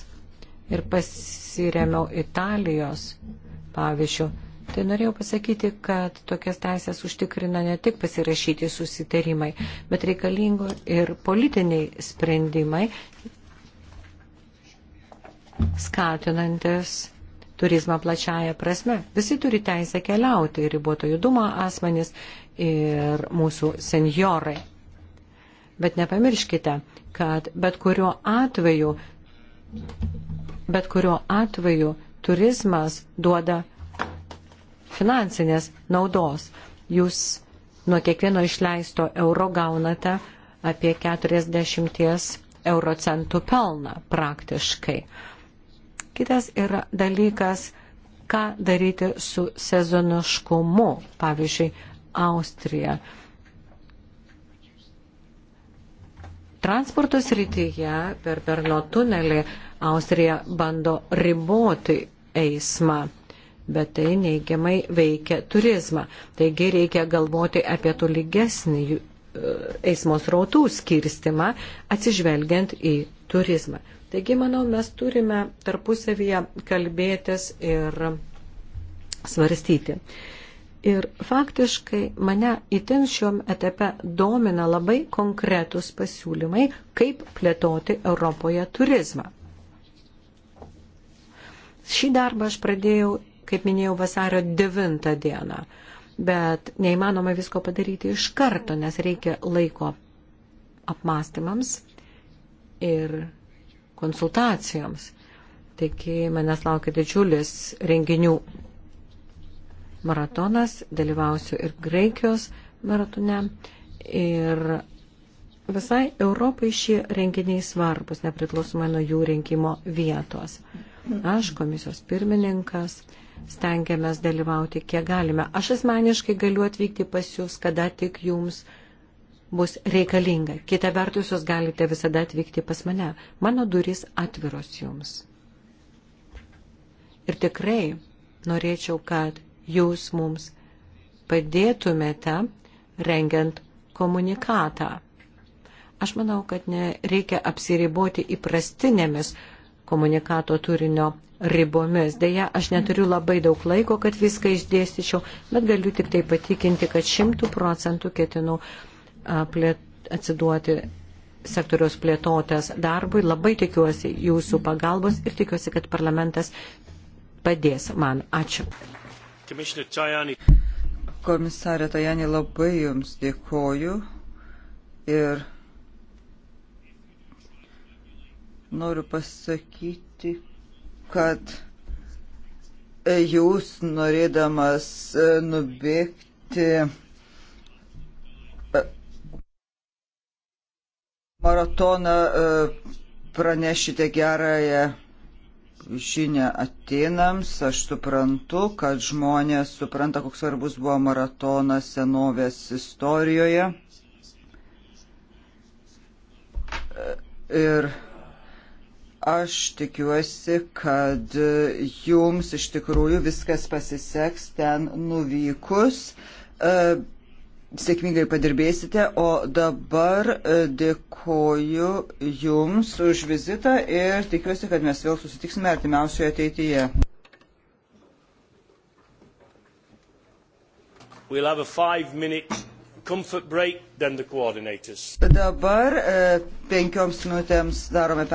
ir pasiremiau Italijos pavyzdžių, Tai norėjau pasakyti, kad tokias teisės užtikrina ne tik pasirašyti susitarimai, bet reikalingo ir politiniai sprendimai, skatinantis turizmą plačiają prasme. Visi turi teisę keliauti, riboto judumo asmenys ir mūsų senjorai. Bet nepamirškite, kad bet kuriuo atveju, bet kuriuo atveju turizmas duoda finansinės naudos. Jūs nuo kiekvieno išleisto euro gaunate apie 40 euro centų pelną praktiškai. Kitas yra dalykas, ką daryti su sezoniškumu, pavyzdžiui, Austrija. Transporto srityje per Berno tunelį Austrija bando riboti eismą bet tai neigiamai veikia turizmą. Taigi reikia galvoti apie tolygesnį e, eismo srautų skirstimą atsižvelgiant į turizmą. Taigi, manau, mes turime tarpusavyje kalbėtis ir svarstyti. Ir faktiškai mane įtin šiom etape domina labai konkretus pasiūlymai, kaip plėtoti Europoje turizmą. Šį darbą aš pradėjau kaip minėjau, vasario 9 dieną. Bet neįmanoma visko padaryti iš karto, nes reikia laiko apmastymams ir konsultacijoms. Taigi manęs laukia didžiulis renginių maratonas, dalyvausiu ir Graikijos maratone. Ir visai Europai šie renginiai svarbus, nepriklausomai nuo jų rinkimo vietos. Aš, komisijos pirmininkas, stengiamės dalyvauti, kiek galime. Aš asmeniškai galiu atvykti pas jūs, kada tik jums bus reikalinga. Kita vertus, jūs galite visada atvykti pas mane. Mano durys atviros jums. Ir tikrai norėčiau, kad jūs mums padėtumėte rengiant komunikatą. Aš manau, kad nereikia apsiriboti įprastinėmis komunikato turinio ribomis. Deja, aš neturiu labai daug laiko, kad viską išdėstyčiau, bet galiu tik tai patikinti, kad šimtų procentų ketinu plėt, atsiduoti sektoriaus plėtotės darbui. Labai tikiuosi jūsų pagalbos ir tikiuosi, kad parlamentas padės man. Ačiū. Komisarė
Tajani, labai Jums dėkoju ir noriu pasakyti, kad e, jūs norėdamas e, nubėgti e, maratoną pranešite gerąją žinia Atenams, aš suprantu, kad žmonės supranta, koks svarbus buvo maratonas senovės istorijoje. Ir Aš tikiuosi, kad jums iš tikrųjų viskas pasiseks ten nuvykus. E, sėkmingai padirbėsite, o dabar e, dėkoju Jums už vizitą ir tikiuosi, kad mes vėl susitiksime artimiausioje ateityje.
We'll have a five minute comfort break, then the coordinators.
Dabar e, penkioms minutėms darome pertrauką.